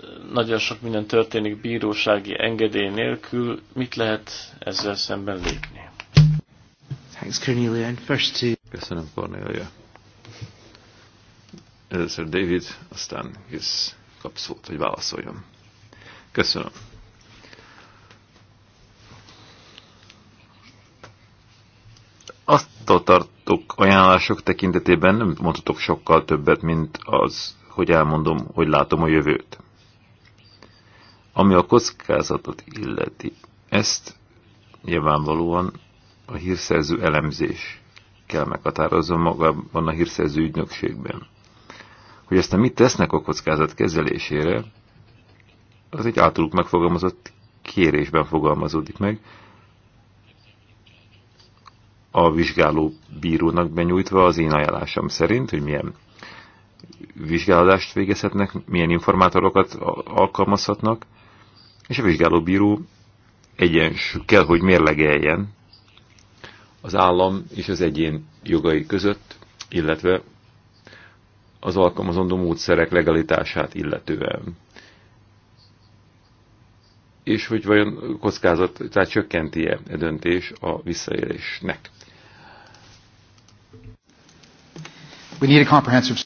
eh, nagyon sok minden történik bírósági engedély nélkül, mit lehet ezzel szemben lépni. Thanks, Cornelia. And first to... Köszönöm, Cornelia. Először David, aztán Giz kap szót, hogy válaszoljon. Köszönöm. Attól tartok ajánlások tekintetében nem mondhatok sokkal többet, mint az, hogy elmondom, hogy látom a jövőt. Ami a kockázatot illeti, ezt nyilvánvalóan a hírszerző elemzés kell meghatározom magában a hírszerző ügynökségben. Hogy aztán mit tesznek a kockázat kezelésére, az egy általuk megfogalmazott kérésben fogalmazódik meg, a vizsgáló bírónak benyújtva az én ajánlásom szerint, hogy milyen vizsgálódást végezhetnek, milyen informátorokat alkalmazhatnak, és a vizsgáló bíró egyens kell, hogy mérlegeljen az állam és az egyén jogai között, illetve az alkalmazandó módszerek legalitását illetően. És hogy vajon kockázat, tehát csökkenti-e a e döntés a visszaélésnek. We need a comprehensive...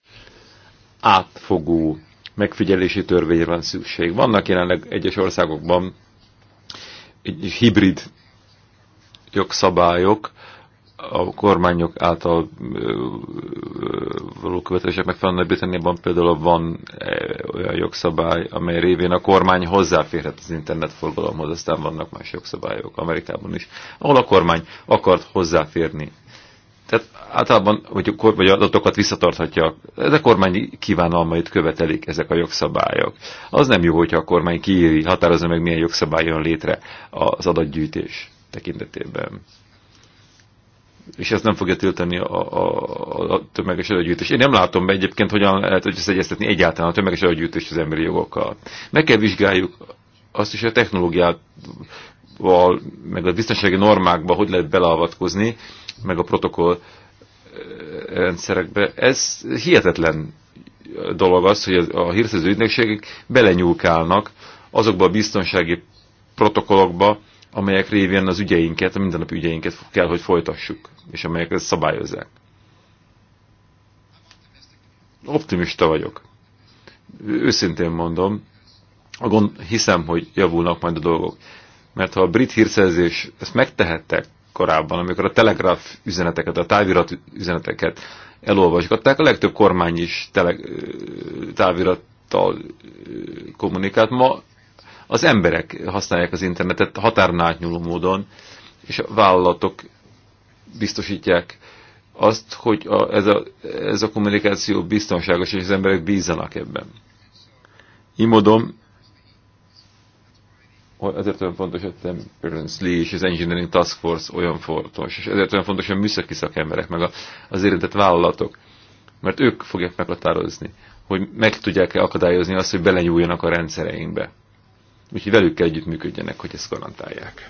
Átfogó megfigyelési törvényre van szükség. Vannak jelenleg egyes országokban egy hibrid jogszabályok, a kormányok által való követelések megfelelően Nagy-Britanniában például van e, olyan jogszabály, amely révén a kormány hozzáférhet az internetforgalomhoz, aztán vannak más jogszabályok Amerikában is, ahol a kormány akart hozzáférni. Tehát általában, hogy vagy adatokat visszatarthatja, ez a kormány kívánalmait követelik ezek a jogszabályok. Az nem jó, hogyha a kormány kiíri, határozza meg, milyen jogszabály jön létre az adatgyűjtés tekintetében és ez nem fogja tiltani a, a, a tömeges előgyűjtést. Én nem látom be egyébként, hogyan lehet összeegyeztetni egyáltalán a tömeges előgyűjtést az emberi jogokkal. Meg kell vizsgáljuk azt is, hogy a technológiával, meg a biztonsági normákba hogy lehet beleavatkozni, meg a protokoll eh, rendszerekbe. Ez hihetetlen dolog az, hogy a hírszerző ügynökségek belenyúlkálnak azokba a biztonsági protokollokba, amelyek révén az ügyeinket, a mindennapi ügyeinket kell, hogy folytassuk, és amelyek ezt szabályozzák. Optimista vagyok. Őszintén mondom, a gond, hiszem, hogy javulnak majd a dolgok. Mert ha a brit hírszerzés ezt megtehettek korábban, amikor a telegraf üzeneteket, a távirat üzeneteket elolvasgatták, a legtöbb kormány is tele, távirattal kommunikált. Ma az emberek használják az internetet határon átnyúló módon, és a vállalatok biztosítják azt, hogy a, ez, a, ez a kommunikáció biztonságos, és az emberek bízzanak ebben. Így módon ezért olyan fontos, hogy a lee és az Engineering Task Force olyan fontos, és ezért olyan fontos, hogy a műszaki szakemberek, meg az érintett vállalatok, mert ők fogják meghatározni, hogy meg tudják-e akadályozni azt, hogy belenyúljanak a rendszereinkbe. Úgyhogy velük kell együttműködjenek, hogy ezt garantálják.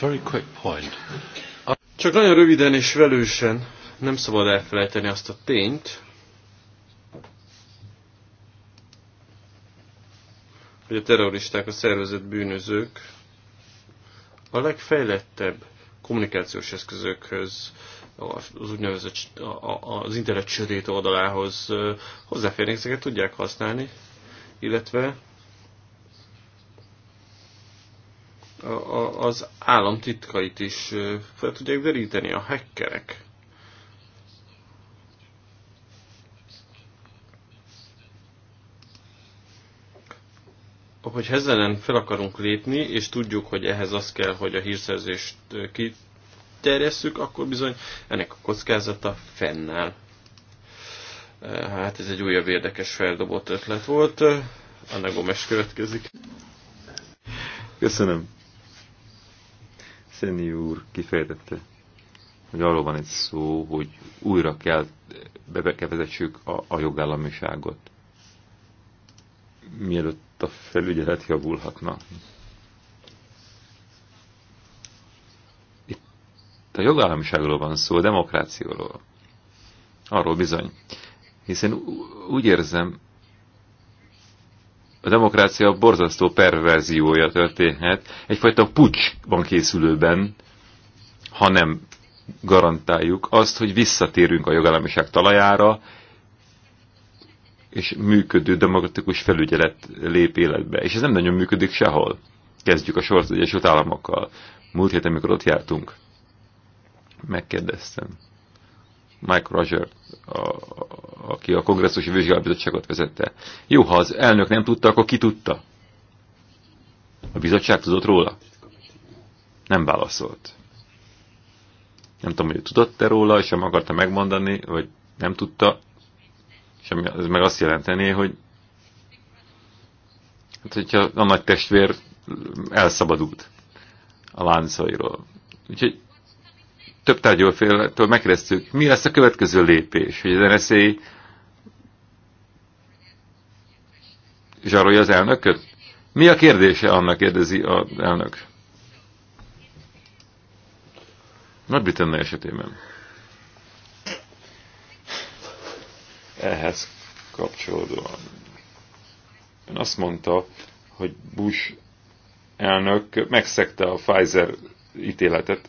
Very quick point. Csak nagyon röviden és velősen nem szabad elfelejteni azt a tényt, hogy a terroristák, a szervezett bűnözők a legfejlettebb kommunikációs eszközökhöz, az úgynevezett az internet sötét oldalához hozzáférnek, ezeket tudják használni, illetve az államtitkait is fel tudják deríteni a hackerek. hogy ezzel fel akarunk lépni, és tudjuk, hogy ehhez az kell, hogy a hírszerzést kiterjesszük, akkor bizony ennek a kockázata fennáll. Hát ez egy újabb érdekes feldobott ötlet volt. Anna Gomes következik. Köszönöm. Szenni úr kifejtette, hogy arról van egy szó, hogy újra kell bevezessük a, a jogállamiságot. Mielőtt a felügyelet javulhatna. Itt a jogállamiságról van szó, a demokrációról. Arról bizony, hiszen úgy érzem, a demokrácia borzasztó perverziója történhet, egyfajta van készülőben, ha nem garantáljuk azt, hogy visszatérünk a jogállamiság talajára, és működő demokratikus felügyelet lép életbe. És ez nem nagyon működik sehol. Kezdjük a sort Egyesült Államokkal. Múlt héten, amikor ott jártunk, megkérdeztem Mike Roger, a, a, aki a kongresszusi vizsgálóbizottságot vezette. Jó, ha az elnök nem tudta, akkor ki tudta? A bizottság tudott róla? Nem válaszolt. Nem tudom, hogy tudott-e róla, és sem akarta megmondani, vagy nem tudta. És ez meg azt jelenteni, hogy hát, hogyha a nagy testvér elszabadult a láncairól. Úgyhogy több tárgyalóféltől megkérdeztük, mi lesz a következő lépés, hogy az NSZ zsarolja az elnököt? Mi a kérdése annak, kérdezi az elnök. Nagy-Britannia esetében. Ehhez kapcsolódóan. Ön azt mondta, hogy Bush elnök megszegte a Pfizer ítéletet,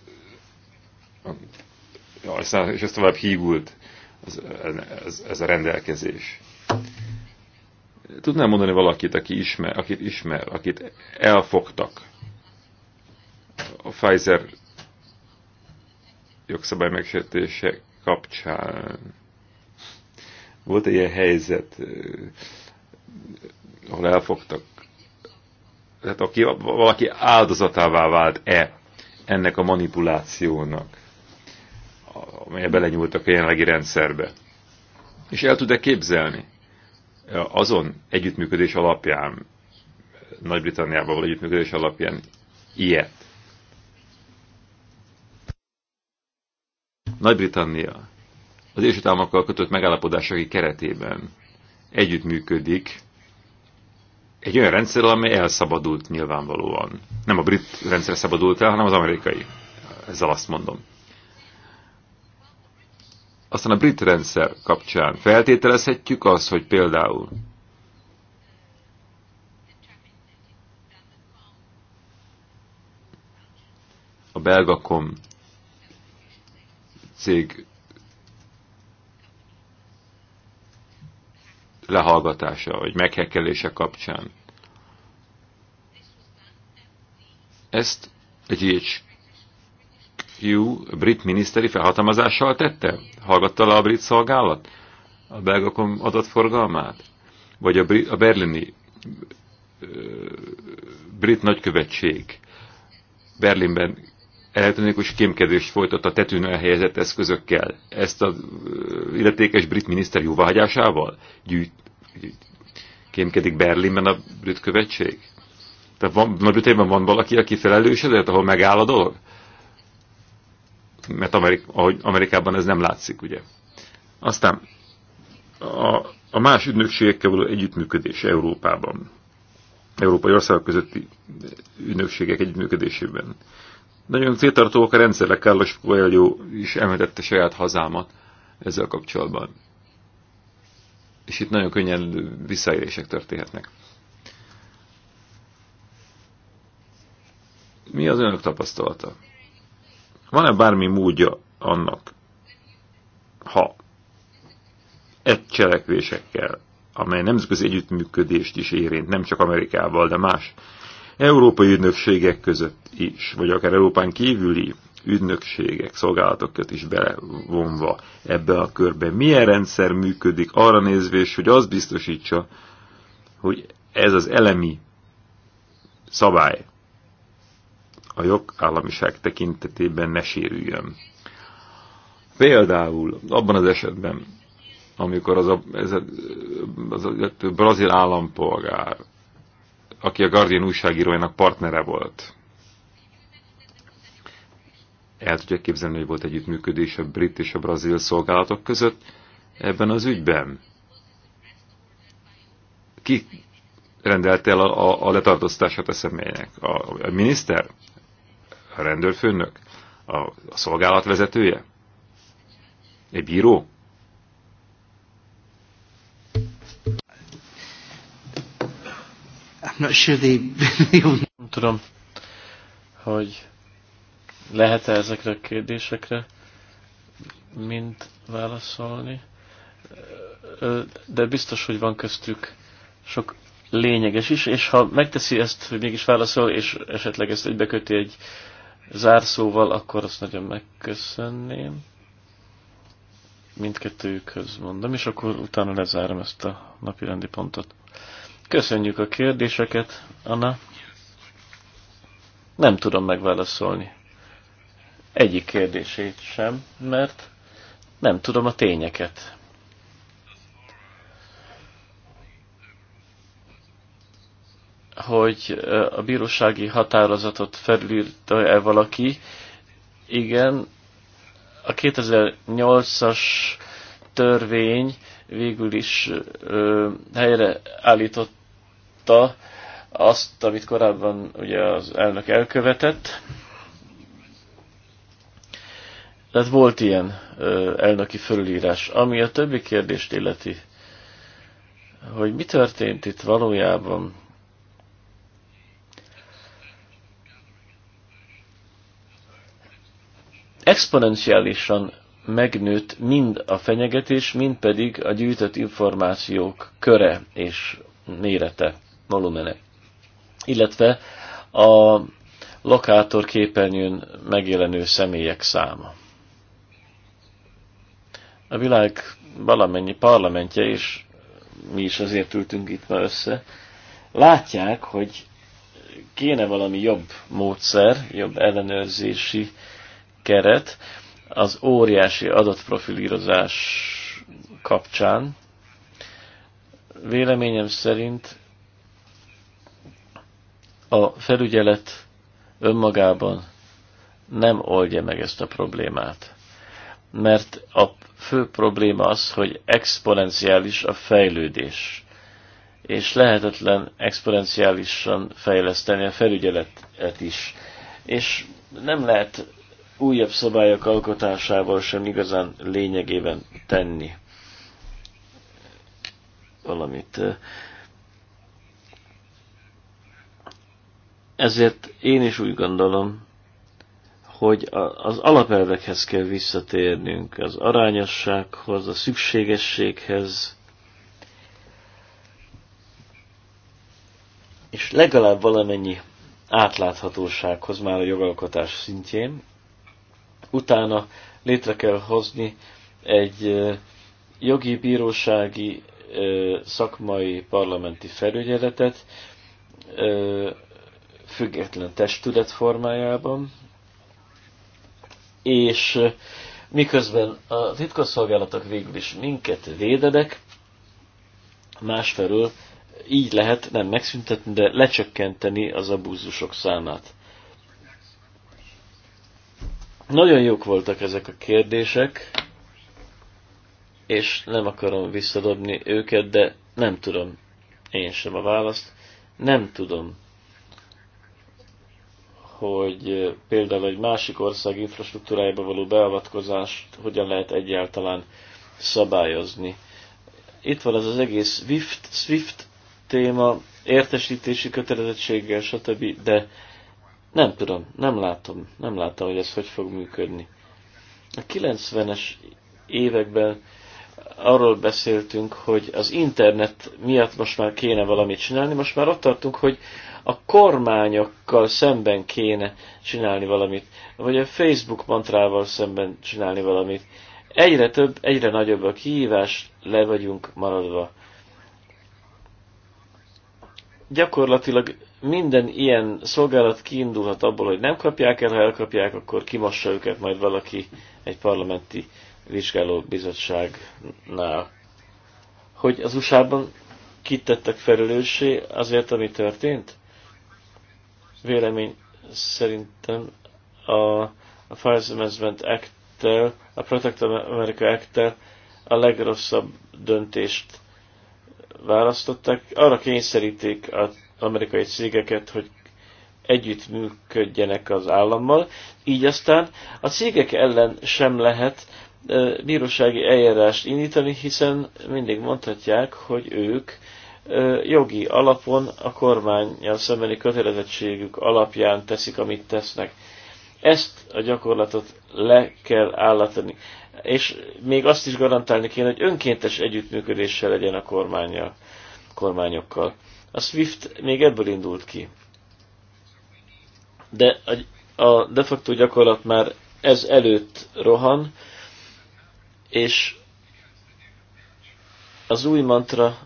aztán, és ez tovább hígult ez, ez, ez a rendelkezés. Tudnám mondani valakit, aki ismer, akit ismer, akit elfogtak a Pfizer jogszabály megsértése kapcsán. Volt egy ilyen helyzet, eh, ahol elfogtak. Tehát aki, valaki áldozatává vált-e ennek a manipulációnak? amelyre belenyúltak a jelenlegi rendszerbe. És el tud-e képzelni e, azon együttműködés alapján, Nagy-Britanniában való együttműködés alapján ilyet? Nagy-Britannia az Egyesült Államokkal kötött megállapodásai keretében együttműködik egy olyan rendszerrel, amely elszabadult nyilvánvalóan. Nem a brit rendszer szabadult el, hanem az amerikai. Ezzel azt mondom. Aztán a brit rendszer kapcsán feltételezhetjük azt, hogy például a belgakom cég lehallgatása, vagy meghekkelése kapcsán. Ezt egy Hugh brit miniszteri felhatalmazással tette? Hallgatta le a brit szolgálat? A adott adatforgalmát? Vagy a, brit a berlini ö, brit nagykövetség Berlinben elektronikus kémkedést folytatta a tetőn elhelyezett eszközökkel? Ezt a illetékes brit miniszter jóváhagyásával gyűjt, kémkedik Berlinben a brit követség? Tehát van, Nagy-Britanniában van valaki, aki felelős ezért, ahol megáll a dolog? mert Amerik ahogy Amerikában ez nem látszik, ugye. Aztán a, a más ügynökségekkel való együttműködés Európában, európai országok közötti ügynökségek együttműködésében. Nagyon céltartóak a rendszerek, Carlos Coelho is említette saját hazámat ezzel kapcsolatban. És itt nagyon könnyen visszaélések történhetnek. Mi az önök tapasztalata? Van-e bármi módja annak, ha egy cselekvésekkel, amely nemzetközi együttműködést is érint, nem csak Amerikával, de más európai ügynökségek között is, vagy akár Európán kívüli ügynökségek, szolgálatokat is belevonva ebbe a körbe. Milyen rendszer működik arra nézvés, hogy az biztosítsa, hogy ez az elemi szabály, a jogállamiság tekintetében ne sérüljön. Például abban az esetben, amikor az a, ez a, az a, a brazil állampolgár, aki a Guardian újságírójának partnere volt, el tudja képzelni, hogy volt együttműködés a brit és a brazil szolgálatok között ebben az ügyben. Ki rendelte el a, a, a letartóztását a személynek? A, a miniszter? a rendőrfőnök, a, a szolgálat vezetője, egy bíró. I'm Nem tudom, hogy lehet-e ezekre a kérdésekre mind válaszolni, de biztos, hogy van köztük sok lényeges is, és ha megteszi ezt, hogy mégis válaszol, és esetleg ezt egybeköti egy zárszóval, akkor azt nagyon megköszönném. Mindkettőjükhöz mondom, és akkor utána lezárom ezt a napirendi pontot. Köszönjük a kérdéseket, Anna. Nem tudom megválaszolni. Egyik kérdését sem, mert nem tudom a tényeket. hogy a bírósági határozatot felülírta-e valaki. Igen, a 2008-as törvény végül is ö, helyre állította azt, amit korábban ugye az elnök elkövetett. Tehát volt ilyen ö, elnöki fölülírás. Ami a többi kérdést illeti, hogy mi történt itt valójában, exponenciálisan megnőtt mind a fenyegetés, mind pedig a gyűjtött információk köre és mérete, volumene. Illetve a lokátor képernyőn megjelenő személyek száma. A világ valamennyi parlamentje, és mi is azért ültünk itt ma össze, látják, hogy kéne valami jobb módszer, jobb ellenőrzési keret az óriási adatprofilírozás kapcsán. Véleményem szerint a felügyelet önmagában nem oldja meg ezt a problémát. Mert a fő probléma az, hogy exponenciális a fejlődés, és lehetetlen exponenciálisan fejleszteni a felügyeletet is. És nem lehet újabb szabályok alkotásával sem igazán lényegében tenni valamit. Ezért én is úgy gondolom, hogy az alapelvekhez kell visszatérnünk, az arányossághoz, a szükségességhez, és legalább valamennyi átláthatósághoz már a jogalkotás szintjén, utána létre kell hozni egy jogi, bírósági, szakmai, parlamenti felügyeletet független testület formájában, és miközben a titkosszolgálatok végül is minket védedek, másfelől így lehet nem megszüntetni, de lecsökkenteni az abúzusok számát. Nagyon jók voltak ezek a kérdések, és nem akarom visszadobni őket, de nem tudom én sem a választ. Nem tudom, hogy például egy másik ország infrastruktúrájába való beavatkozást hogyan lehet egyáltalán szabályozni. Itt van az az egész SWIFT, SWIFT téma, értesítési kötelezettséggel, stb., de nem tudom, nem látom, nem látom, hogy ez hogy fog működni. A 90-es években arról beszéltünk, hogy az internet miatt most már kéne valamit csinálni, most már ott tartunk, hogy a kormányokkal szemben kéne csinálni valamit, vagy a Facebook mantrával szemben csinálni valamit. Egyre több, egyre nagyobb a kihívás, le vagyunk maradva. Gyakorlatilag minden ilyen szolgálat kiindulhat abból, hogy nem kapják el, ha elkapják, akkor kimassa őket majd valaki egy parlamenti vizsgálóbizottságnál. Hogy az USA-ban kitettek felelőssé azért, ami történt? Vélemény szerintem a, a Fires Amendment act a Protect America act a legrosszabb döntést választották. Arra kényszeríték a amerikai cégeket, hogy együttműködjenek az állammal, így aztán a cégek ellen sem lehet bírósági eljárást indítani, hiszen mindig mondhatják, hogy ők jogi alapon a kormányjal szembeni kötelezettségük alapján teszik, amit tesznek. Ezt a gyakorlatot le kell állatani. És még azt is garantálni kéne, hogy önkéntes együttműködéssel legyen a kormányjal, kormányokkal. A SWIFT még ebből indult ki. De a de facto gyakorlat már ez előtt rohan, és az új mantra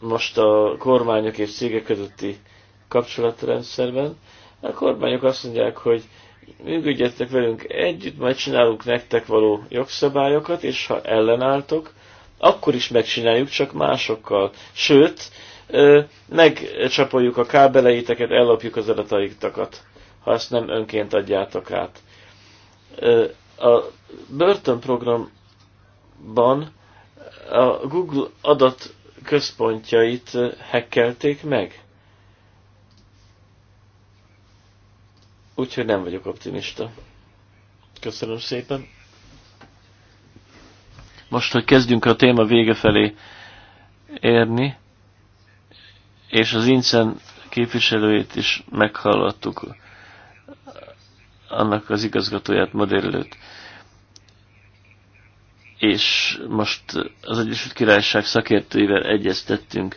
most a kormányok és cégek közötti kapcsolatrendszerben, a kormányok azt mondják, hogy működjetek velünk együtt, majd csinálunk nektek való jogszabályokat, és ha ellenálltok, akkor is megcsináljuk, csak másokkal. Sőt, megcsapoljuk a kábeleiteket, ellopjuk az adataitokat, ha ezt nem önként adjátok át. A börtönprogramban a Google adat központjait hekkelték meg. Úgyhogy nem vagyok optimista. Köszönöm szépen most, hogy kezdjünk a téma vége felé érni, és az Incen képviselőjét is meghallottuk, annak az igazgatóját modellőt, És most az Egyesült Királyság szakértőivel egyeztettünk.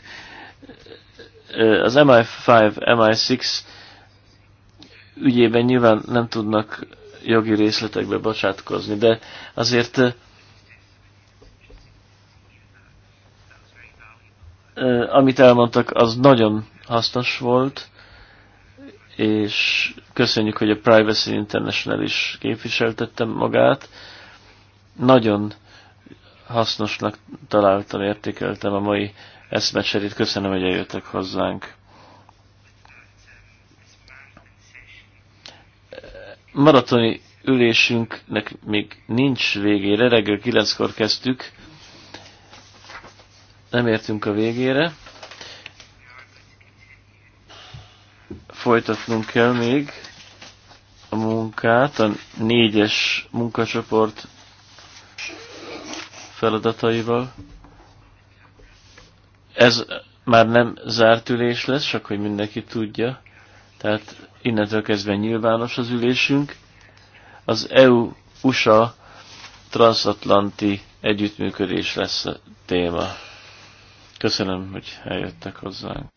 Az MI5, MI6 ügyében nyilván nem tudnak jogi részletekbe bocsátkozni, de azért amit elmondtak, az nagyon hasznos volt, és köszönjük, hogy a Privacy International is képviseltette magát. Nagyon hasznosnak találtam, értékeltem a mai eszmecserét. Köszönöm, hogy eljöttek hozzánk. Maratoni ülésünknek még nincs végére, reggel kilenckor kezdtük, nem értünk a végére. Folytatnunk kell még a munkát, a négyes munkacsoport feladataival. Ez már nem zárt ülés lesz, csak hogy mindenki tudja. Tehát innentől kezdve nyilvános az ülésünk. Az EU-USA transatlanti együttműködés lesz a téma. Köszönöm, hogy eljöttek hozzánk.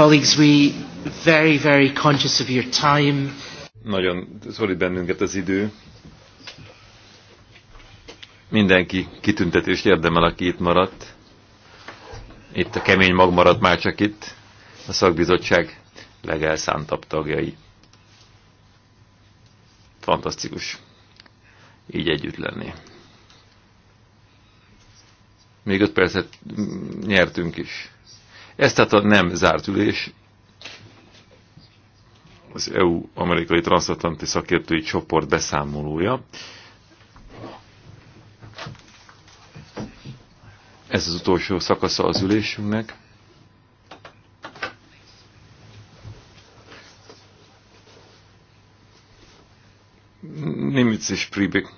Colleagues, we very, very conscious of your time. Nagyon szorít bennünket az idő. Mindenki kitüntetést érdemel, aki itt maradt. Itt a kemény mag maradt már csak itt. A szakbizottság legelszántabb tagjai. Fantasztikus így együtt lenni. Még öt percet nyertünk is. Ez tehát a nem zárt ülés az EU-amerikai transatlanti szakértői csoport beszámolója. Ez az utolsó szakasza az ülésünknek. Nimitz és Pribik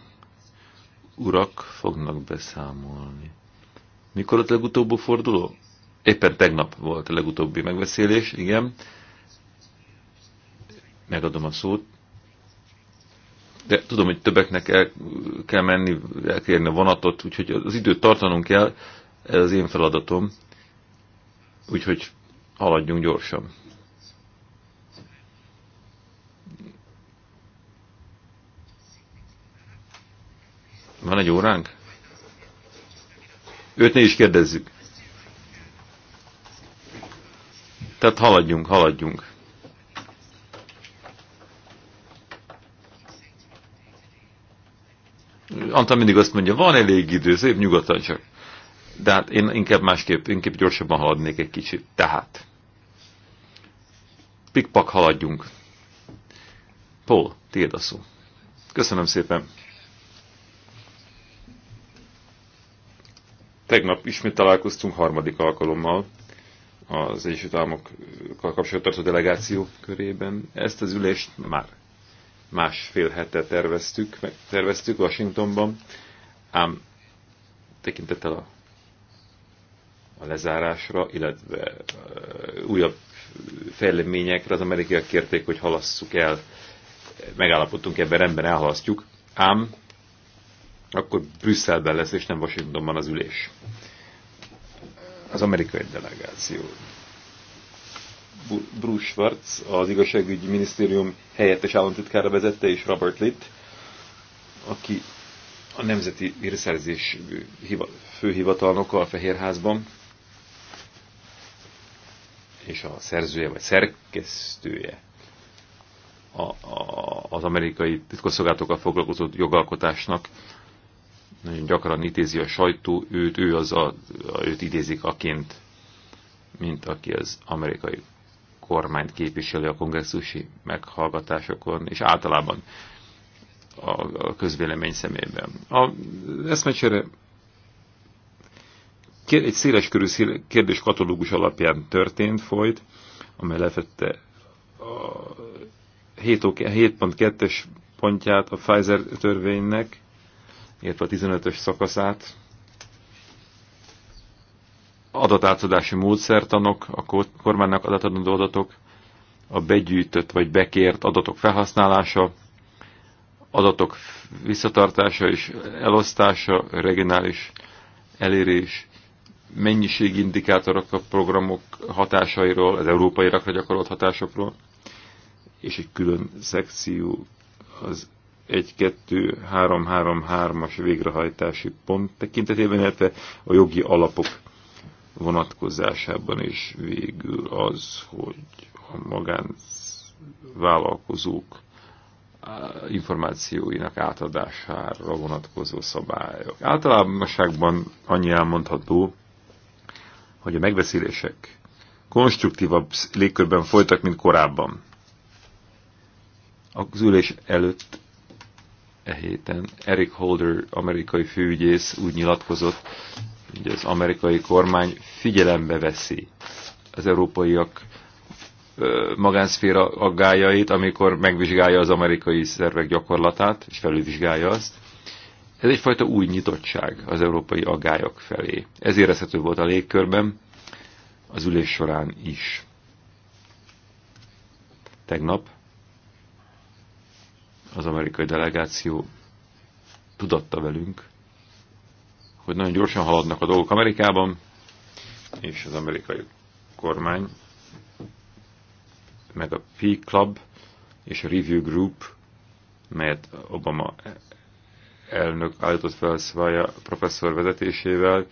urak fognak beszámolni. Mikor a legutóbbi forduló? Éppen tegnap volt a legutóbbi megbeszélés, igen. Megadom a szót. De tudom, hogy többeknek el kell menni, el kell érni a vonatot, úgyhogy az időt tartanunk kell, ez az én feladatom. Úgyhogy haladjunk gyorsan. Van egy óránk? Őt ne is kérdezzük. Tehát haladjunk, haladjunk. Antal mindig azt mondja, van elég idő, szép nyugodtan csak. De hát én inkább másképp, inkább gyorsabban haladnék egy kicsit. Tehát. Pikpak haladjunk. Paul, tiéd a szó. Köszönöm szépen. Tegnap ismét találkoztunk harmadik alkalommal az Egyesült Államokkal tartó delegáció körében. Ezt az ülést már másfél hete terveztük, meg terveztük Washingtonban, ám tekintettel a, a lezárásra, illetve újabb fejleményekre az amerikaiak kérték, hogy halasszuk el, megállapodtunk ebben, rendben elhalasztjuk, ám akkor Brüsszelben lesz, és nem Washingtonban az ülés az amerikai delegáció. Bruce Schwartz, az igazságügyi minisztérium helyettes államtitkára vezette, és Robert Litt, aki a Nemzeti Írszerzés főhivatalnoka a Fehérházban, és a szerzője vagy szerkesztője a, a, az amerikai titkosszolgálatokkal foglalkozott jogalkotásnak nagyon gyakran ítézi a sajtó, őt, ő az a, őt idézik aként, mint aki az amerikai kormányt képviseli a kongresszusi meghallgatásokon, és általában a, a közvélemény szemében. A eszmecsere egy széles körű kérdés katalógus alapján történt, folyt, amely lefette a 7.2-es pontját a Pfizer törvénynek, illetve a 15-ös szakaszát. Adatátadási módszertanok, a kormánynak adatadó adatok, a begyűjtött vagy bekért adatok felhasználása, adatok visszatartása és elosztása, regionális elérés, mennyiségi indikátorok a programok hatásairól, az európai rakra gyakorolt hatásokról, és egy külön szekció az 1-2-3-3-3-as végrehajtási pont tekintetében, illetve a jogi alapok vonatkozásában is végül az, hogy a magánvállalkozók információinak átadására vonatkozó szabályok. Általában annyi elmondható, hogy a megbeszélések konstruktívabb légkörben folytak, mint korábban. Az ülés előtt e héten Eric Holder, amerikai főügyész úgy nyilatkozott, hogy az amerikai kormány figyelembe veszi az európaiak magánszféra aggájait, amikor megvizsgálja az amerikai szervek gyakorlatát, és felülvizsgálja azt. Ez egyfajta új nyitottság az európai aggályok felé. Ez érezhető volt a légkörben, az ülés során is. Tegnap az amerikai delegáció tudatta velünk, hogy nagyon gyorsan haladnak a dolgok Amerikában, és az amerikai kormány, meg a P-Club és a Review Group, melyet Obama elnök állított fel a professzor vezetésével,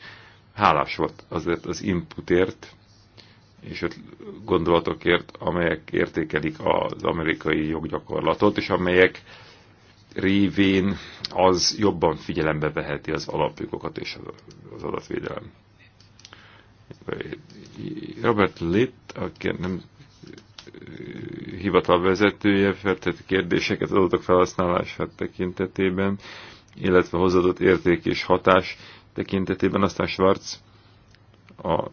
hálás volt azért az inputért, és öt gondolatokért, amelyek értékelik az amerikai joggyakorlatot, és amelyek révén az jobban figyelembe veheti az alapjogokat és az adatvédelem. Robert Litt, aki nem eh, hivatal vezetője, feltett kérdéseket adatok felhasználását tekintetében, illetve hozadott érték és hatás tekintetében, aztán Schwarz a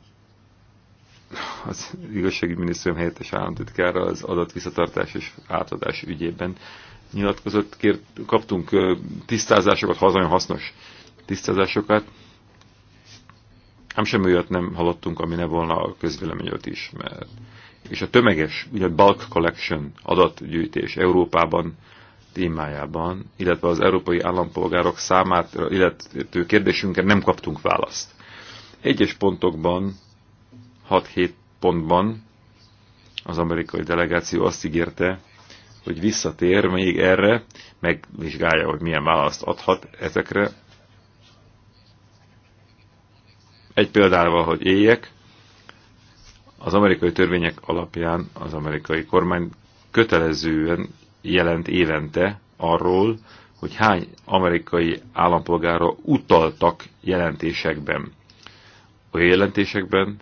az igazságügyi minisztérium helyettes államtitkára az adatvisszatartás és átadás ügyében nyilatkozott. Kért, kaptunk tisztázásokat, ha nagyon hasznos tisztázásokat. Ám sem olyat nem hallottunk, ami ne volna a közvéleményet is, mert és a tömeges, ugye bulk collection adatgyűjtés Európában témájában, illetve az európai állampolgárok számát illető kérdésünkre nem kaptunk választ. Egyes pontokban 6-7 pontban az amerikai delegáció azt ígérte, hogy visszatér még erre, megvizsgálja, hogy milyen választ adhat ezekre. Egy példával, hogy éljek, az amerikai törvények alapján az amerikai kormány kötelezően jelent évente arról, hogy hány amerikai állampolgára utaltak jelentésekben. a jelentésekben,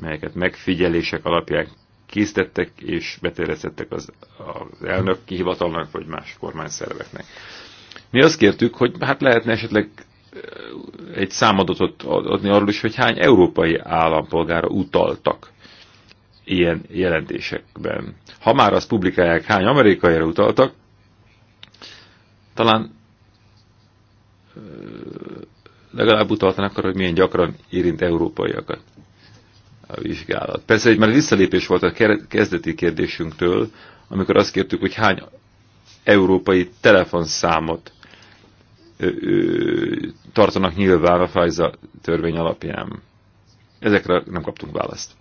melyeket megfigyelések alapján készítettek és beterjesztettek az, az elnök kihivatalnak, vagy más kormányszerveknek. Mi azt kértük, hogy hát lehetne esetleg egy számadatot adni arról is, hogy hány európai állampolgára utaltak ilyen jelentésekben. Ha már azt publikálják, hány amerikaiára utaltak, talán legalább utaltanak arra, hogy milyen gyakran érint európaiakat a vizsgálat. Persze egy már visszalépés volt a kezdeti kérdésünktől, amikor azt kértük, hogy hány európai telefonszámot tartanak nyilván a fajza törvény alapján. Ezekre nem kaptunk választ.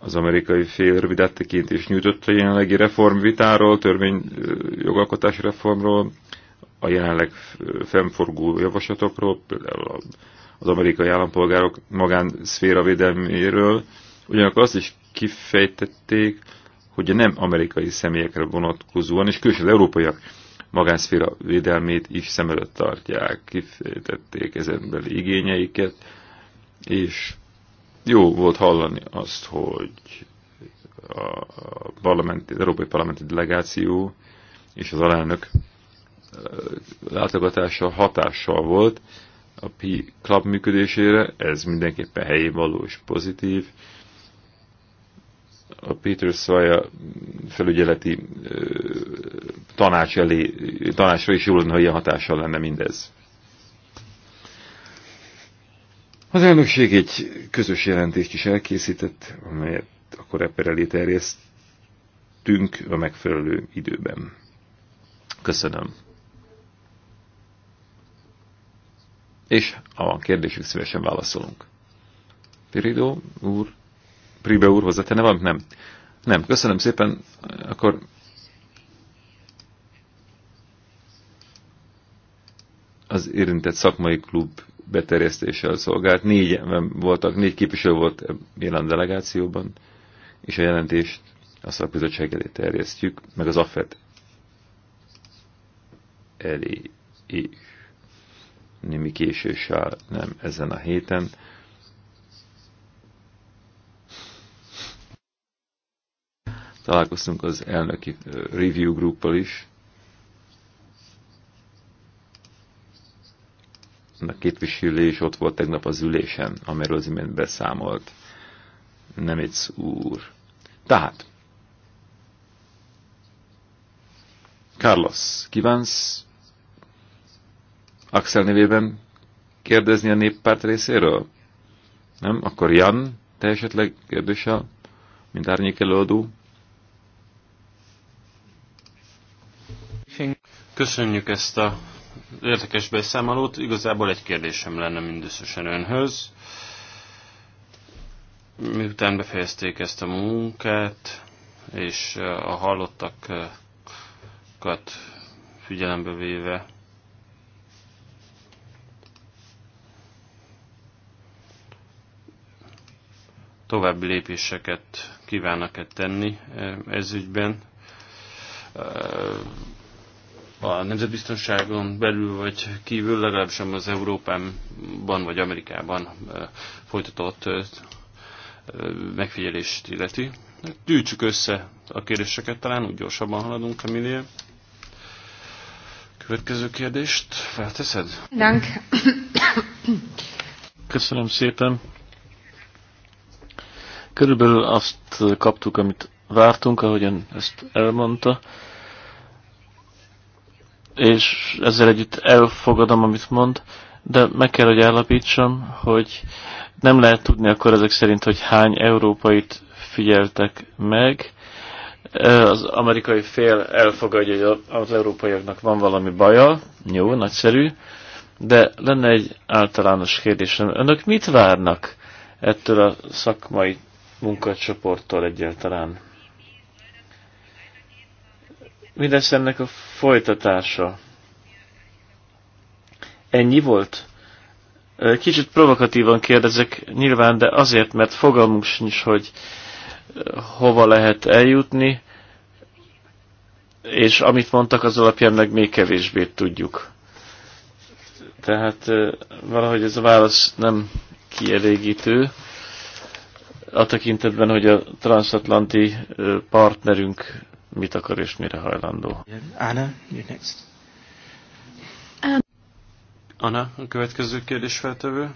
Az amerikai fél rövid áttekintést nyújtott a jelenlegi reformvitáról, törvény jogalkotási reformról, a jelenleg fennforgó javaslatokról, például a az amerikai állampolgárok magánszféra védelméről, ugyanakkor azt is kifejtették, hogy nem amerikai személyekre vonatkozóan, és különösen az európaiak magánszféra védelmét is szem előtt tartják, kifejtették ezenbeli igényeiket, és jó volt hallani azt, hogy a parlamenti, az Európai Parlamenti Delegáció és az alelnök látogatása hatással volt a P Club működésére, ez mindenképpen helyén való és pozitív. A Peter Szaja felügyeleti tanács elé, tanácsra is jól lenne, ha ilyen hatással lenne mindez. Az elnökség egy közös jelentést is elkészített, amelyet akkor ebben elé terjesztünk a megfelelő időben. Köszönöm. és a kérdésük szívesen válaszolunk. Piridó úr, Pribe úr hozzátenne valamit? Nem. Nem, köszönöm szépen, akkor az érintett szakmai klub beterjesztéssel szolgált. Négy voltak, négy képviselő volt jelen delegációban, és a jelentést a szakbizottság elé terjesztjük, meg az AFET elé is némi késéssel, nem ezen a héten. Találkoztunk az elnöki review gruppal is. A képviselő is ott volt tegnap az ülésen, amiről az imént beszámolt. Nem egy úr. Tehát, Carlos, kívánsz Axel nevében kérdezni a néppárt részéről? Nem? Akkor Jan, te esetleg kérdéssel, mint árnyék előadó? Köszönjük ezt a érdekes beszámolót. Igazából egy kérdésem lenne mindösszesen önhöz. Miután befejezték ezt a munkát, és a hallottakat figyelembe véve további lépéseket kívánnak-e tenni e, ez ügyben. E, a nemzetbiztonságon belül vagy kívül, legalábbis az Európában vagy Amerikában e, folytatott megfigyelést illeti. Gyűjtsük össze a kérdéseket, talán úgy gyorsabban haladunk, Emilia. Következő kérdést felteszed? Dank. Köszönöm szépen. Körülbelül azt kaptuk, amit vártunk, ahogyan ezt elmondta, és ezzel együtt elfogadom, amit mond, de meg kell, hogy állapítsam, hogy nem lehet tudni akkor ezek szerint, hogy hány európait figyeltek meg. Az amerikai fél elfogadja, hogy az európaiaknak van valami baja, jó, nagyszerű, de lenne egy általános kérdésem. Önök mit várnak ettől a szakmai munkacsoporttal egyáltalán. Mi lesz ennek a folytatása? Ennyi volt? Kicsit provokatívan kérdezek nyilván, de azért, mert fogalmunk sincs, hogy hova lehet eljutni, és amit mondtak, az alapján meg még kevésbé tudjuk. Tehát valahogy ez a válasz nem kielégítő a tekintetben, hogy a transatlanti partnerünk mit akar és mire hajlandó. Anna, you're next. Anna, a következő kérdés feltevő.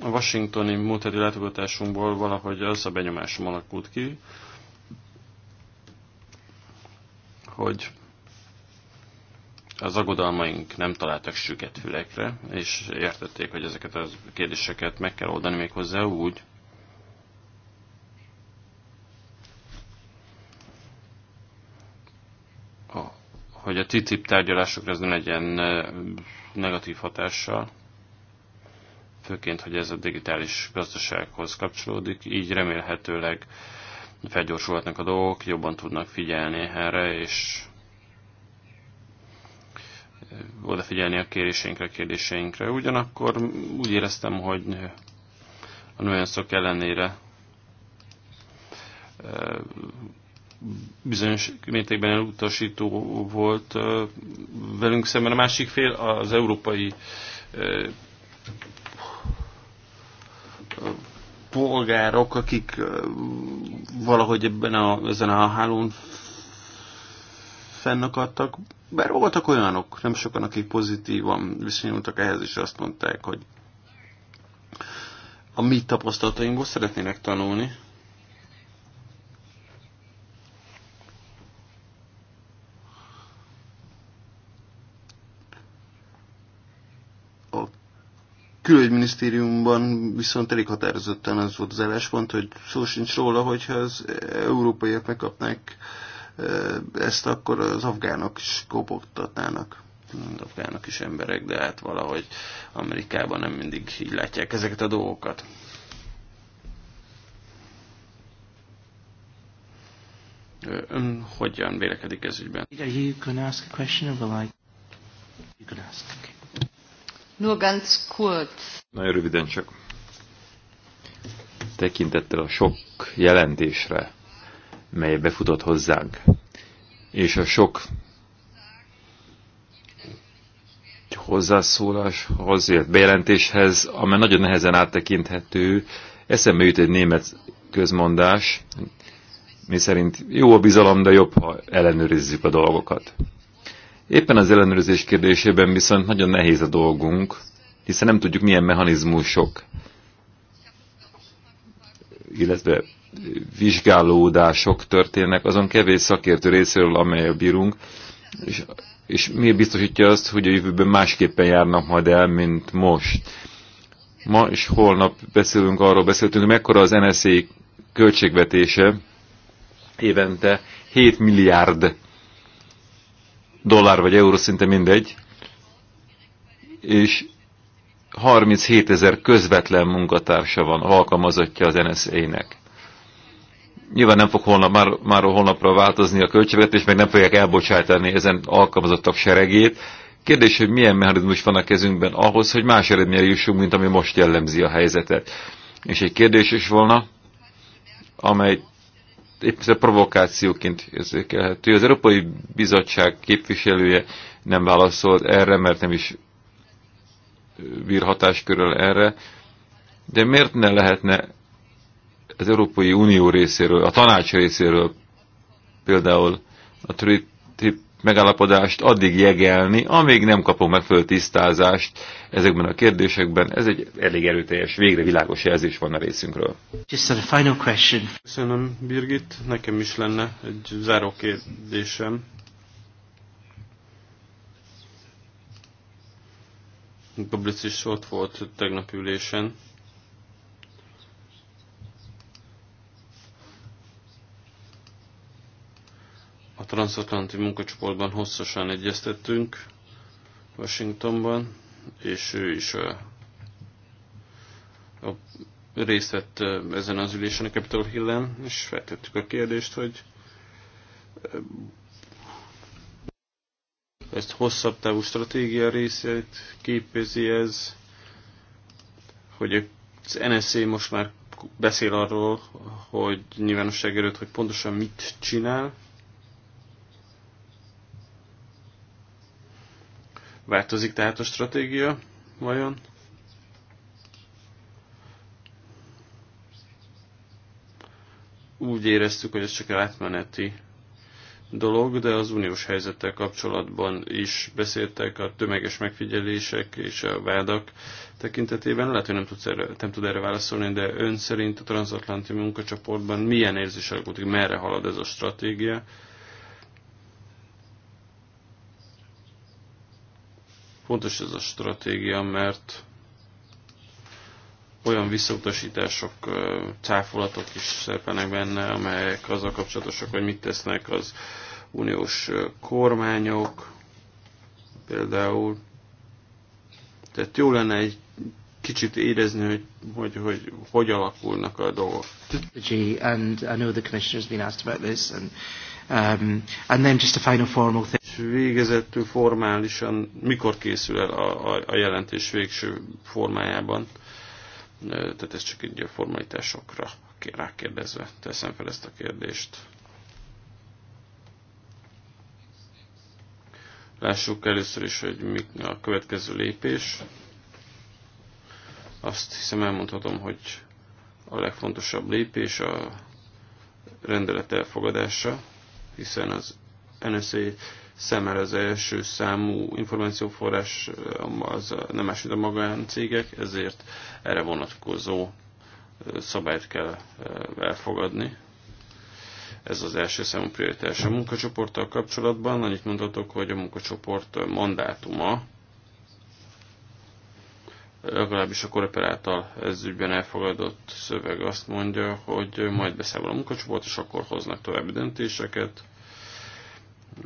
A washingtoni múltedi látogatásunkból valahogy az a benyomásom alakult ki, hogy az aggodalmaink nem találtak süket fülekre, és értették, hogy ezeket a kérdéseket meg kell oldani még hozzá úgy, hogy a TTIP tárgyalásokra ez ne legyen negatív hatással, főként, hogy ez a digitális gazdasághoz kapcsolódik, így remélhetőleg felgyorsulhatnak a dolgok, jobban tudnak figyelni erre, és odafigyelni a kéréseinkre, kérdéseinkre. Ugyanakkor úgy éreztem, hogy a nőenszok ellenére bizonyos mértékben elutasító volt velünk szemben. A másik fél az európai polgárok, akik valahogy ebben a, ezen a hálón fennakadtak, bár voltak olyanok, nem sokan, akik pozitívan viszonyultak ehhez, és azt mondták, hogy a mi tapasztalatainkból szeretnének tanulni. A külügyminisztériumban viszont elég határozottan az volt az álláspont, hogy szó sincs róla, hogyha az európaiak megkapnák ezt akkor az afgánok is kopogtatnának afgánok is emberek, de hát valahogy Amerikában nem mindig így látják ezeket a dolgokat. Ön hogyan vélekedik ez ügyben? You Nur ganz kurz. Nagyon röviden csak. Tekintettel a sok jelentésre, mely befutott hozzánk. És a sok hozzászóláshoz, illetve bejelentéshez, amely nagyon nehezen áttekinthető, eszembe jut egy német közmondás, mi szerint jó a bizalom, de jobb, ha ellenőrizzük a dolgokat. Éppen az ellenőrzés kérdésében viszont nagyon nehéz a dolgunk, hiszen nem tudjuk milyen mechanizmusok, illetve vizsgálódások történnek, azon kevés szakértő részéről, amelyel bírunk, és, és miért biztosítja azt, hogy a jövőben másképpen járnak majd el, mint most. Ma és holnap beszélünk arról, beszéltünk, hogy mekkora az NSA költségvetése évente 7 milliárd dollár vagy euró, szinte mindegy, és 37 ezer közvetlen munkatársa van, alkalmazottja az nsz nek Nyilván nem fog holnap, már, már holnapra változni a költségvetés, meg nem fogják elbocsátani ezen alkalmazottak seregét. Kérdés, hogy milyen mechanizmus van a kezünkben ahhoz, hogy más eredményre jussunk, mint ami most jellemzi a helyzetet. És egy kérdés is volna, amely a provokációként érzékelhető. Az Európai Bizottság képviselője nem válaszolt erre, mert nem is bír hatáskörül erre, de miért ne lehetne az Európai Unió részéről, a tanács részéről például a TTIP megállapodást addig jegelni, amíg nem kapunk megfelelő tisztázást ezekben a kérdésekben. Ez egy elég erőteljes, végre világos jelzés van a részünkről. Just a final question. Köszönöm, Birgit. Nekem is lenne egy záró kérdésem. Publicis ott volt tegnap ülésen. transatlanti munkacsoportban hosszasan egyeztettünk Washingtonban, és ő is a, a részt vett ezen az ülésen a Capitol Hill-en, és feltettük a kérdést, hogy ezt hosszabb távú stratégia részét képezi ez, hogy az NSZ most már beszél arról, hogy nyilvánosság előtt, hogy pontosan mit csinál, Változik tehát a stratégia, vajon? Úgy éreztük, hogy ez csak egy átmeneti dolog, de az uniós helyzettel kapcsolatban is beszéltek a tömeges megfigyelések és a vádak tekintetében. Lehet, hogy nem, tudsz erre, nem tud erre válaszolni, de ön szerint a transatlanti munkacsoportban milyen érzés alakult, merre halad ez a stratégia? Fontos ez a stratégia, mert olyan visszautasítások, cáfolatok is szerepelnek benne, amelyek azzal kapcsolatosak, hogy mit tesznek az uniós kormányok, például. Tehát jó lenne egy kicsit érezni, hogy hogy, hogy, hogy alakulnak a dolgok. And I know the commissioner has been asked about this, and Um, and then just a final formal thing. És végezetül formálisan mikor készül el a, a, a jelentés végső formájában? Tehát ez csak egy formalitásokra rákérdezve teszem fel ezt a kérdést. Lássuk először is, hogy mi a következő lépés. Azt hiszem elmondhatom, hogy a legfontosabb lépés a rendelet elfogadása hiszen az NSA szemmel az első számú információforrás az nem más, mint a magáncégek, ezért erre vonatkozó szabályt kell elfogadni. Ez az első számú prioritás. A munkacsoporttal kapcsolatban annyit mondhatok, hogy a munkacsoport mandátuma legalábbis a Koreper által ez ügyben elfogadott szöveg azt mondja, hogy majd beszámol a munkacsoport, és akkor hoznak további döntéseket.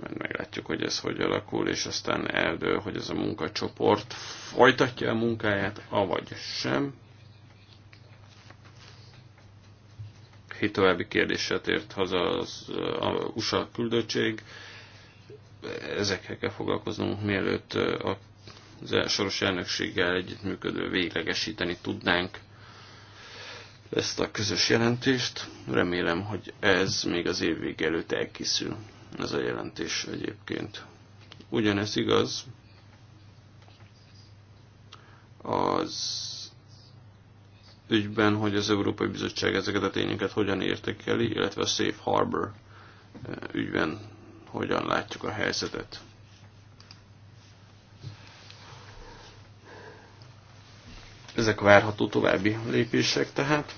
Mert meglátjuk, hogy ez hogy alakul, és aztán eldől, hogy ez a munkacsoport folytatja a munkáját, avagy sem. Hét további kérdéssel tért haza az a USA küldöttség. Ezekkel kell foglalkoznunk, mielőtt a az soros elnökséggel együttműködő véglegesíteni tudnánk ezt a közös jelentést. Remélem, hogy ez még az év vége előtt elkészül, ez a jelentés egyébként. Ugyanez igaz az ügyben, hogy az Európai Bizottság ezeket a tényeket hogyan értékeli, illetve a Safe Harbor eh, ügyben hogyan látjuk a helyzetet. Ezek várható további lépések tehát.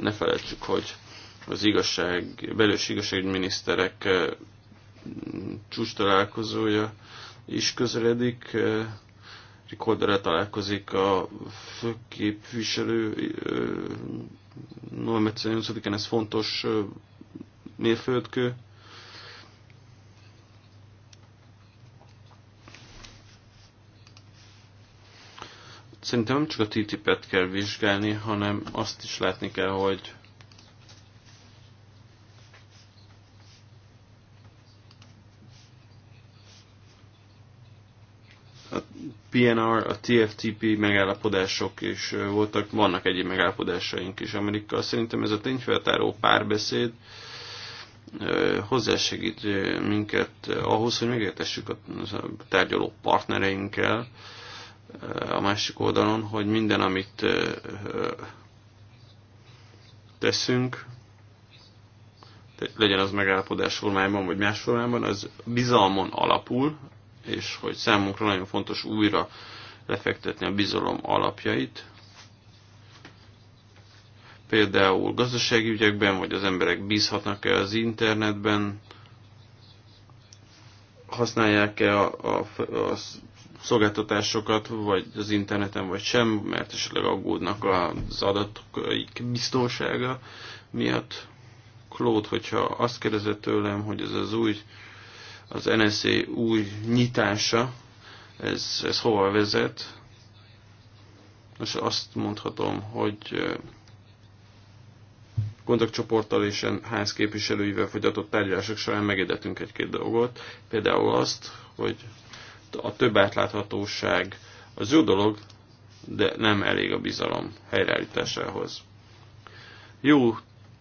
Ne felejtsük, hogy az igazság, belős igazságügyminiszterek eh, csúcs találkozója is közeledik. Eh, Rikolderre találkozik a főképviselő eh, november 28-án, ez fontos mérföldkő. Szerintem nem csak a TTIP-et kell vizsgálni, hanem azt is látni kell, hogy a PNR, a TFTP megállapodások is voltak, vannak egyéb megállapodásaink is Amerika. Szerintem ez a tényfeltáró párbeszéd hozzásegít minket ahhoz, hogy megértessük a tárgyaló partnereinkkel, a másik oldalon, hogy minden, amit teszünk, legyen az megállapodás formájában, vagy más formájában, az bizalmon alapul, és hogy számunkra nagyon fontos újra lefektetni a bizalom alapjait, például gazdasági ügyekben, vagy az emberek bízhatnak-e az internetben, használják-e a, a, a szolgáltatásokat, vagy az interneten, vagy sem, mert esetleg aggódnak az adatok biztonsága miatt. Claude, hogyha azt kérdezett tőlem, hogy ez az új, az NSA új nyitása, ez, ez hova vezet, és azt mondhatom, hogy kontaktcsoporttal és ház képviselőivel folytatott tárgyalások során megedettünk egy-két dolgot. Például azt, hogy a több átláthatóság az jó dolog, de nem elég a bizalom helyreállításához. Jó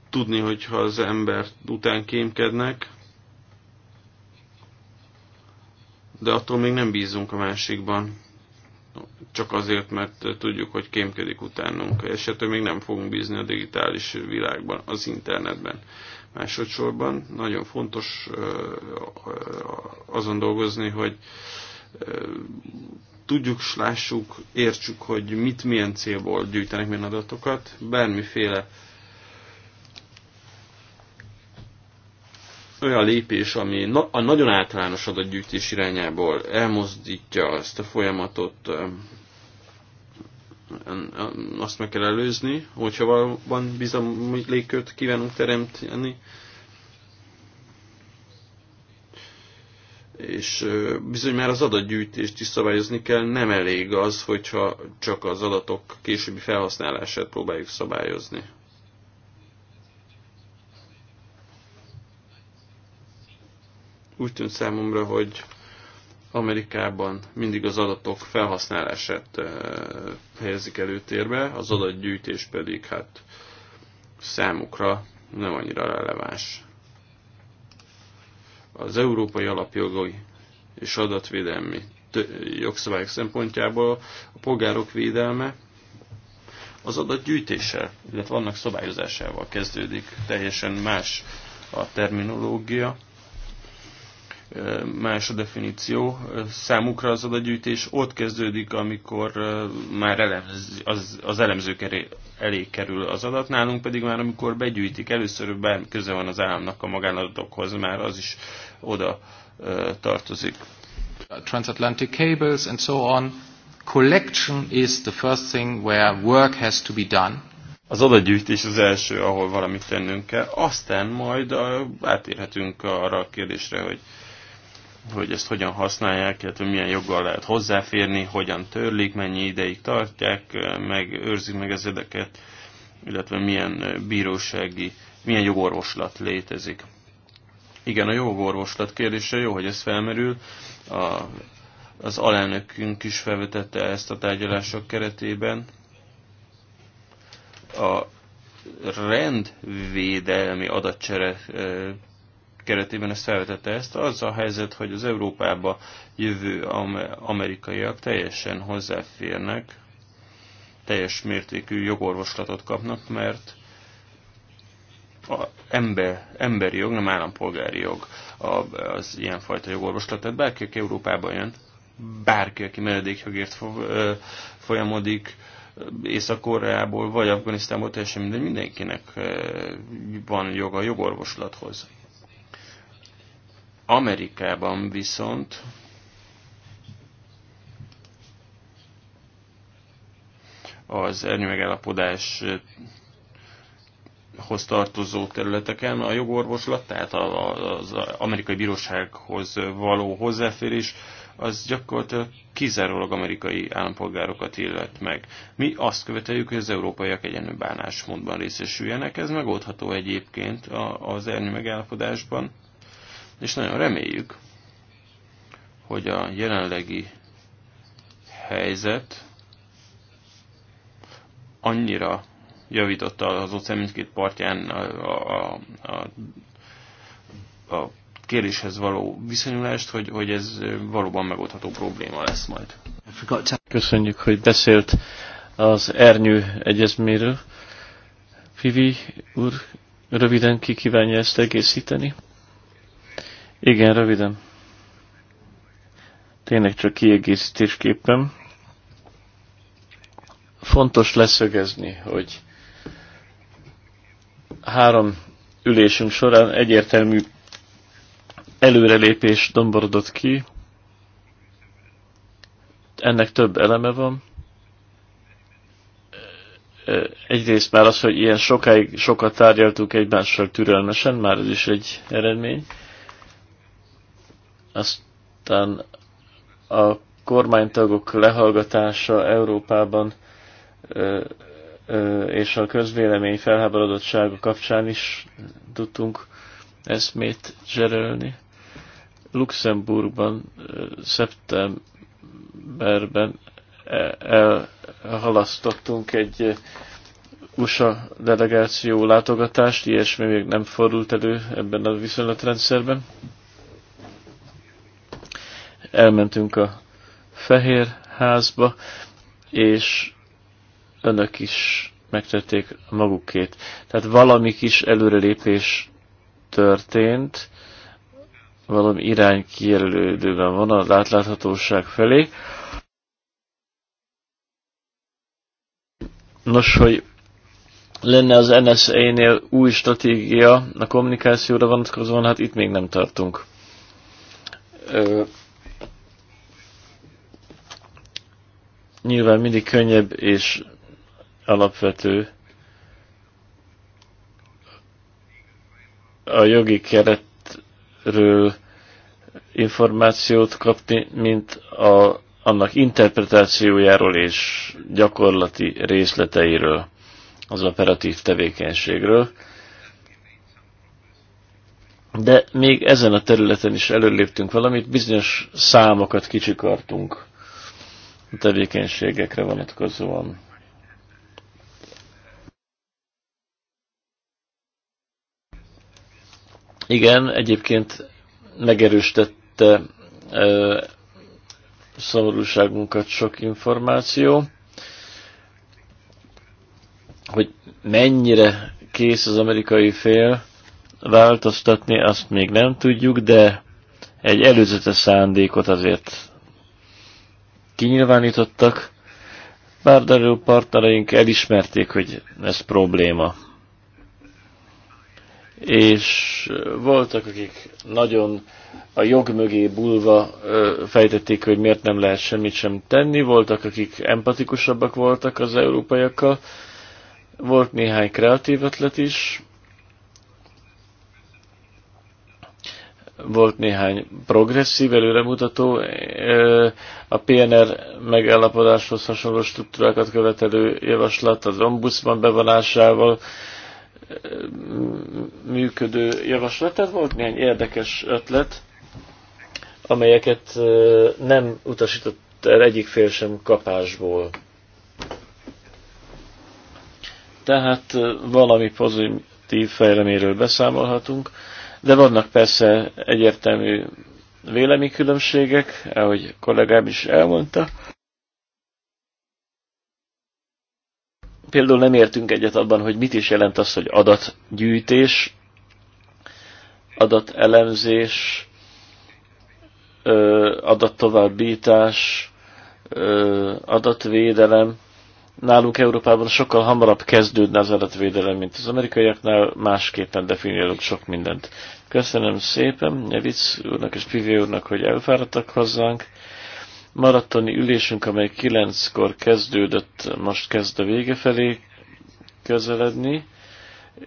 tudni, hogyha az ember után kémkednek, de attól még nem bízunk a másikban. Csak azért, mert tudjuk, hogy kémkedik utánunk, és ettől még nem fogunk bízni a digitális világban, az internetben. Másodszorban nagyon fontos azon dolgozni, hogy tudjuk, lássuk, értsük, hogy mit, milyen célból gyűjtenek milyen adatokat, bármiféle olyan lépés, ami a nagyon általános adatgyűjtés irányából elmozdítja ezt a folyamatot, azt meg kell előzni, hogyha valóban bizalmi légkört kívánunk teremteni, és bizony már az adatgyűjtést is szabályozni kell, nem elég az, hogyha csak az adatok későbbi felhasználását próbáljuk szabályozni. Úgy tűnt számomra, hogy Amerikában mindig az adatok felhasználását helyezik előtérbe, az adatgyűjtés pedig hát számukra nem annyira releváns az európai alapjogai és adatvédelmi jogszabályok szempontjából a polgárok védelme az adatgyűjtéssel, illetve annak szabályozásával kezdődik. Teljesen más a terminológia más a definíció. Számukra az adatgyűjtés ott kezdődik, amikor már elemz, az, az elemzők elé, elé kerül az adat, nálunk pedig már amikor begyűjtik, először bármi köze van az államnak a magánadatokhoz, már az is oda tartozik. Transatlantic cables and so on. Collection is the first thing where work has to be done. Az adatgyűjtés az első, ahol valamit tennünk kell, aztán majd a, átérhetünk arra a kérdésre, hogy hogy ezt hogyan használják, illetve milyen joggal lehet hozzáférni, hogyan törlik, mennyi ideig tartják, eh, meg őrzik meg az edeket, illetve milyen eh, bírósági, milyen jogorvoslat létezik. Igen, a jogorvoslat kérdése jó, hogy ez felmerül. A, az alelnökünk is felvetette ezt a tárgyalások keretében. A rendvédelmi adatcsere eh, keretében ezt felvetette ezt. Az a helyzet, hogy az Európába jövő amerikaiak teljesen hozzáférnek, teljes mértékű jogorvoslatot kapnak, mert a ember, emberi jog, nem állampolgári jog az ilyenfajta jogorvoslat. Tehát bárki, aki Európába jön, bárki, aki menedékjogért folyamodik, Észak-Koreából vagy Afganisztánból, teljesen mindenkinek van joga jogorvoslathoz. Amerikában viszont az ernyőmegállapodáshoz eh, tartozó területeken a jogorvoslat, tehát az amerikai bírósághoz való hozzáférés, az gyakorlatilag kizárólag amerikai állampolgárokat illet meg. Mi azt követeljük, hogy az európaiak egyenlő bánásmódban részesüljenek. Ez megoldható egyébként az ernyő megállapodásban és nagyon reméljük, hogy a jelenlegi helyzet annyira javította az óceán mindkét partján a, a, a, a kéréshez való viszonyulást, hogy, hogy ez valóban megoldható probléma lesz majd. Köszönjük, hogy beszélt az Ernyő egyezméről. Fivi úr, röviden ki kívánja ezt egészíteni? Igen, röviden. Tényleg csak kiegészítésképpen. Fontos leszögezni, hogy három ülésünk során egyértelmű előrelépés domborodott ki. Ennek több eleme van. Egyrészt már az, hogy ilyen sokáig sokat tárgyaltuk egymással türelmesen, már ez is egy eredmény. Aztán a kormánytagok lehallgatása Európában ö, ö, és a közvélemény felháborodottsága kapcsán is tudtunk eszmét zserölni. Luxemburgban szeptemberben e, elhalasztottunk egy USA delegáció látogatást, ilyesmi még nem fordult elő ebben a viszonylatrendszerben elmentünk a Fehér Házba, és önök is megtették magukét. Tehát valami kis előrelépés történt, valami irány kijelölődőben van a látláthatóság felé. Nos, hogy lenne az NSA-nél új stratégia a kommunikációra vonatkozóan, hát itt még nem tartunk. Ö, nyilván mindig könnyebb és alapvető a jogi keretről információt kapni, mint a, annak interpretációjáról és gyakorlati részleteiről, az operatív tevékenységről. De még ezen a területen is előléptünk valamit, bizonyos számokat kicsikartunk tevékenységekre vonatkozóan. Igen, egyébként megerősítette ö, szomorúságunkat sok információ, hogy mennyire kész az amerikai fél változtatni, azt még nem tudjuk, de egy előzetes szándékot azért kinyilvánítottak, bárdarú partnereink elismerték, hogy ez probléma. És voltak, akik nagyon a jog mögé bulva fejtették, hogy miért nem lehet semmit sem tenni, voltak, akik empatikusabbak voltak az európaiakkal, volt néhány kreatív ötlet is, volt néhány progresszív, előremutató, a PNR megállapodáshoz hasonló struktúrákat követelő javaslat, az ombudsman bevonásával működő javaslat. Tehát volt néhány érdekes ötlet, amelyeket nem utasított el egyik fél sem kapásból. Tehát valami pozitív fejleméről beszámolhatunk de vannak persze egyértelmű véleménykülönbségek, ahogy kollégám is elmondta. Például nem értünk egyet abban, hogy mit is jelent az, hogy adatgyűjtés, adatelemzés, adattovábbítás, adatvédelem nálunk Európában sokkal hamarabb kezdődne az adatvédelem, mint az amerikaiaknál, másképpen definiálunk sok mindent. Köszönöm szépen Nevic úrnak és Pivé úrnak, hogy elfáradtak hozzánk. Maratoni ülésünk, amely kilenckor kezdődött, most kezd a vége felé közeledni.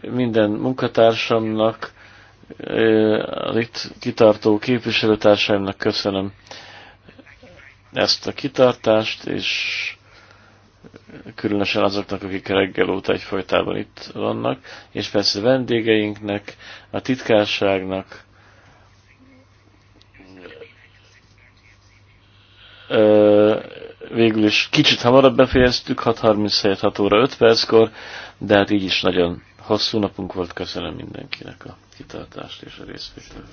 Minden munkatársamnak, az itt kitartó képviselőtársaimnak köszönöm ezt a kitartást, és különösen azoknak, akik reggel óta egyfolytában itt vannak, és persze vendégeinknek, a titkárságnak, végül is kicsit hamarabb befejeztük, 6.37, 6 óra 5 perckor, de hát így is nagyon hosszú napunk volt. Köszönöm mindenkinek a kitartást és a részvételt.